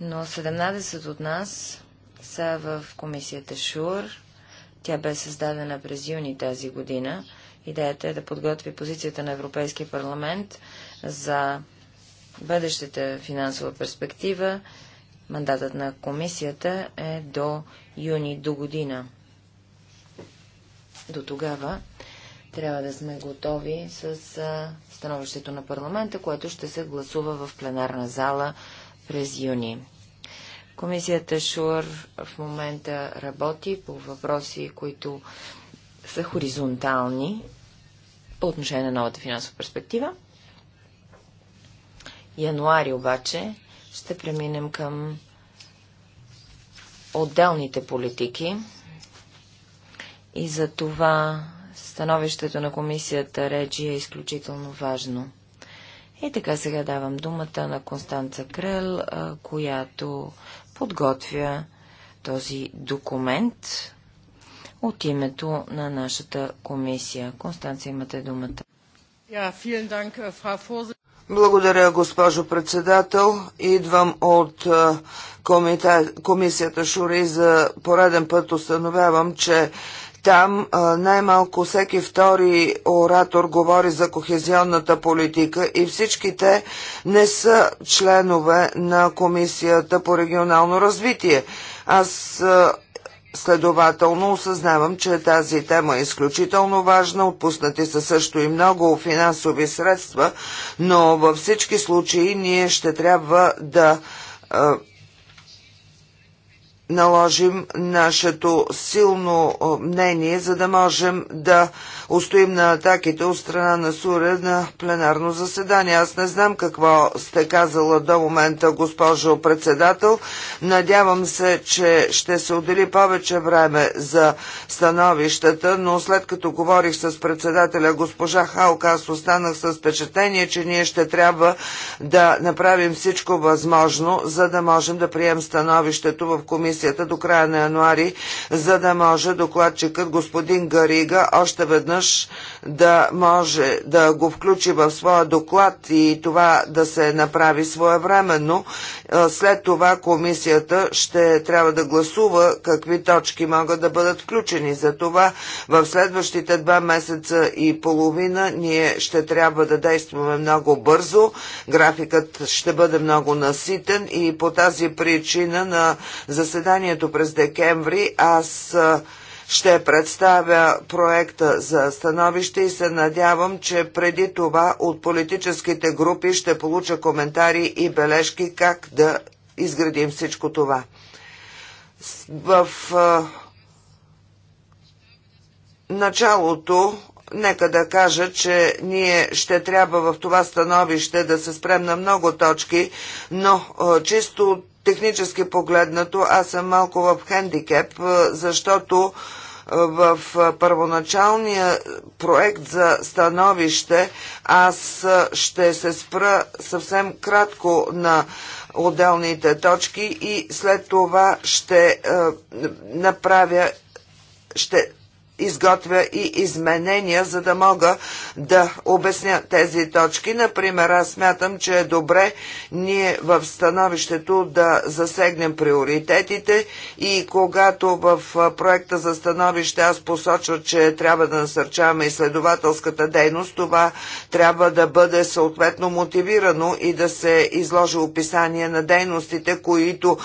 но 17 от нас са в комисията ШУР. Тя бе създадена през юни тази година. Идеята е да подготви позицията на Европейския парламент за бъдещата финансова перспектива. Мандатът на комисията е до юни до година. До тогава трябва да сме готови с становището на парламента, което ще се гласува в пленарна зала през юни. Комисията ШУР в момента работи по въпроси, които са хоризонтални по отношение на новата финансова перспектива. Януари обаче ще преминем към отделните политики и за това Становището на комисията Реджи е изключително важно. И така сега давам думата на Констанца Крел, която подготвя този документ от името на нашата комисия. Констанция, имате думата. Äh, Благодаря, госпожо председател. Идвам от комисията Шури за пореден път установявам, че там най-малко всеки втори оратор говори за кохезионната политика и всички те не са членове на Комисията по регионално развитие. Аз Следователно осъзнавам, че тази тема е изключително важна, отпуснати са също и много финансови средства, но във всички случаи ние ще трябва да наложим нашето силно мнение, за да можем да устоим на атаките от страна на Суре на пленарно заседание. Аз не знам какво сте казала до момента, госпожо председател. Надявам се, че ще се отдели повече време за становищата, но след като говорих с председателя госпожа Халка, аз останах с впечатление, че ние ще трябва да направим всичко възможно, за да можем да прием становището в комисията комисията до края на януари, за да може докладчикът господин Гарига още веднъж да може да го включи в своя доклад и това да се направи своевременно. След това комисията ще трябва да гласува какви точки могат да бъдат включени. За това в следващите два месеца и половина ние ще трябва да действаме много бързо. Графикът ще бъде много наситен и по тази причина на заседанието заседанието през декември аз ще представя проекта за становище и се надявам, че преди това от политическите групи ще получа коментари и бележки как да изградим всичко това. В началото Нека да кажа, че ние ще трябва в това становище да се спрем на много точки, но чисто технически погледнато аз съм малко в хендикеп, защото в първоначалния проект за становище аз ще се спра съвсем кратко на отделните точки и след това ще направя ще изготвя и изменения, за да мога да обясня тези точки. Например, аз смятам, че е добре ние в становището да засегнем приоритетите и когато в проекта за становище аз посочва, че трябва да насърчаваме изследователската дейност, това трябва да бъде съответно мотивирано и да се изложи описание на дейностите, които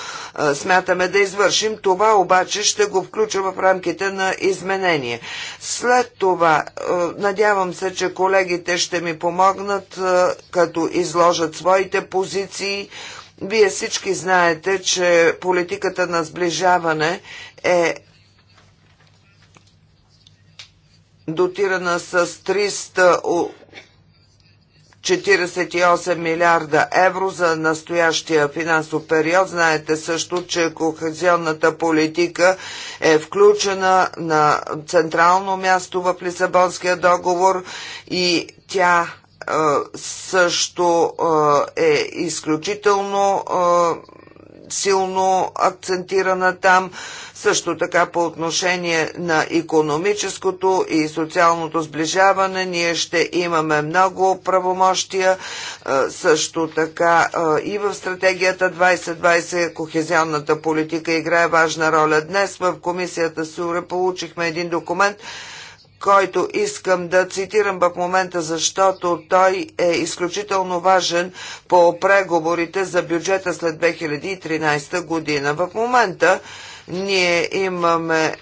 смятаме да извършим. Това обаче ще го включа в рамките на изменения изменение. След това, е, надявам се, че колегите ще ми помогнат, е, като изложат своите позиции. Вие всички знаете, че политиката на сближаване е дотирана с 300 48 милиарда евро за настоящия финансов период. Знаете също, че кохезионната политика е включена на централно място в Лисабонския договор и тя е, също е, е изключително е, силно акцентирана там. Също така по отношение на економическото и социалното сближаване ние ще имаме много правомощия. Е, също така е, и в стратегията 2020 кохезионната политика играе важна роля. Днес в комисията Сура получихме един документ, който искам да цитирам в момента, защото той е изключително важен по преговорите за бюджета след 2013 година. В момента ние имаме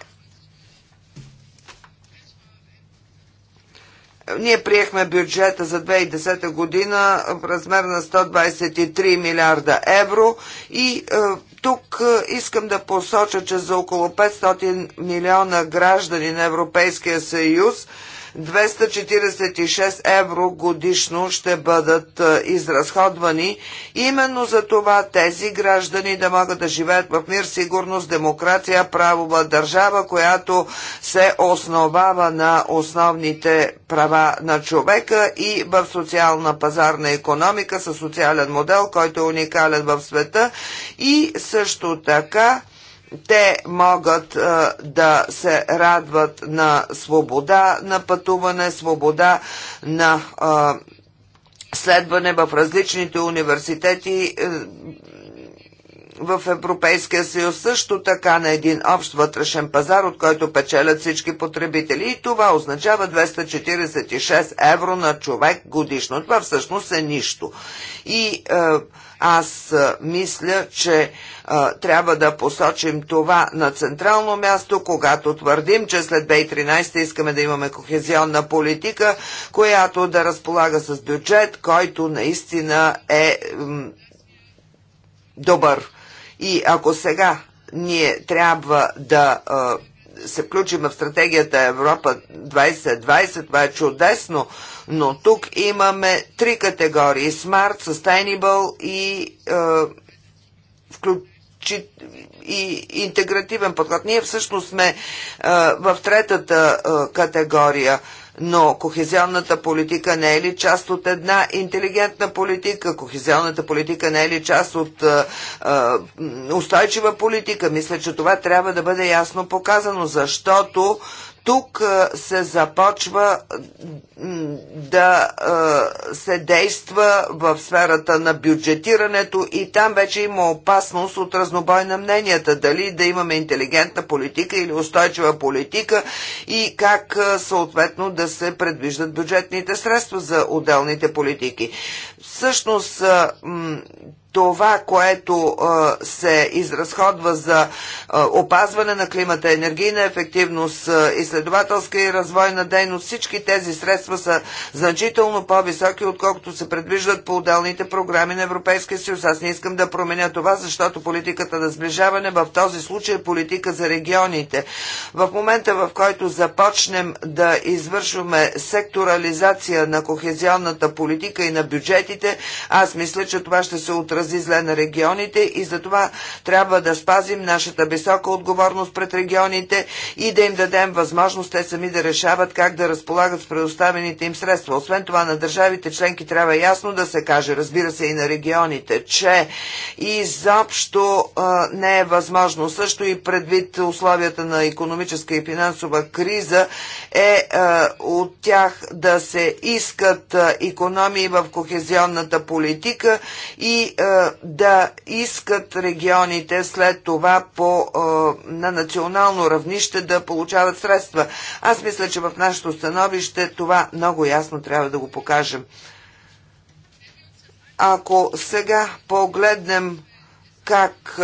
Ние приехме бюджета за 2010 година в размер на 123 милиарда евро и е, тук е, искам да посоча, че за около 500 милиона граждани на Европейския съюз – 246 евро годишно ще бъдат е, изразходвани. Именно за това тези граждани да могат да живеят в мир, сигурност, демокрация, правова държава, която се основава на основните права на човека и в социална пазарна економика със социален модел, който е уникален в света и също така те могат а, да се радват на свобода на пътуване, свобода на а, следване в различните университети е, в Европейския съюз, също така на един общ вътрешен пазар, от който печелят всички потребители. И това означава 246 евро на човек годишно. Това всъщност е нищо. И е, аз мисля, че а, трябва да посочим това на централно място, когато твърдим, че след 2013 искаме да имаме кохезионна политика, която да разполага с бюджет, който наистина е добър. И ако сега ние трябва да а, се включим в стратегията Европа 2020, това е чудесно, но тук имаме три категории – Smart, Sustainable и, е, включи, и интегративен подход. Ние всъщност сме е, в третата е, категория – но кохезионната политика не е ли част от една интелигентна политика? Кохезионната политика не е ли част от а, а, устойчива политика? Мисля, че това трябва да бъде ясно показано, защото тук се започва да се действа в сферата на бюджетирането и там вече има опасност от разнобой на мненията. Дали да имаме интелигентна политика или устойчива политика и как съответно да се предвиждат бюджетните средства за отделните политики. Всъщност това, което се изразходва за опазване на климата, енергийна ефективност, изследователска и развойна дейност, всички тези средства са значително по-високи, отколкото се предвиждат по отделните програми на Европейския съюз. Аз не искам да променя това, защото политиката на сближаване в този случай е политика за регионите. В момента, в който започнем да извършваме секторализация на кохезионната политика и на бюджетите, аз мисля, че това ще се отрази отрази зле на регионите и затова трябва да спазим нашата висока отговорност пред регионите и да им дадем възможност те сами да решават как да разполагат с предоставените им средства. Освен това на държавите членки трябва ясно да се каже, разбира се и на регионите, че изобщо а, не е възможно. Също и предвид условията на економическа и финансова криза е а, от тях да се искат а, економии в кохезионната политика и а, е, да искат регионите след това по, е, на национално равнище да получават средства. Аз мисля, че в нашето становище това много ясно трябва да го покажем. Ако сега погледнем как е,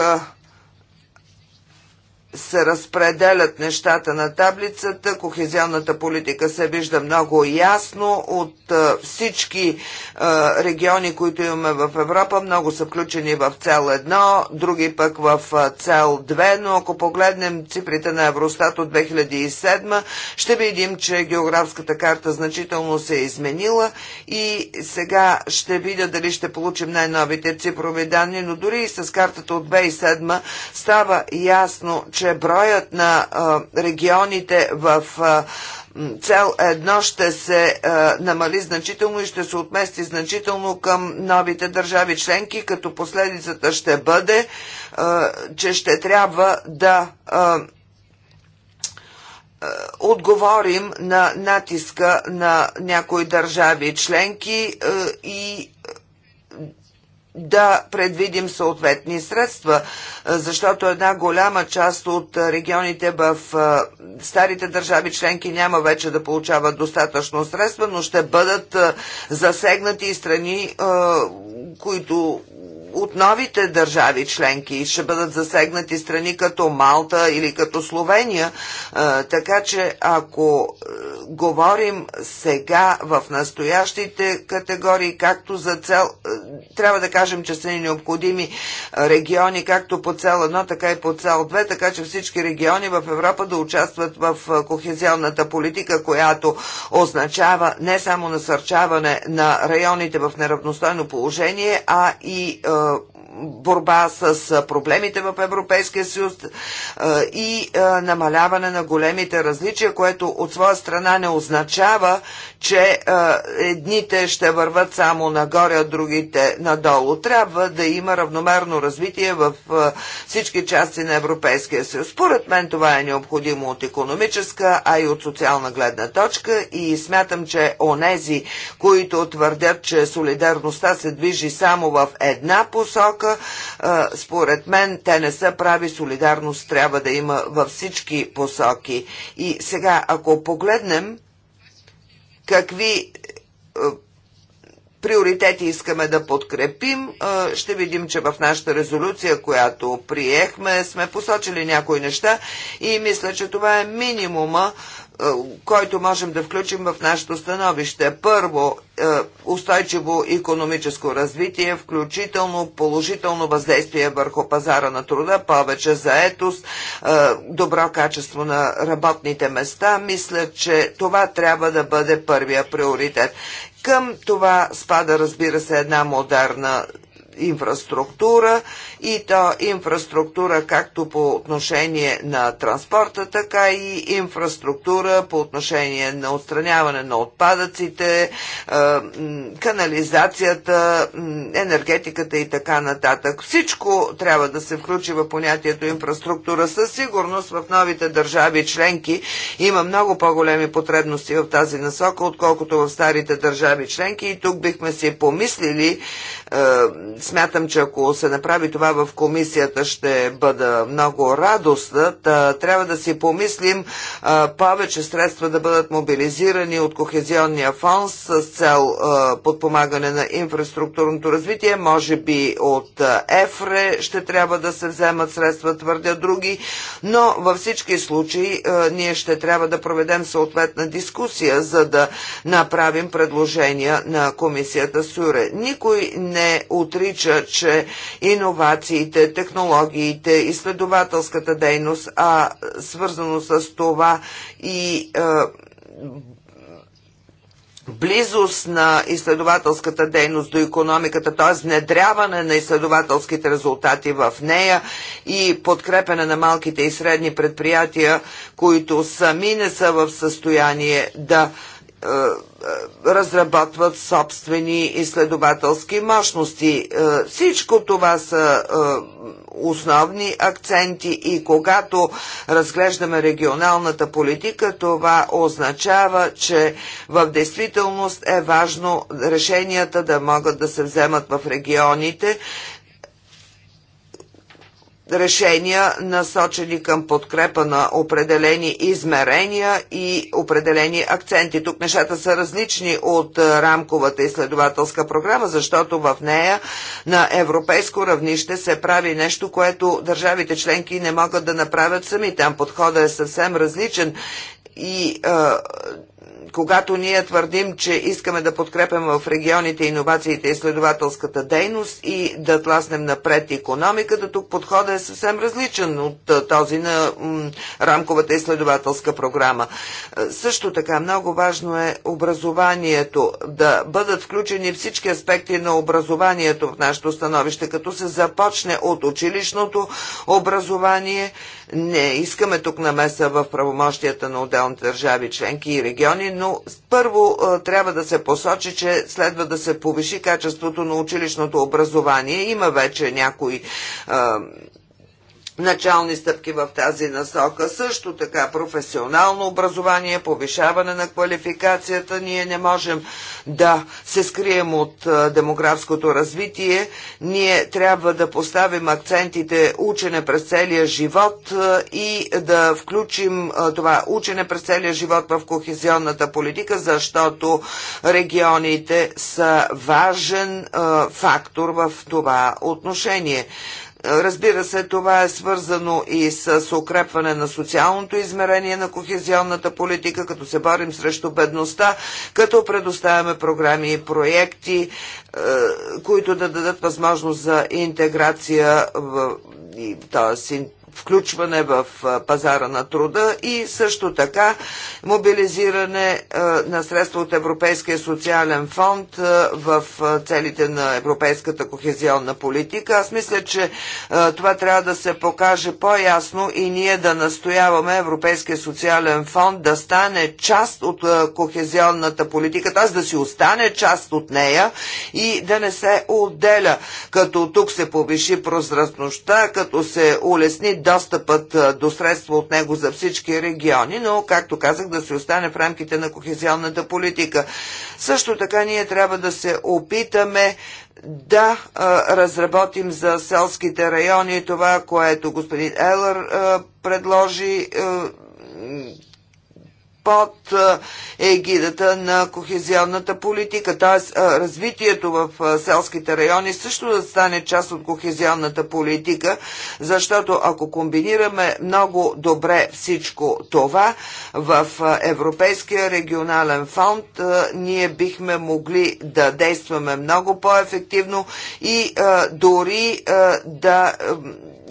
се разпределят нещата на таблицата. Кохезионната политика се вижда много ясно от всички региони, които имаме в Европа. Много са включени в цел 1, други пък в цел 2, но ако погледнем цифрите на Евростат от 2007, ще видим, че географската карта значително се е изменила и сега ще видя дали ще получим най-новите цифрови данни, но дори и с картата от 2007 става ясно, че че броят на регионите в цел едно ще се намали значително и ще се отмести значително към новите държави членки, като последицата ще бъде, че ще трябва да отговорим на натиска на някои държави членки и да предвидим съответни средства, защото една голяма част от регионите в старите държави членки няма вече да получават достатъчно средства, но ще бъдат засегнати и страни, които от новите държави членки ще бъдат засегнати страни като Малта или като Словения. Е, така че ако е, говорим сега в настоящите категории, както за цел, е, трябва да кажем, че са ни необходими региони, както по цел 1, така и по цел 2, така че всички региони в Европа да участват в кохезионната политика, която означава не само насърчаване на районите в неравностойно положение, а и е, борба с проблемите в Европейския съюз и намаляване на големите различия, което от своя страна не означава, че а, едните ще върват само нагоре, а другите надолу. Трябва да има равномерно развитие в а, всички части на Европейския съюз. Според мен това е необходимо от економическа, а и от социална гледна точка и смятам, че онези, които твърдят, че солидарността се движи само в една посока, а, според мен те не са прави. Солидарност трябва да има във всички посоки. И сега, ако погледнем какви е, приоритети искаме да подкрепим. Е, ще видим, че в нашата резолюция, която приехме, сме посочили някои неща и мисля, че това е минимума, е, който можем да включим в нашето становище. Първо, е, устойчиво економическо развитие, включително положително въздействие върху пазара на труда, повече заетост, е, добро качество на работните места. Мисля, че това трябва да бъде първия приоритет. Към това спада, разбира се, една модерна инфраструктура и то инфраструктура както по отношение на транспорта, така и инфраструктура по отношение на отстраняване на отпадъците, е, канализацията, енергетиката и така нататък. Всичко трябва да се включи в понятието инфраструктура. Със сигурност в новите държави членки има много по-големи потребности в тази насока, отколкото в старите държави членки и тук бихме си помислили е, Смятам, че ако се направи това в комисията, ще бъда много радостна. Трябва да си помислим повече средства да бъдат мобилизирани от Кохезионния фонд с цел подпомагане на инфраструктурното развитие. Може би от ЕФРЕ ще трябва да се вземат средства, твърдя други, но във всички случаи ние ще трябва да проведем съответна дискусия, за да направим предложения на комисията Сюре. Никой не отрича отрича, че иновациите, технологиите, изследователската дейност, а свързано с това и близост на изследователската дейност до економиката, т.е. внедряване на изследователските резултати в нея и подкрепене на малките и средни предприятия, които сами не са в състояние да е, е, разработват собствени изследователски мощности. Е, всичко това са е, основни акценти и когато разглеждаме регионалната политика, това означава, че в действителност е важно решенията да могат да се вземат в регионите, решения, насочени към подкрепа на определени измерения и определени акценти. Тук нещата са различни от рамковата изследователска програма, защото в нея на европейско равнище се прави нещо, което държавите членки не могат да направят сами. Там подходът е съвсем различен и а, когато ние твърдим, че искаме да подкрепяме в регионите иновациите и следователската дейност и да тласнем напред економиката, тук подходът е съвсем различен от този на рамковата изследователска програма. Също така много важно е образованието, да бъдат включени всички аспекти на образованието в нашето становище, като се започне от училищното образование, не искаме тук намеса в правомощията на отделните държави, членки и региони, но първо е, трябва да се посочи, че следва да се повиши качеството на училищното образование. Има вече някои е, начални стъпки в тази насока. Също така професионално образование, повишаване на квалификацията. Ние не можем да се скрием от демографското развитие. Ние трябва да поставим акцентите учене през целия живот и да включим това учене през целия живот в кохезионната политика, защото регионите са важен фактор в това отношение. Разбира се, това е свързано и с укрепване на социалното измерение на кохезионната политика, като се борим срещу бедността, като предоставяме програми и проекти, е, които да дадат възможност за интеграция, т.е включване в пазара на труда и също така мобилизиране на средства от Европейския социален фонд в целите на европейската кохезионна политика. Аз мисля, че това трябва да се покаже по-ясно и ние да настояваме Европейския социален фонд да стане част от кохезионната политика, т.е. да си остане част от нея и да не се отделя, като тук се повиши прозрачността, като се улесни достъпът до средства от него за всички региони, но, както казах, да се остане в рамките на кохезионната политика. Също така ние трябва да се опитаме да а, разработим за селските райони това, което господин Елър а, предложи. А, под егидата на кохезионната политика. Т.е. развитието в селските райони също да стане част от кохезионната политика, защото ако комбинираме много добре всичко това в Европейския регионален фонд, ние бихме могли да действаме много по-ефективно и дори да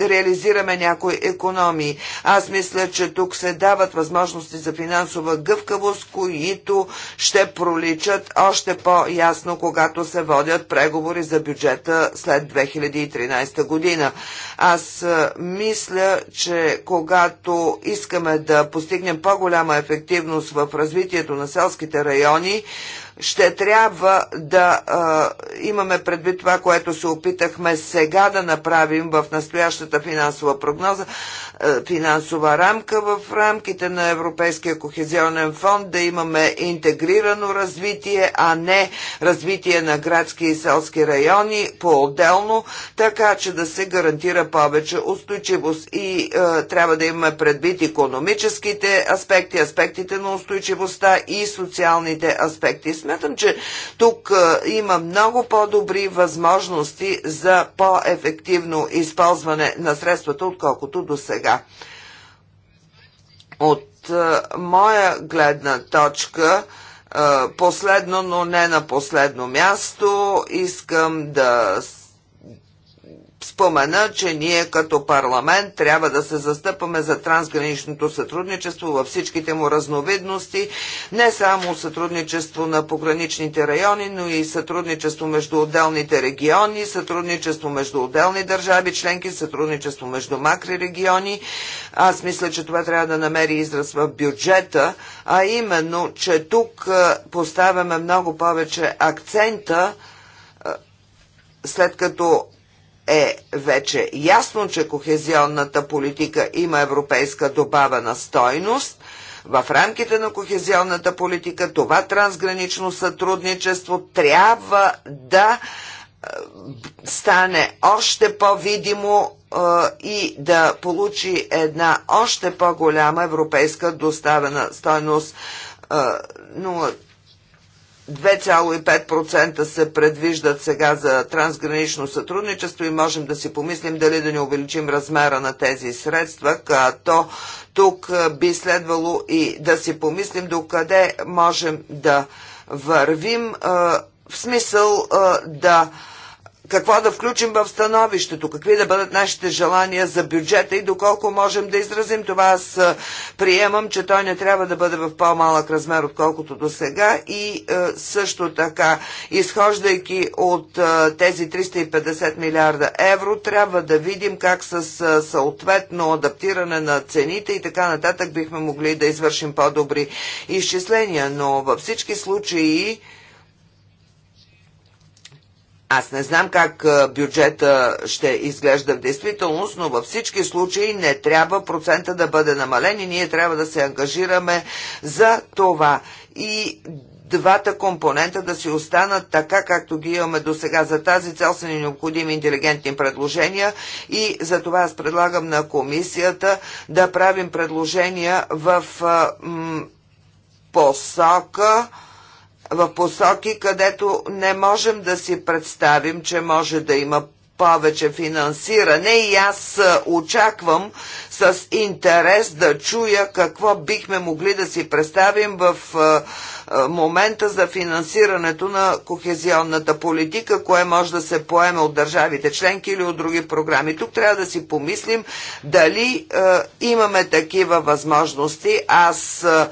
реализираме някои економии. Аз мисля, че тук се дават възможности за финансово финансова гъвкавост, които ще проличат още по-ясно, когато се водят преговори за бюджета след 2013 година. Аз мисля, че когато искаме да постигнем по-голяма ефективност в развитието на селските райони, ще трябва да а, имаме предвид това, което се опитахме сега да направим в настоящата финансова прогноза, а, финансова рамка в рамките на Европейския кохезионен фонд, да имаме интегрирано развитие, а не развитие на градски и селски райони по-отделно, така че да се гарантира повече устойчивост и а, трябва да имаме предвид економическите аспекти, аспектите на устойчивостта и социалните аспекти Смятам, че тук има много по-добри възможности за по-ефективно използване на средствата, отколкото до сега. От моя гледна точка, последно, но не на последно място, искам да спомена, че ние като парламент трябва да се застъпаме за трансграничното сътрудничество във всичките му разновидности, не само сътрудничество на пограничните райони, но и сътрудничество между отделните региони, сътрудничество между отделни държави членки, сътрудничество между макри региони. Аз мисля, че това трябва да намери израз в бюджета, а именно, че тук поставяме много повече акцента след като е вече ясно, че кохезионната политика има европейска добавена стойност. В рамките на кохезионната политика това трансгранично сътрудничество трябва да е, стане още по-видимо е, и да получи една още по-голяма европейска доставена стойност. Е, 2,5% се предвиждат сега за трансгранично сътрудничество и можем да си помислим дали да не увеличим размера на тези средства, като тук би следвало и да си помислим докъде можем да вървим в смисъл да какво да включим в становището, какви да бъдат нашите желания за бюджета и доколко можем да изразим това. Аз приемам, че той не трябва да бъде в по-малък размер, отколкото до сега и също така, изхождайки от тези 350 милиарда евро, трябва да видим как с съответно адаптиране на цените и така нататък бихме могли да извършим по-добри изчисления, но във всички случаи аз не знам как бюджета ще изглежда в действителност, но във всички случаи не трябва процента да бъде намален и ние трябва да се ангажираме за това. И двата компонента да си останат така, както ги имаме до сега. За тази цел са ни необходими интелигентни предложения и за това аз предлагам на комисията да правим предложения в посока в посоки, където не можем да си представим, че може да има повече финансиране и аз очаквам с интерес да чуя какво бихме могли да си представим в момента за финансирането на кохезионната политика, кое може да се поеме от държавите членки или от други програми. Тук трябва да си помислим дали е, имаме такива възможности. Аз е,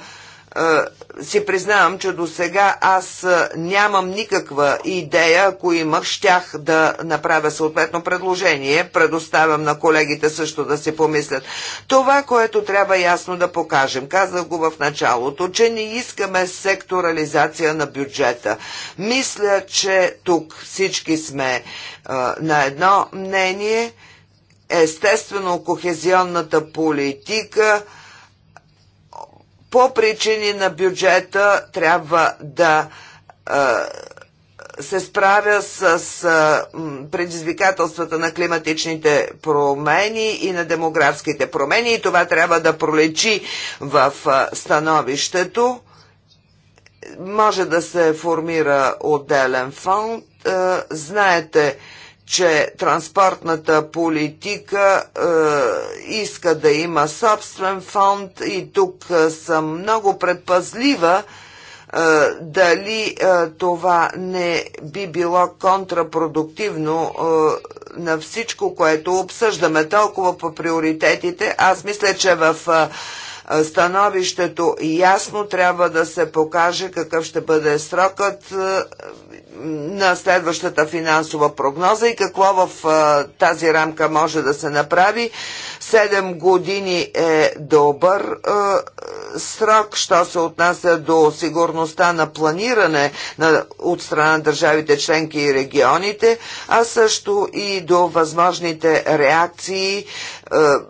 си признавам, че до сега аз нямам никаква идея, ако имах, щях да направя съответно предложение. Предоставям на колегите също да си помислят. Това, което трябва ясно да покажем, казах го в началото, че не искаме секторализация на бюджета. Мисля, че тук всички сме на едно мнение. Естествено, кохезионната политика – по причини на бюджета трябва да се справя с предизвикателствата на климатичните промени и на демографските промени и това трябва да пролечи в становището. Може да се формира отделен фонд. Знаете, че транспортната политика е, иска да има собствен фонд и тук е, съм много предпазлива е, дали е, това не би било контрапродуктивно е, на всичко, което обсъждаме толкова по приоритетите. Аз мисля, че в е, становището ясно трябва да се покаже какъв ще бъде срокът е, на следващата финансова прогноза и какво в тази рамка може да се направи. 7 години е добър срок, що се отнася до сигурността на планиране от страна на държавите членки и регионите, а също и до възможните реакции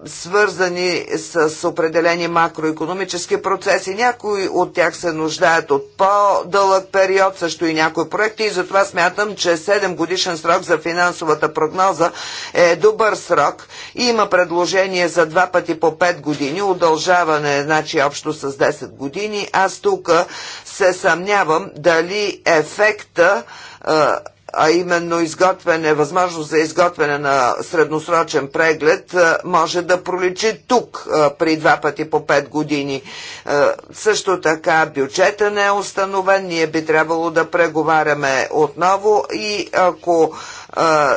свързани с определени макроекономически процеси. Някои от тях се нуждаят от по-дълъг период, също и някои проекти затова смятам, че 7 годишен срок за финансовата прогноза е добър срок. Има предложение за два пъти по 5 години, удължаване значи общо с 10 години. Аз тук се съмнявам дали ефекта а именно изготвяне, възможност за изготвяне на средносрочен преглед, може да проличи тук при два пъти по 5 години. Също така бюджета не е установен, ние би трябвало да преговаряме отново и ако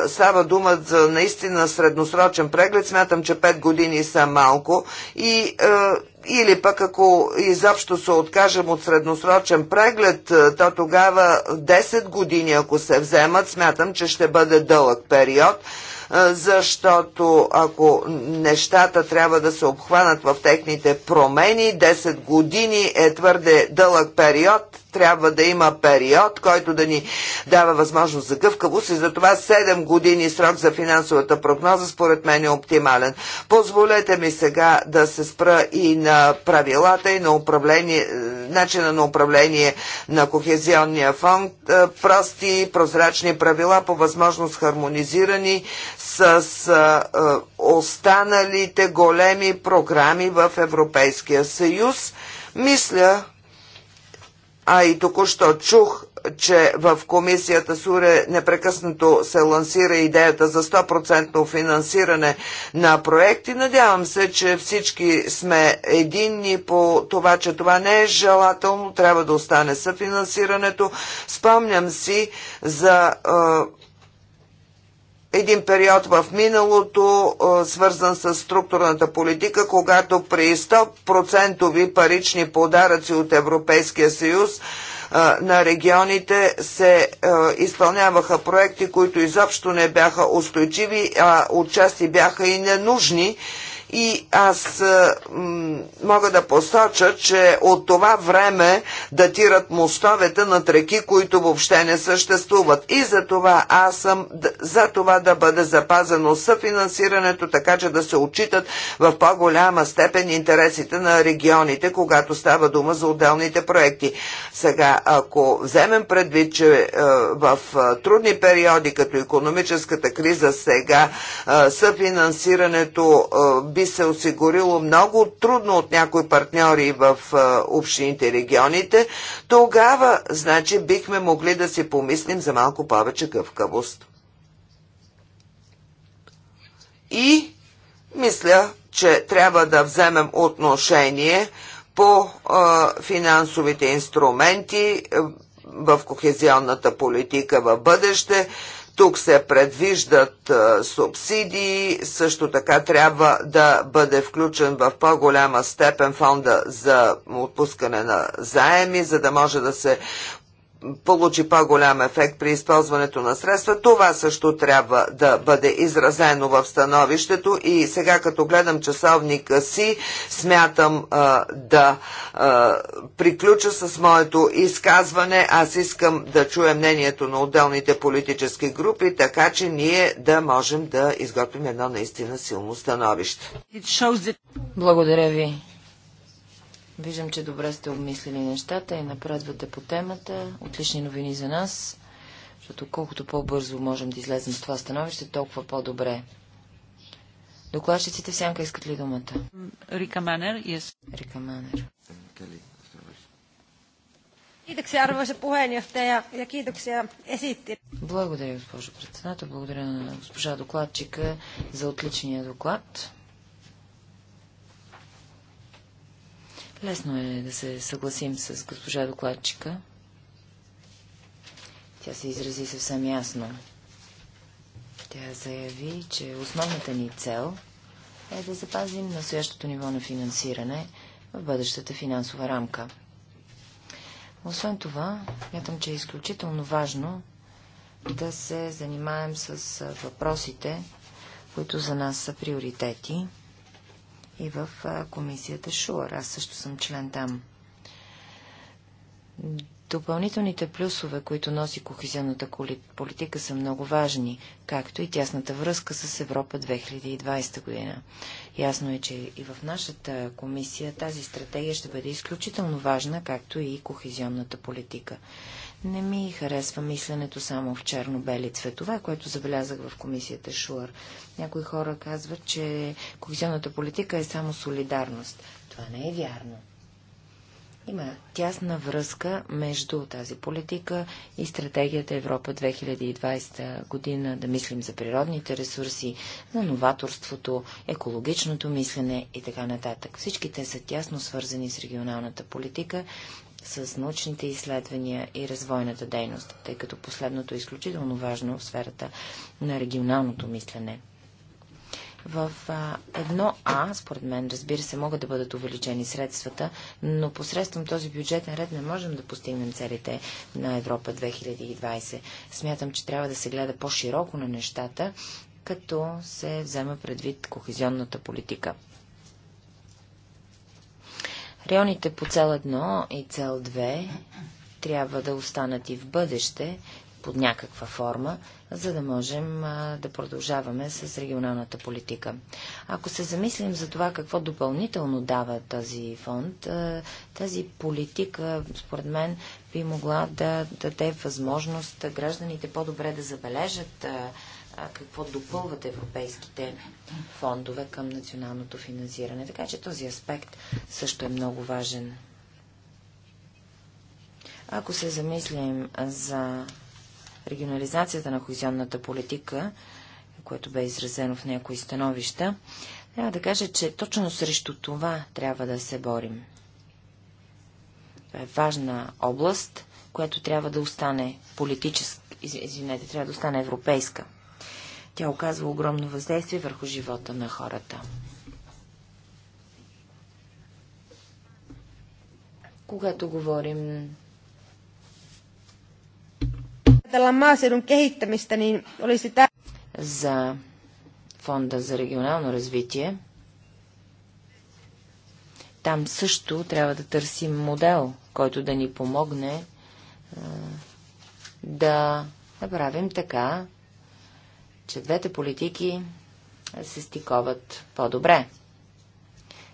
Става дума за наистина средносрочен преглед. Смятам, че 5 години са малко и или пък ако изобщо се откажем от средносрочен преглед, то тогава 10 години, ако се вземат, смятам, че ще бъде дълъг период защото ако нещата трябва да се обхванат в техните промени, 10 години е твърде дълъг период трябва да има период, който да ни дава възможност за гъвкавост и затова 7 години срок за финансовата прогноза според мен е оптимален. Позволете ми сега да се спра и на правилата и на управление, е, начина на управление на Кохезионния фонд. Е, прости, прозрачни правила, по възможност хармонизирани с е, останалите големи програми в Европейския съюз. Мисля, а и току-що чух, че в комисията Суре непрекъснато се лансира идеята за 100% финансиране на проекти. Надявам се, че всички сме единни по това, че това не е желателно, трябва да остане съфинансирането. Спомням си за един период в миналото, свързан с структурната политика, когато при 100% парични подаръци от Европейския съюз на регионите се изпълняваха проекти, които изобщо не бяха устойчиви, а отчасти бяха и ненужни и аз мога да посоча, че от това време датират мостовете на реки, които въобще не съществуват. И за това аз съм за това да бъде запазено съфинансирането, така че да се отчитат в по-голяма степен интересите на регионите, когато става дума за отделните проекти. Сега, ако вземем предвид, че е, в трудни периоди, като економическата криза сега, съфинансирането би би се осигурило много трудно от някои партньори в общините и регионите, тогава, значи, бихме могли да си помислим за малко повече гъвкавост. И мисля, че трябва да вземем отношение по финансовите инструменти в кохезионната политика в бъдеще, тук се предвиждат субсидии, също така трябва да бъде включен в по-голяма степен фонда за отпускане на заеми, за да може да се получи по-голям ефект при използването на средства. Това също трябва да бъде изразено в становището и сега като гледам часовника си, смятам а, да а, приключа с моето изказване. Аз искам да чуя мнението на отделните политически групи, така че ние да можем да изготвим едно наистина силно становище. Благодаря ви. Виждам, че добре сте обмислили нещата и напредвате по темата. Отлични новини за нас, защото колкото по-бързо можем да излезем с това становище, толкова по-добре. Докладчиците в сянка искат ли думата? Рика Манер, yes. Рика Манер. Kiitoksia arvoisa puheenjohtaja ja kiitoksia esitti. Благодаря, госпожо председател. Благодаря на госпожа докладчика за отличния доклад. Лесно е да се съгласим с госпожа докладчика. Тя се изрази съвсем ясно. Тя заяви, че основната ни цел е да запазим настоящото ниво на финансиране в бъдещата финансова рамка. Освен това, мятам, че е изключително важно да се занимаем с въпросите, които за нас са приоритети и в комисията ШУАР. Аз също съм член там. Допълнителните плюсове, които носи кохезионната политика, са много важни, както и тясната връзка с Европа 2020 година. Ясно е, че и в нашата комисия тази стратегия ще бъде изключително важна, както и кохезионната политика. Не ми харесва мисленето само в черно-бели цветове, което забелязах в комисията Шуар. Някои хора казват, че кохезионната политика е само солидарност. Това не е вярно. Има тясна връзка между тази политика и стратегията Европа 2020 година да мислим за природните ресурси, за новаторството, екологичното мислене и така нататък. Всички те са тясно свързани с регионалната политика с научните изследвания и развойната дейност, тъй като последното е изключително важно в сферата на регионалното мислене. В едно А, според мен, разбира се, могат да бъдат увеличени средствата, но посредством този бюджетен ред не можем да постигнем целите на Европа 2020. Смятам, че трябва да се гледа по-широко на нещата, като се взема предвид кохезионната политика. Районите по цел 1 и цел 2 трябва да останат и в бъдеще под някаква форма, за да можем да продължаваме с регионалната политика. Ако се замислим за това какво допълнително дава този фонд, тази политика, според мен, би могла да даде възможност гражданите по-добре да забележат а, какво допълват европейските фондове към националното финансиране. Така че този аспект също е много важен. Ако се замислим за регионализацията на кохезионната политика, което бе изразено в някои становища, трябва да кажа, че точно срещу това трябва да се борим. Това е важна област, която трябва да остане политическа, извинете, трябва да остане европейска. Тя оказва огромно въздействие върху живота на хората. Когато говорим за фонда за регионално развитие, там също трябва да търсим модел, който да ни помогне да направим така, че двете политики се стиковат по-добре.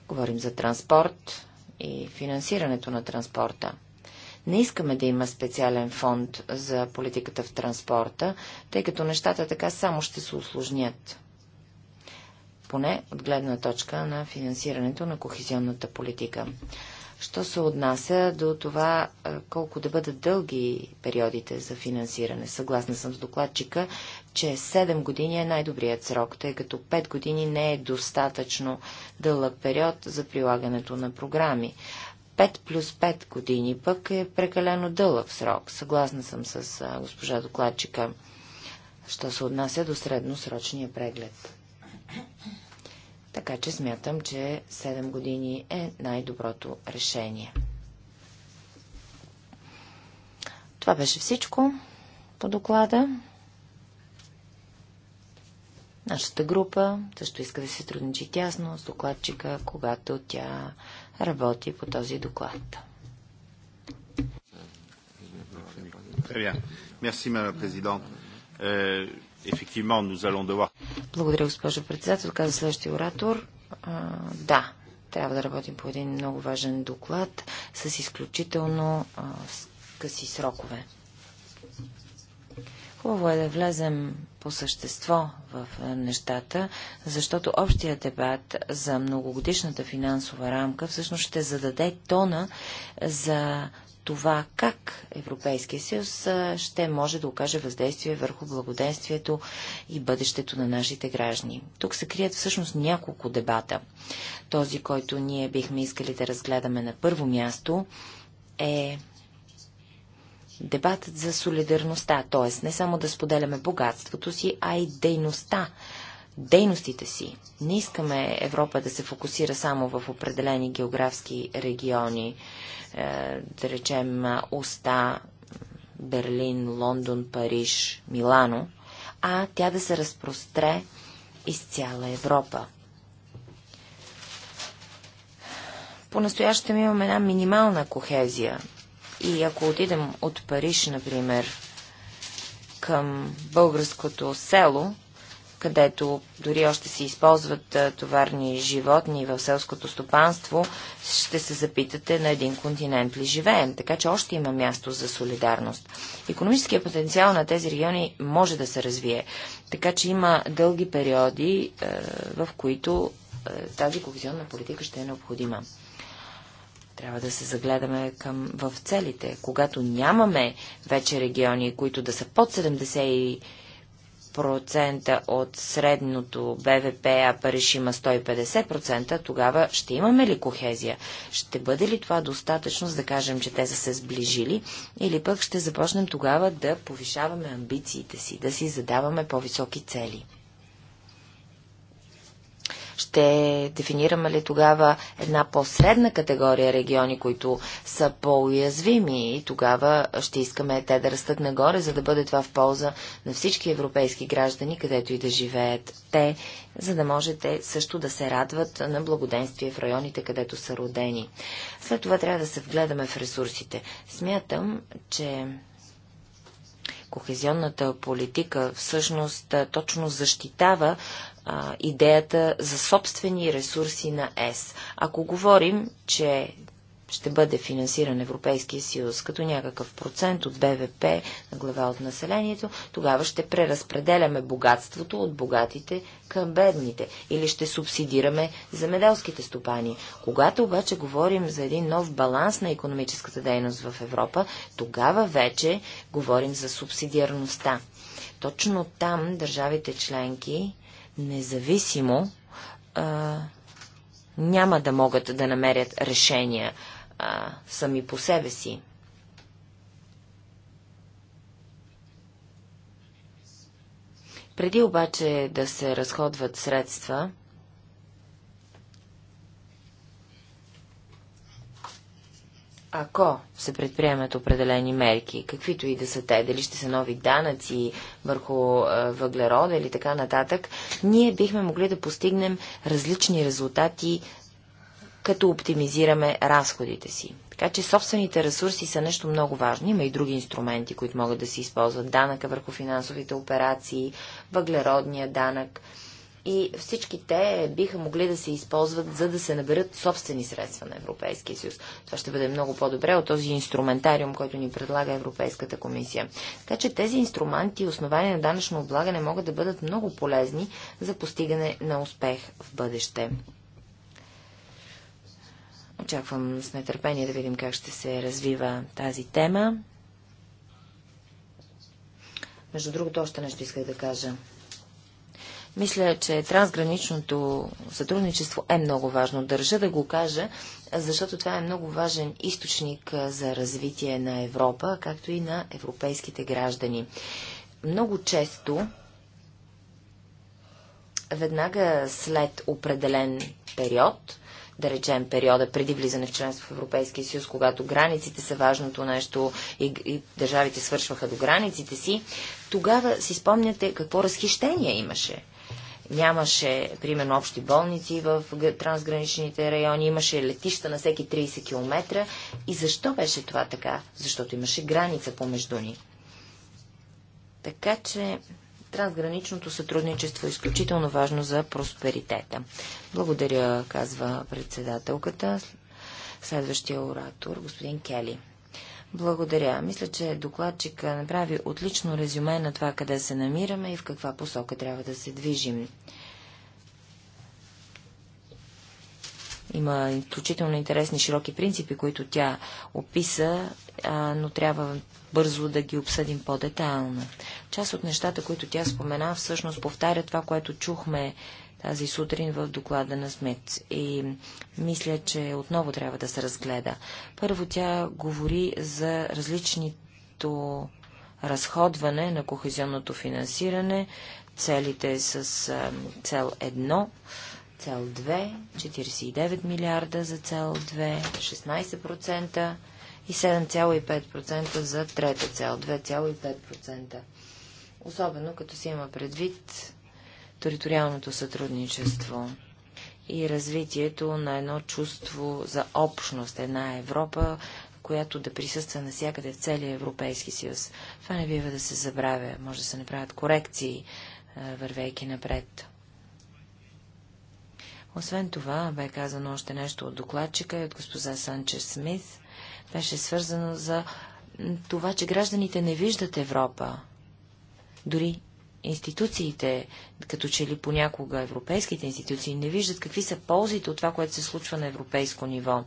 Говорим за транспорт и финансирането на транспорта. Не искаме да има специален фонд за политиката в транспорта, тъй като нещата така само ще се усложнят. Поне от гледна точка на финансирането на кохезионната политика. Що се отнася до това колко да бъдат дълги периодите за финансиране? Съгласна съм с докладчика, че 7 години е най-добрият срок, тъй като 5 години не е достатъчно дълъг период за прилагането на програми. 5 плюс 5 години пък е прекалено дълъг срок. Съгласна съм с госпожа докладчика, що се отнася до средносрочния преглед. Така че смятам, че 7 години е най-доброто решение. Това беше всичко по доклада. Нашата група също иска да се трудничи тясно с докладчика, когато тя работи по този доклад. Euh, Благодаря, госпожо председател. Каза следващия оратор. да, трябва да работим по един много важен доклад с изключително къси срокове. Хубаво е да влезем по същество в е, нещата, защото общия дебат за многогодишната финансова рамка всъщност ще зададе тона за това как Европейския съюз е, ще може да окаже въздействие върху благоденствието и бъдещето на нашите граждани. Тук се крият всъщност няколко дебата. Този, който ние бихме искали да разгледаме на първо място, е дебатът за солидарността, т.е. не само да споделяме богатството си, а и дейността, дейностите си. Не искаме Европа да се фокусира само в определени географски региони, е, да речем Оста, Берлин, Лондон, Париж, Милано, а тя да се разпростре из цяла Европа. По-настоящем имаме една минимална кохезия и ако отидем от Париж, например, към българското село, където дори още се използват товарни животни в селското стопанство, ще се запитате на един континент ли живеем. Така че още има място за солидарност. Економическия потенциал на тези региони може да се развие. Така че има дълги периоди, в които тази кохезионна политика ще е необходима. Трябва да се загледаме към, в целите. Когато нямаме вече региони, които да са под 70% от средното БВП, а Париж има 150%, тогава ще имаме ли кохезия? Ще бъде ли това достатъчно, за да кажем, че те са се сближили? Или пък ще започнем тогава да повишаваме амбициите си, да си задаваме по-високи цели? Ще дефинираме ли тогава една по-средна категория региони, които са по-уязвими и тогава ще искаме те да растат нагоре, за да бъде това в полза на всички европейски граждани, където и да живеят те, за да може те също да се радват на благоденствие в районите, където са родени. След това трябва да се вгледаме в ресурсите. Смятам, че кохезионната политика всъщност точно защитава а, идеята за собствени ресурси на ЕС. Ако говорим, че ще бъде финансиран Европейския съюз като някакъв процент от БВП на глава от населението, тогава ще преразпределяме богатството от богатите към бедните или ще субсидираме земеделските стопани. Когато обаче говорим за един нов баланс на економическата дейност в Европа, тогава вече говорим за субсидиарността. Точно там държавите членки независимо а, няма да могат да намерят решения а, сами по себе си. Преди обаче да се разходват средства, ако се предприемат определени мерки, каквито и да са те, дали ще са нови данъци върху въглерода или така нататък, ние бихме могли да постигнем различни резултати, като оптимизираме разходите си. Така че собствените ресурси са нещо много важно. Има и други инструменти, които могат да се използват. Данъка върху финансовите операции, въглеродния данък – и всички те биха могли да се използват, за да се наберат собствени средства на Европейския съюз. Това ще бъде много по-добре от този инструментариум, който ни предлага Европейската комисия. Така че тези инструменти и основания на данъчно облагане могат да бъдат много полезни за постигане на успех в бъдеще. Очаквам с нетърпение да видим как ще се развива тази тема. Между другото, още нещо исках да кажа. Мисля, че трансграничното сътрудничество е много важно. Държа да го кажа, защото това е много важен източник за развитие на Европа, както и на европейските граждани. Много често, веднага след определен период, да речем периода преди влизане в членство в Европейския съюз, когато границите са важното нещо и, и държавите свършваха до границите си, тогава си спомняте какво разхищение имаше Нямаше, примерно, общи болници в трансграничните райони, имаше летища на всеки 30 км. И защо беше това така? Защото имаше граница помежду ни. Така че трансграничното сътрудничество е изключително важно за просперитета. Благодаря, казва председателката. Следващия оратор, господин Кели. Благодаря. Мисля, че докладчика направи отлично резюме на това, къде се намираме и в каква посока трябва да се движим. Има изключително интересни широки принципи, които тя описа, а, но трябва бързо да ги обсъдим по-детайлно. Част от нещата, които тя спомена, всъщност повтаря това, което чухме тази сутрин в доклада на Смит. И мисля, че отново трябва да се разгледа. Първо тя говори за различното разходване на кохезионното финансиране, целите с цел 1, цел 2, 49 милиарда за цел 2, 16% и 7,5% за трета цел, 2,5%. Особено като си има предвид териториалното сътрудничество и развитието на едно чувство за общност, една Европа, която да присъства навсякъде в целия Европейски съюз. Това не бива да се забравя. Може да се направят корекции, вървейки напред. Освен това, бе казано още нещо от докладчика и от госпожа Санчес Смит. Беше свързано за това, че гражданите не виждат Европа. Дори институциите, като че ли понякога европейските институции, не виждат какви са ползите от това, което се случва на европейско ниво.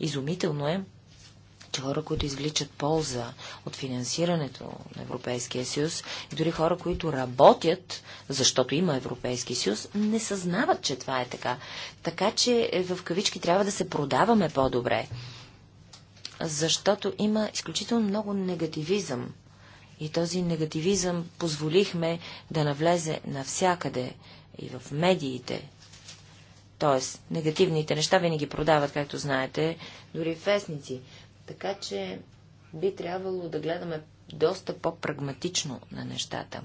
Изумително е, че хора, които извличат полза от финансирането на Европейския съюз и дори хора, които работят, защото има Европейски съюз, не съзнават, че това е така. Така че е, в кавички трябва да се продаваме по-добре, защото има изключително много негативизъм и този негативизъм позволихме да навлезе навсякъде и в медиите. Тоест, негативните неща винаги продават, както знаете, дори в вестници. Така че би трябвало да гледаме доста по-прагматично на нещата.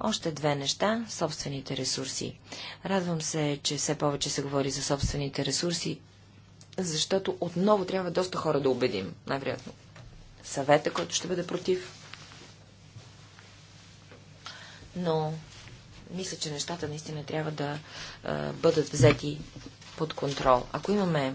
Още две неща – собствените ресурси. Радвам се, че все повече се говори за собствените ресурси, защото отново трябва доста хора да убедим, най-вероятно. Съвета, който ще бъде против, но мисля, че нещата наистина трябва да а, бъдат взети под контрол. Ако имаме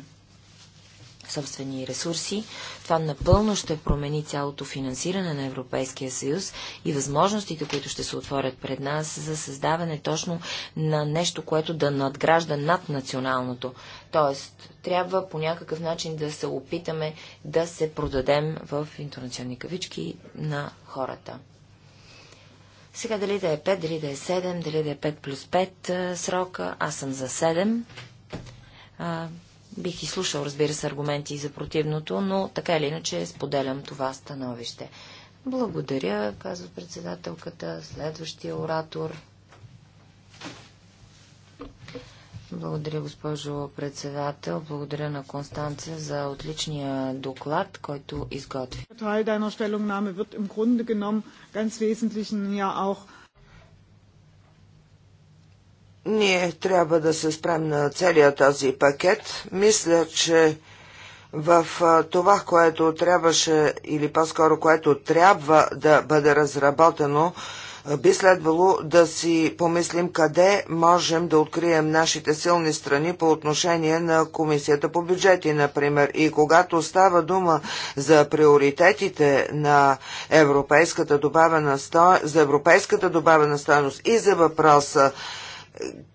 собствени ресурси, това напълно ще промени цялото финансиране на Европейския съюз и възможностите, които ще се отворят пред нас за създаване точно на нещо, което да надгражда над националното. Тоест, трябва по някакъв начин да се опитаме да се продадем в интернационни кавички на хората. Сега дали да е 5, дали да е 7, дали да е 5 плюс 5 срока, аз съм за 7. А, бих изслушал, разбира се, аргументи за противното, но така или иначе споделям това становище. Благодаря, казва председателката, следващия оратор. Благодаря, госпожо председател. Благодаря на Констанция за отличния доклад, който изготви. Ние трябва да се спрем на целия този пакет. Мисля, че в това, което трябваше или по-скоро което трябва да бъде разработено, би следвало да си помислим къде можем да открием нашите силни страни по отношение на Комисията по бюджети, например. И когато става дума за приоритетите на европейската добавена сто... за европейската добавена стоеност и за въпроса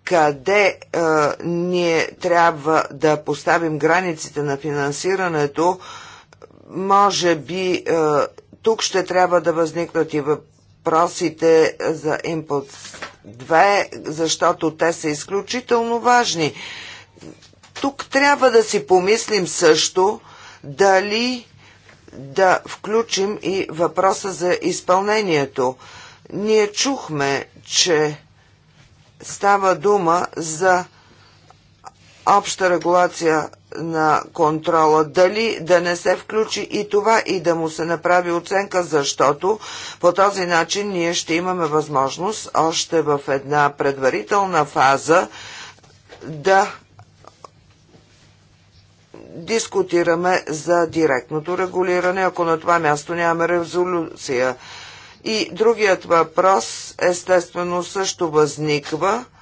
къде е, ние трябва да поставим границите на финансирането, може би е, тук ще трябва да възникнат и въпроси въпросите за Input 2, защото те са изключително важни. Тук трябва да си помислим също дали да включим и въпроса за изпълнението. Ние чухме, че става дума за обща регулация на контрола, дали да не се включи и това и да му се направи оценка, защото по този начин ние ще имаме възможност още в една предварителна фаза да дискутираме за директното регулиране, ако на това място нямаме резолюция. И другият въпрос естествено също възниква –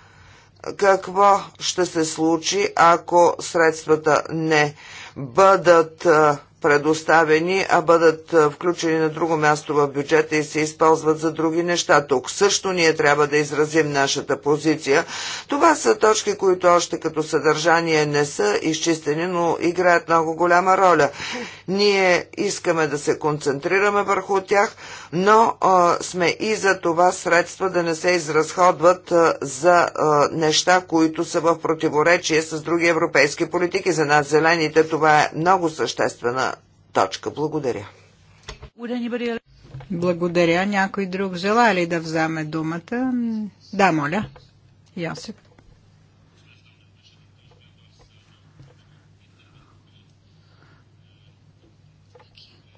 какво ще се случи, ако средствата не бъдат а, предоставени, а бъдат включени на друго място в бюджета и се използват за други неща. Тук също ние трябва да изразим нашата позиция. Това са точки, които още като съдържание не са изчистени, но играят много голяма роля. Ние искаме да се концентрираме върху тях, но а, сме и за това средства да не се изразходват а, за а, неща, които са в противоречие с други европейски политики. За нас зелените това е много съществена точка. Благодаря. Благодаря. Някой друг желая ли да вземе думата? Да, моля. Йосип.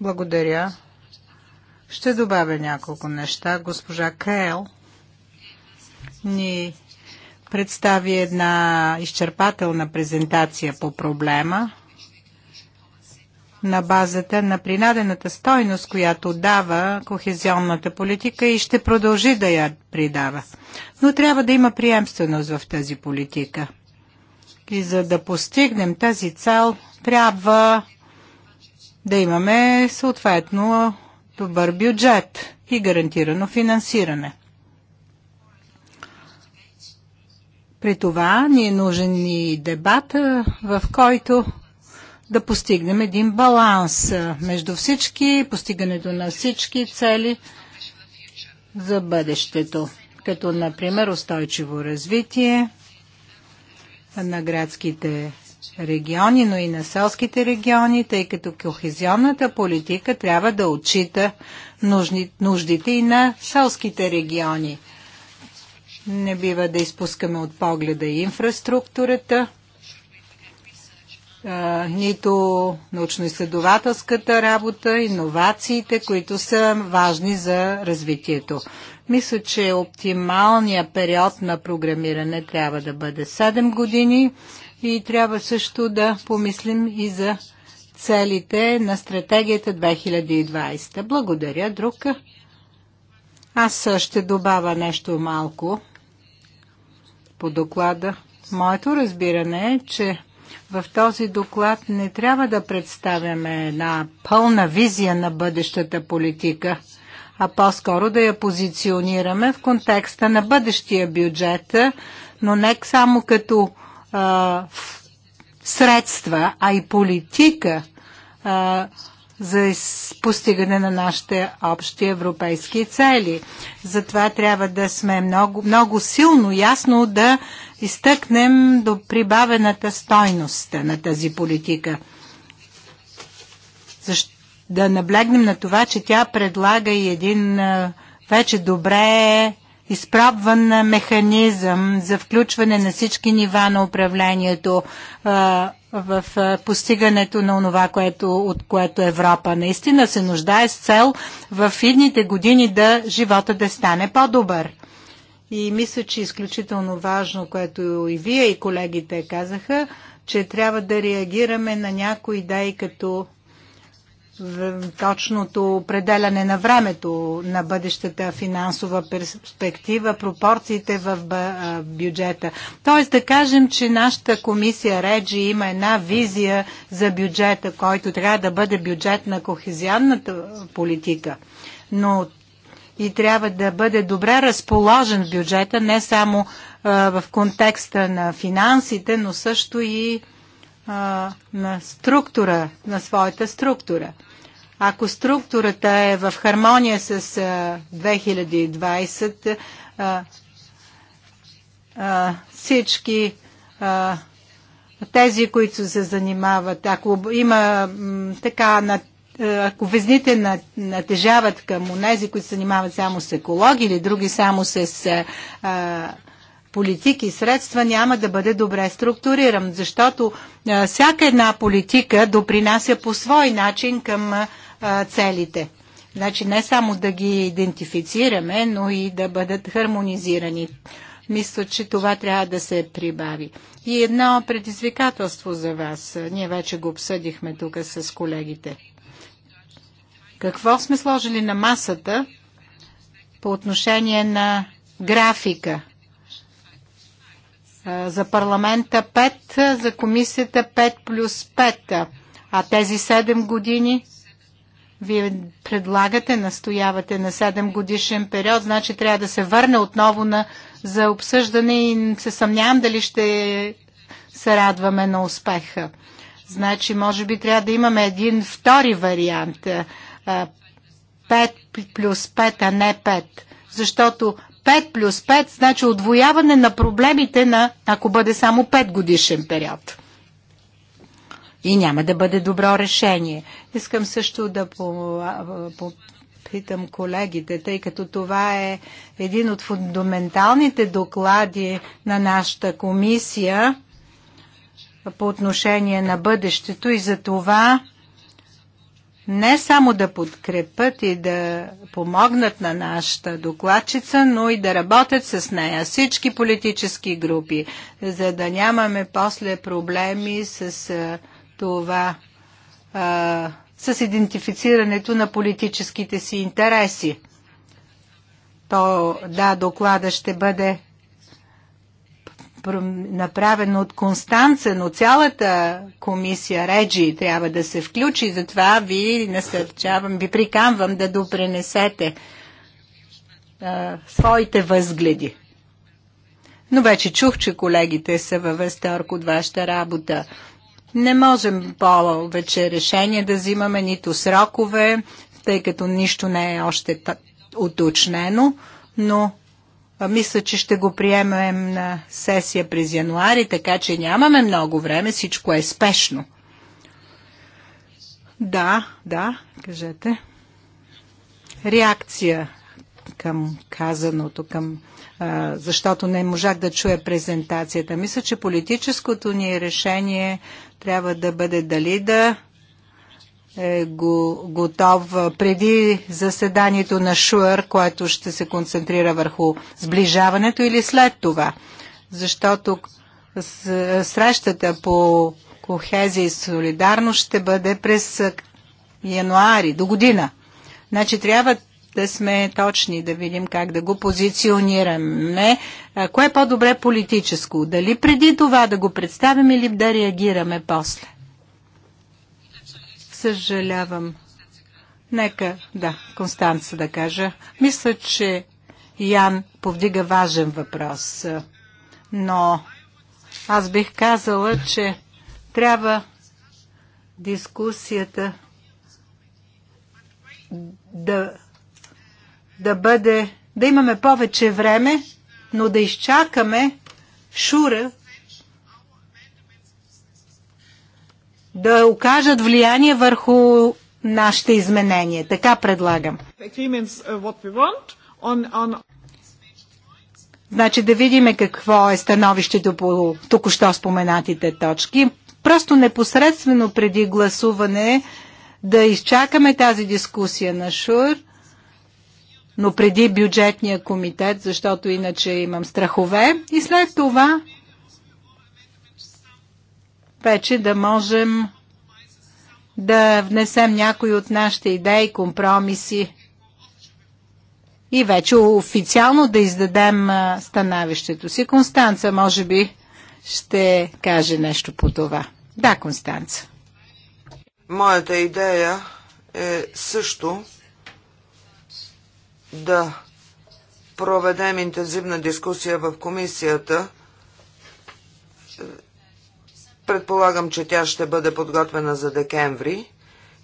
Благодаря. Ще добавя няколко неща. Госпожа Крел ни представи една изчерпателна презентация по проблема на базата на принадената стойност, която дава кохезионната политика и ще продължи да я придава. Но трябва да има приемственост в тази политика. И за да постигнем тази цел, трябва да имаме съответно добър бюджет и гарантирано финансиране. При това ни е нужен и дебат, в който да постигнем един баланс между всички, постигането на всички цели за бъдещето, като например устойчиво развитие на градските региони, но и на селските региони, тъй като кохезионната политика трябва да отчита нуждите и на селските региони. Не бива да изпускаме от погледа и инфраструктурата, нито научно-изследователската работа, иновациите, които са важни за развитието. Мисля, че оптималният период на програмиране трябва да бъде 7 години и трябва също да помислим и за целите на стратегията 2020. Благодаря, друг. Аз ще добавя нещо малко по доклада. Моето разбиране е, че в този доклад не трябва да представяме една пълна визия на бъдещата политика, а по-скоро да я позиционираме в контекста на бъдещия бюджет, но не само като а, средства, а и политика а, за постигане на нашите общи европейски цели. Затова трябва да сме много, много силно, ясно да изтъкнем до прибавената стойност на тази политика. Защо? Да наблегнем на това, че тя предлага и един вече добре изправван механизъм за включване на всички нива на управлението в постигането на това, което, от което Европа наистина се нуждае с цел в идните години да живота да стане по-добър. И мисля, че е изключително важно, което и вие и колегите казаха, че трябва да реагираме на някои идеи като точното определяне на времето на бъдещата финансова перспектива, пропорциите в бюджета. Тоест да кажем, че нашата комисия Реджи има една визия за бюджета, който трябва да бъде бюджет на кохезианната политика. Но и трябва да бъде добре разположен в бюджета, не само а, в контекста на финансите, но също и а, на структура, на своята структура. Ако структурата е в хармония с а, 2020, всички тези, които се занимават, ако има така на е, ако везните натежават към онези, които се занимават само с екологи или други само с е, а, политики и средства, няма да бъде добре структуриран, защото а, е, всяка една политика допринася по свой начин към а, целите. Значи не само да ги идентифицираме, но и да бъдат хармонизирани. Мисля, че това трябва да се прибави. И едно предизвикателство за вас. Ние вече го обсъдихме тук с колегите. Какво сме сложили на масата по отношение на графика? За парламента 5, за комисията 5 плюс 5. А тези 7 години вие предлагате, настоявате на 7 годишен период, значи трябва да се върне отново на, за обсъждане и се съмнявам дали ще се радваме на успеха. Значи, може би трябва да имаме един втори вариант, 5 плюс 5, а не 5. Защото 5 плюс 5 значи отвояване на проблемите на, ако бъде само 5 годишен период. И няма да бъде добро решение. Искам също да попитам колегите, тъй като това е един от фундаменталните доклади на нашата комисия по отношение на бъдещето и за това не само да подкрепят и да помогнат на нашата докладчица, но и да работят с нея всички политически групи, за да нямаме после проблеми с това, с идентифицирането на политическите си интереси. То, да, доклада ще бъде направено от Констанца, но цялата комисия Реджи трябва да се включи, затова ви насърчавам, ви приканвам да допренесете а, своите възгледи. Но вече чух, че колегите са във възторг от вашата работа. Не можем повече решения да взимаме, нито срокове, тъй като нищо не е още уточнено, но мисля, че ще го приемем на сесия през януари, така че нямаме много време, всичко е спешно. Да, да, кажете. Реакция към казаното, към, а, защото не можах да чуя презентацията. Мисля, че политическото ни решение трябва да бъде дали да е го, готов преди заседанието на ШУР, което ще се концентрира върху сближаването или след това? Защото срещата по кохезия и солидарност ще бъде през януари до година. Значи трябва да сме точни, да видим как да го позиционираме. Кое е по-добре политическо? Дали преди това да го представим или да реагираме после? Съжалявам. Нека, да, Констанца да кажа. Мисля, че Ян повдига важен въпрос. Но аз бих казала, че трябва дискусията да, да бъде, да имаме повече време, но да изчакаме Шура да окажат влияние върху нашите изменения. Така предлагам. Uh, значи да видим какво е становището по току-що споменатите точки. Просто непосредствено преди гласуване да изчакаме тази дискусия на ШУР, но преди бюджетния комитет, защото иначе имам страхове. И след това вече да можем да внесем някои от нашите идеи, компромиси и вече официално да издадем становището си. Констанца, може би, ще каже нещо по това. Да, Констанца. Моята идея е също да проведем интензивна дискусия в комисията – Предполагам, че тя ще бъде подготвена за декември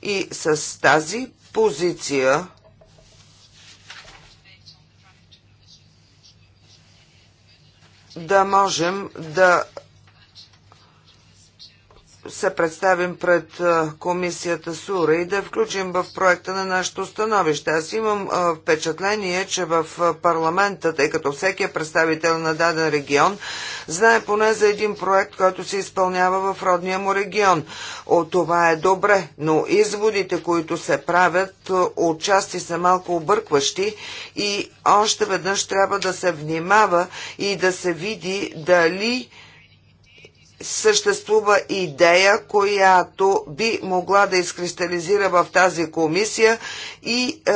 и с тази позиция да можем да се представим пред комисията Сура и да включим в проекта на нашето становище. Аз имам впечатление, че в парламента, тъй като всеки е представител на даден регион, знае поне за един проект, който се изпълнява в родния му регион. От това е добре, но изводите, които се правят, отчасти са малко объркващи и още веднъж трябва да се внимава и да се види дали съществува идея, която би могла да изкристализира в тази комисия и е,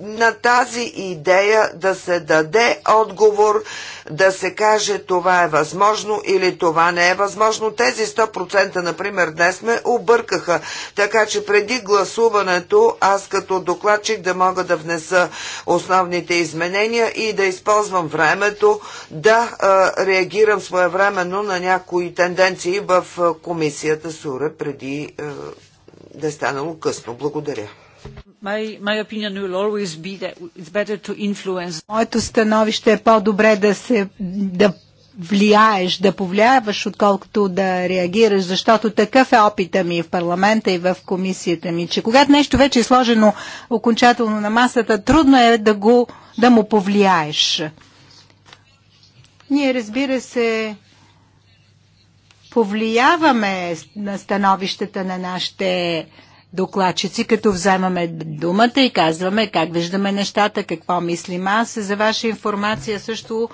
на тази идея да се даде отговор, да се каже това е възможно или това не е възможно. Тези 100% например днес ме объркаха, така че преди гласуването аз като докладчик да мога да внеса основните изменения и да използвам времето да а, реагирам своевременно на някои тенденции в комисията Суре преди а, да е станало късно. Благодаря. Моето становище е по-добре да се да влияеш, да повлияваш, отколкото да реагираш, защото такъв е опита ми в парламента и в комисията ми, че когато нещо вече е сложено окончателно на масата, трудно е да, го, да му повлияеш. Ние, разбира се, повлияваме на становищата на нашите докладчици, като вземаме думата и казваме как виждаме нещата, какво мислим аз. За ваша информация също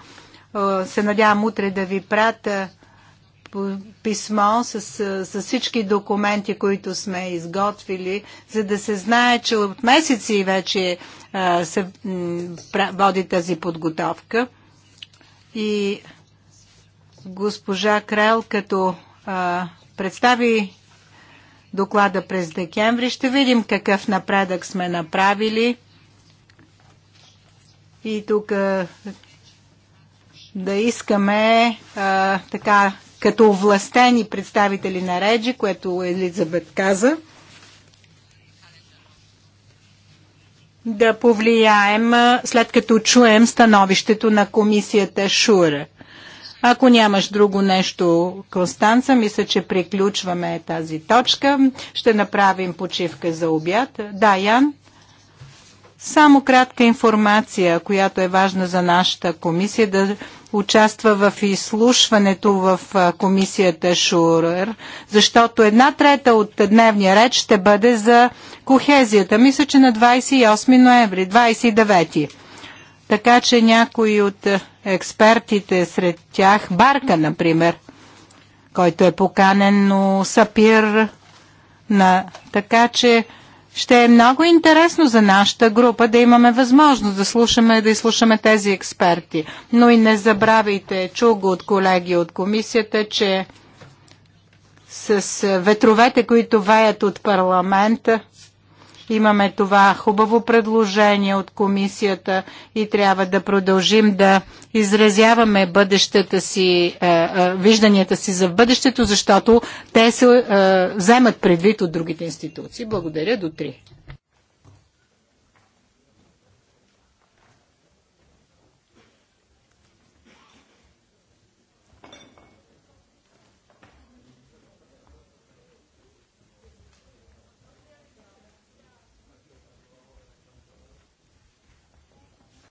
се надявам утре да ви пратя писмо с, с всички документи, които сме изготвили, за да се знае, че от месеци вече а, се води тази подготовка. И госпожа Крел, като а, представи доклада през декември. Ще видим какъв напредък сме направили. И тук да искаме а, така като овластени представители на Реджи, което Елизабет каза, да повлияем, след като чуем становището на комисията Шура. Ако нямаш друго нещо, Констанца, мисля, че приключваме тази точка. Ще направим почивка за обяд. Да, Ян? Само кратка информация, която е важна за нашата комисия, да участва в изслушването в комисията Шурер, защото една трета от дневния ред ще бъде за кохезията. Мисля, че на 28 ноември, 29. Така че някои от експертите сред тях, Барка, например, който е поканен, но Сапир на... Така че ще е много интересно за нашата група да имаме възможност да слушаме, да изслушаме тези експерти. Но и не забравяйте, чу го от колеги от комисията, че с ветровете, които веят от парламента, Имаме това хубаво предложение от комисията и трябва да продължим да изразяваме бъдещата си, е, е, вижданията си за бъдещето, защото те се е, вземат предвид от другите институции. Благодаря до три.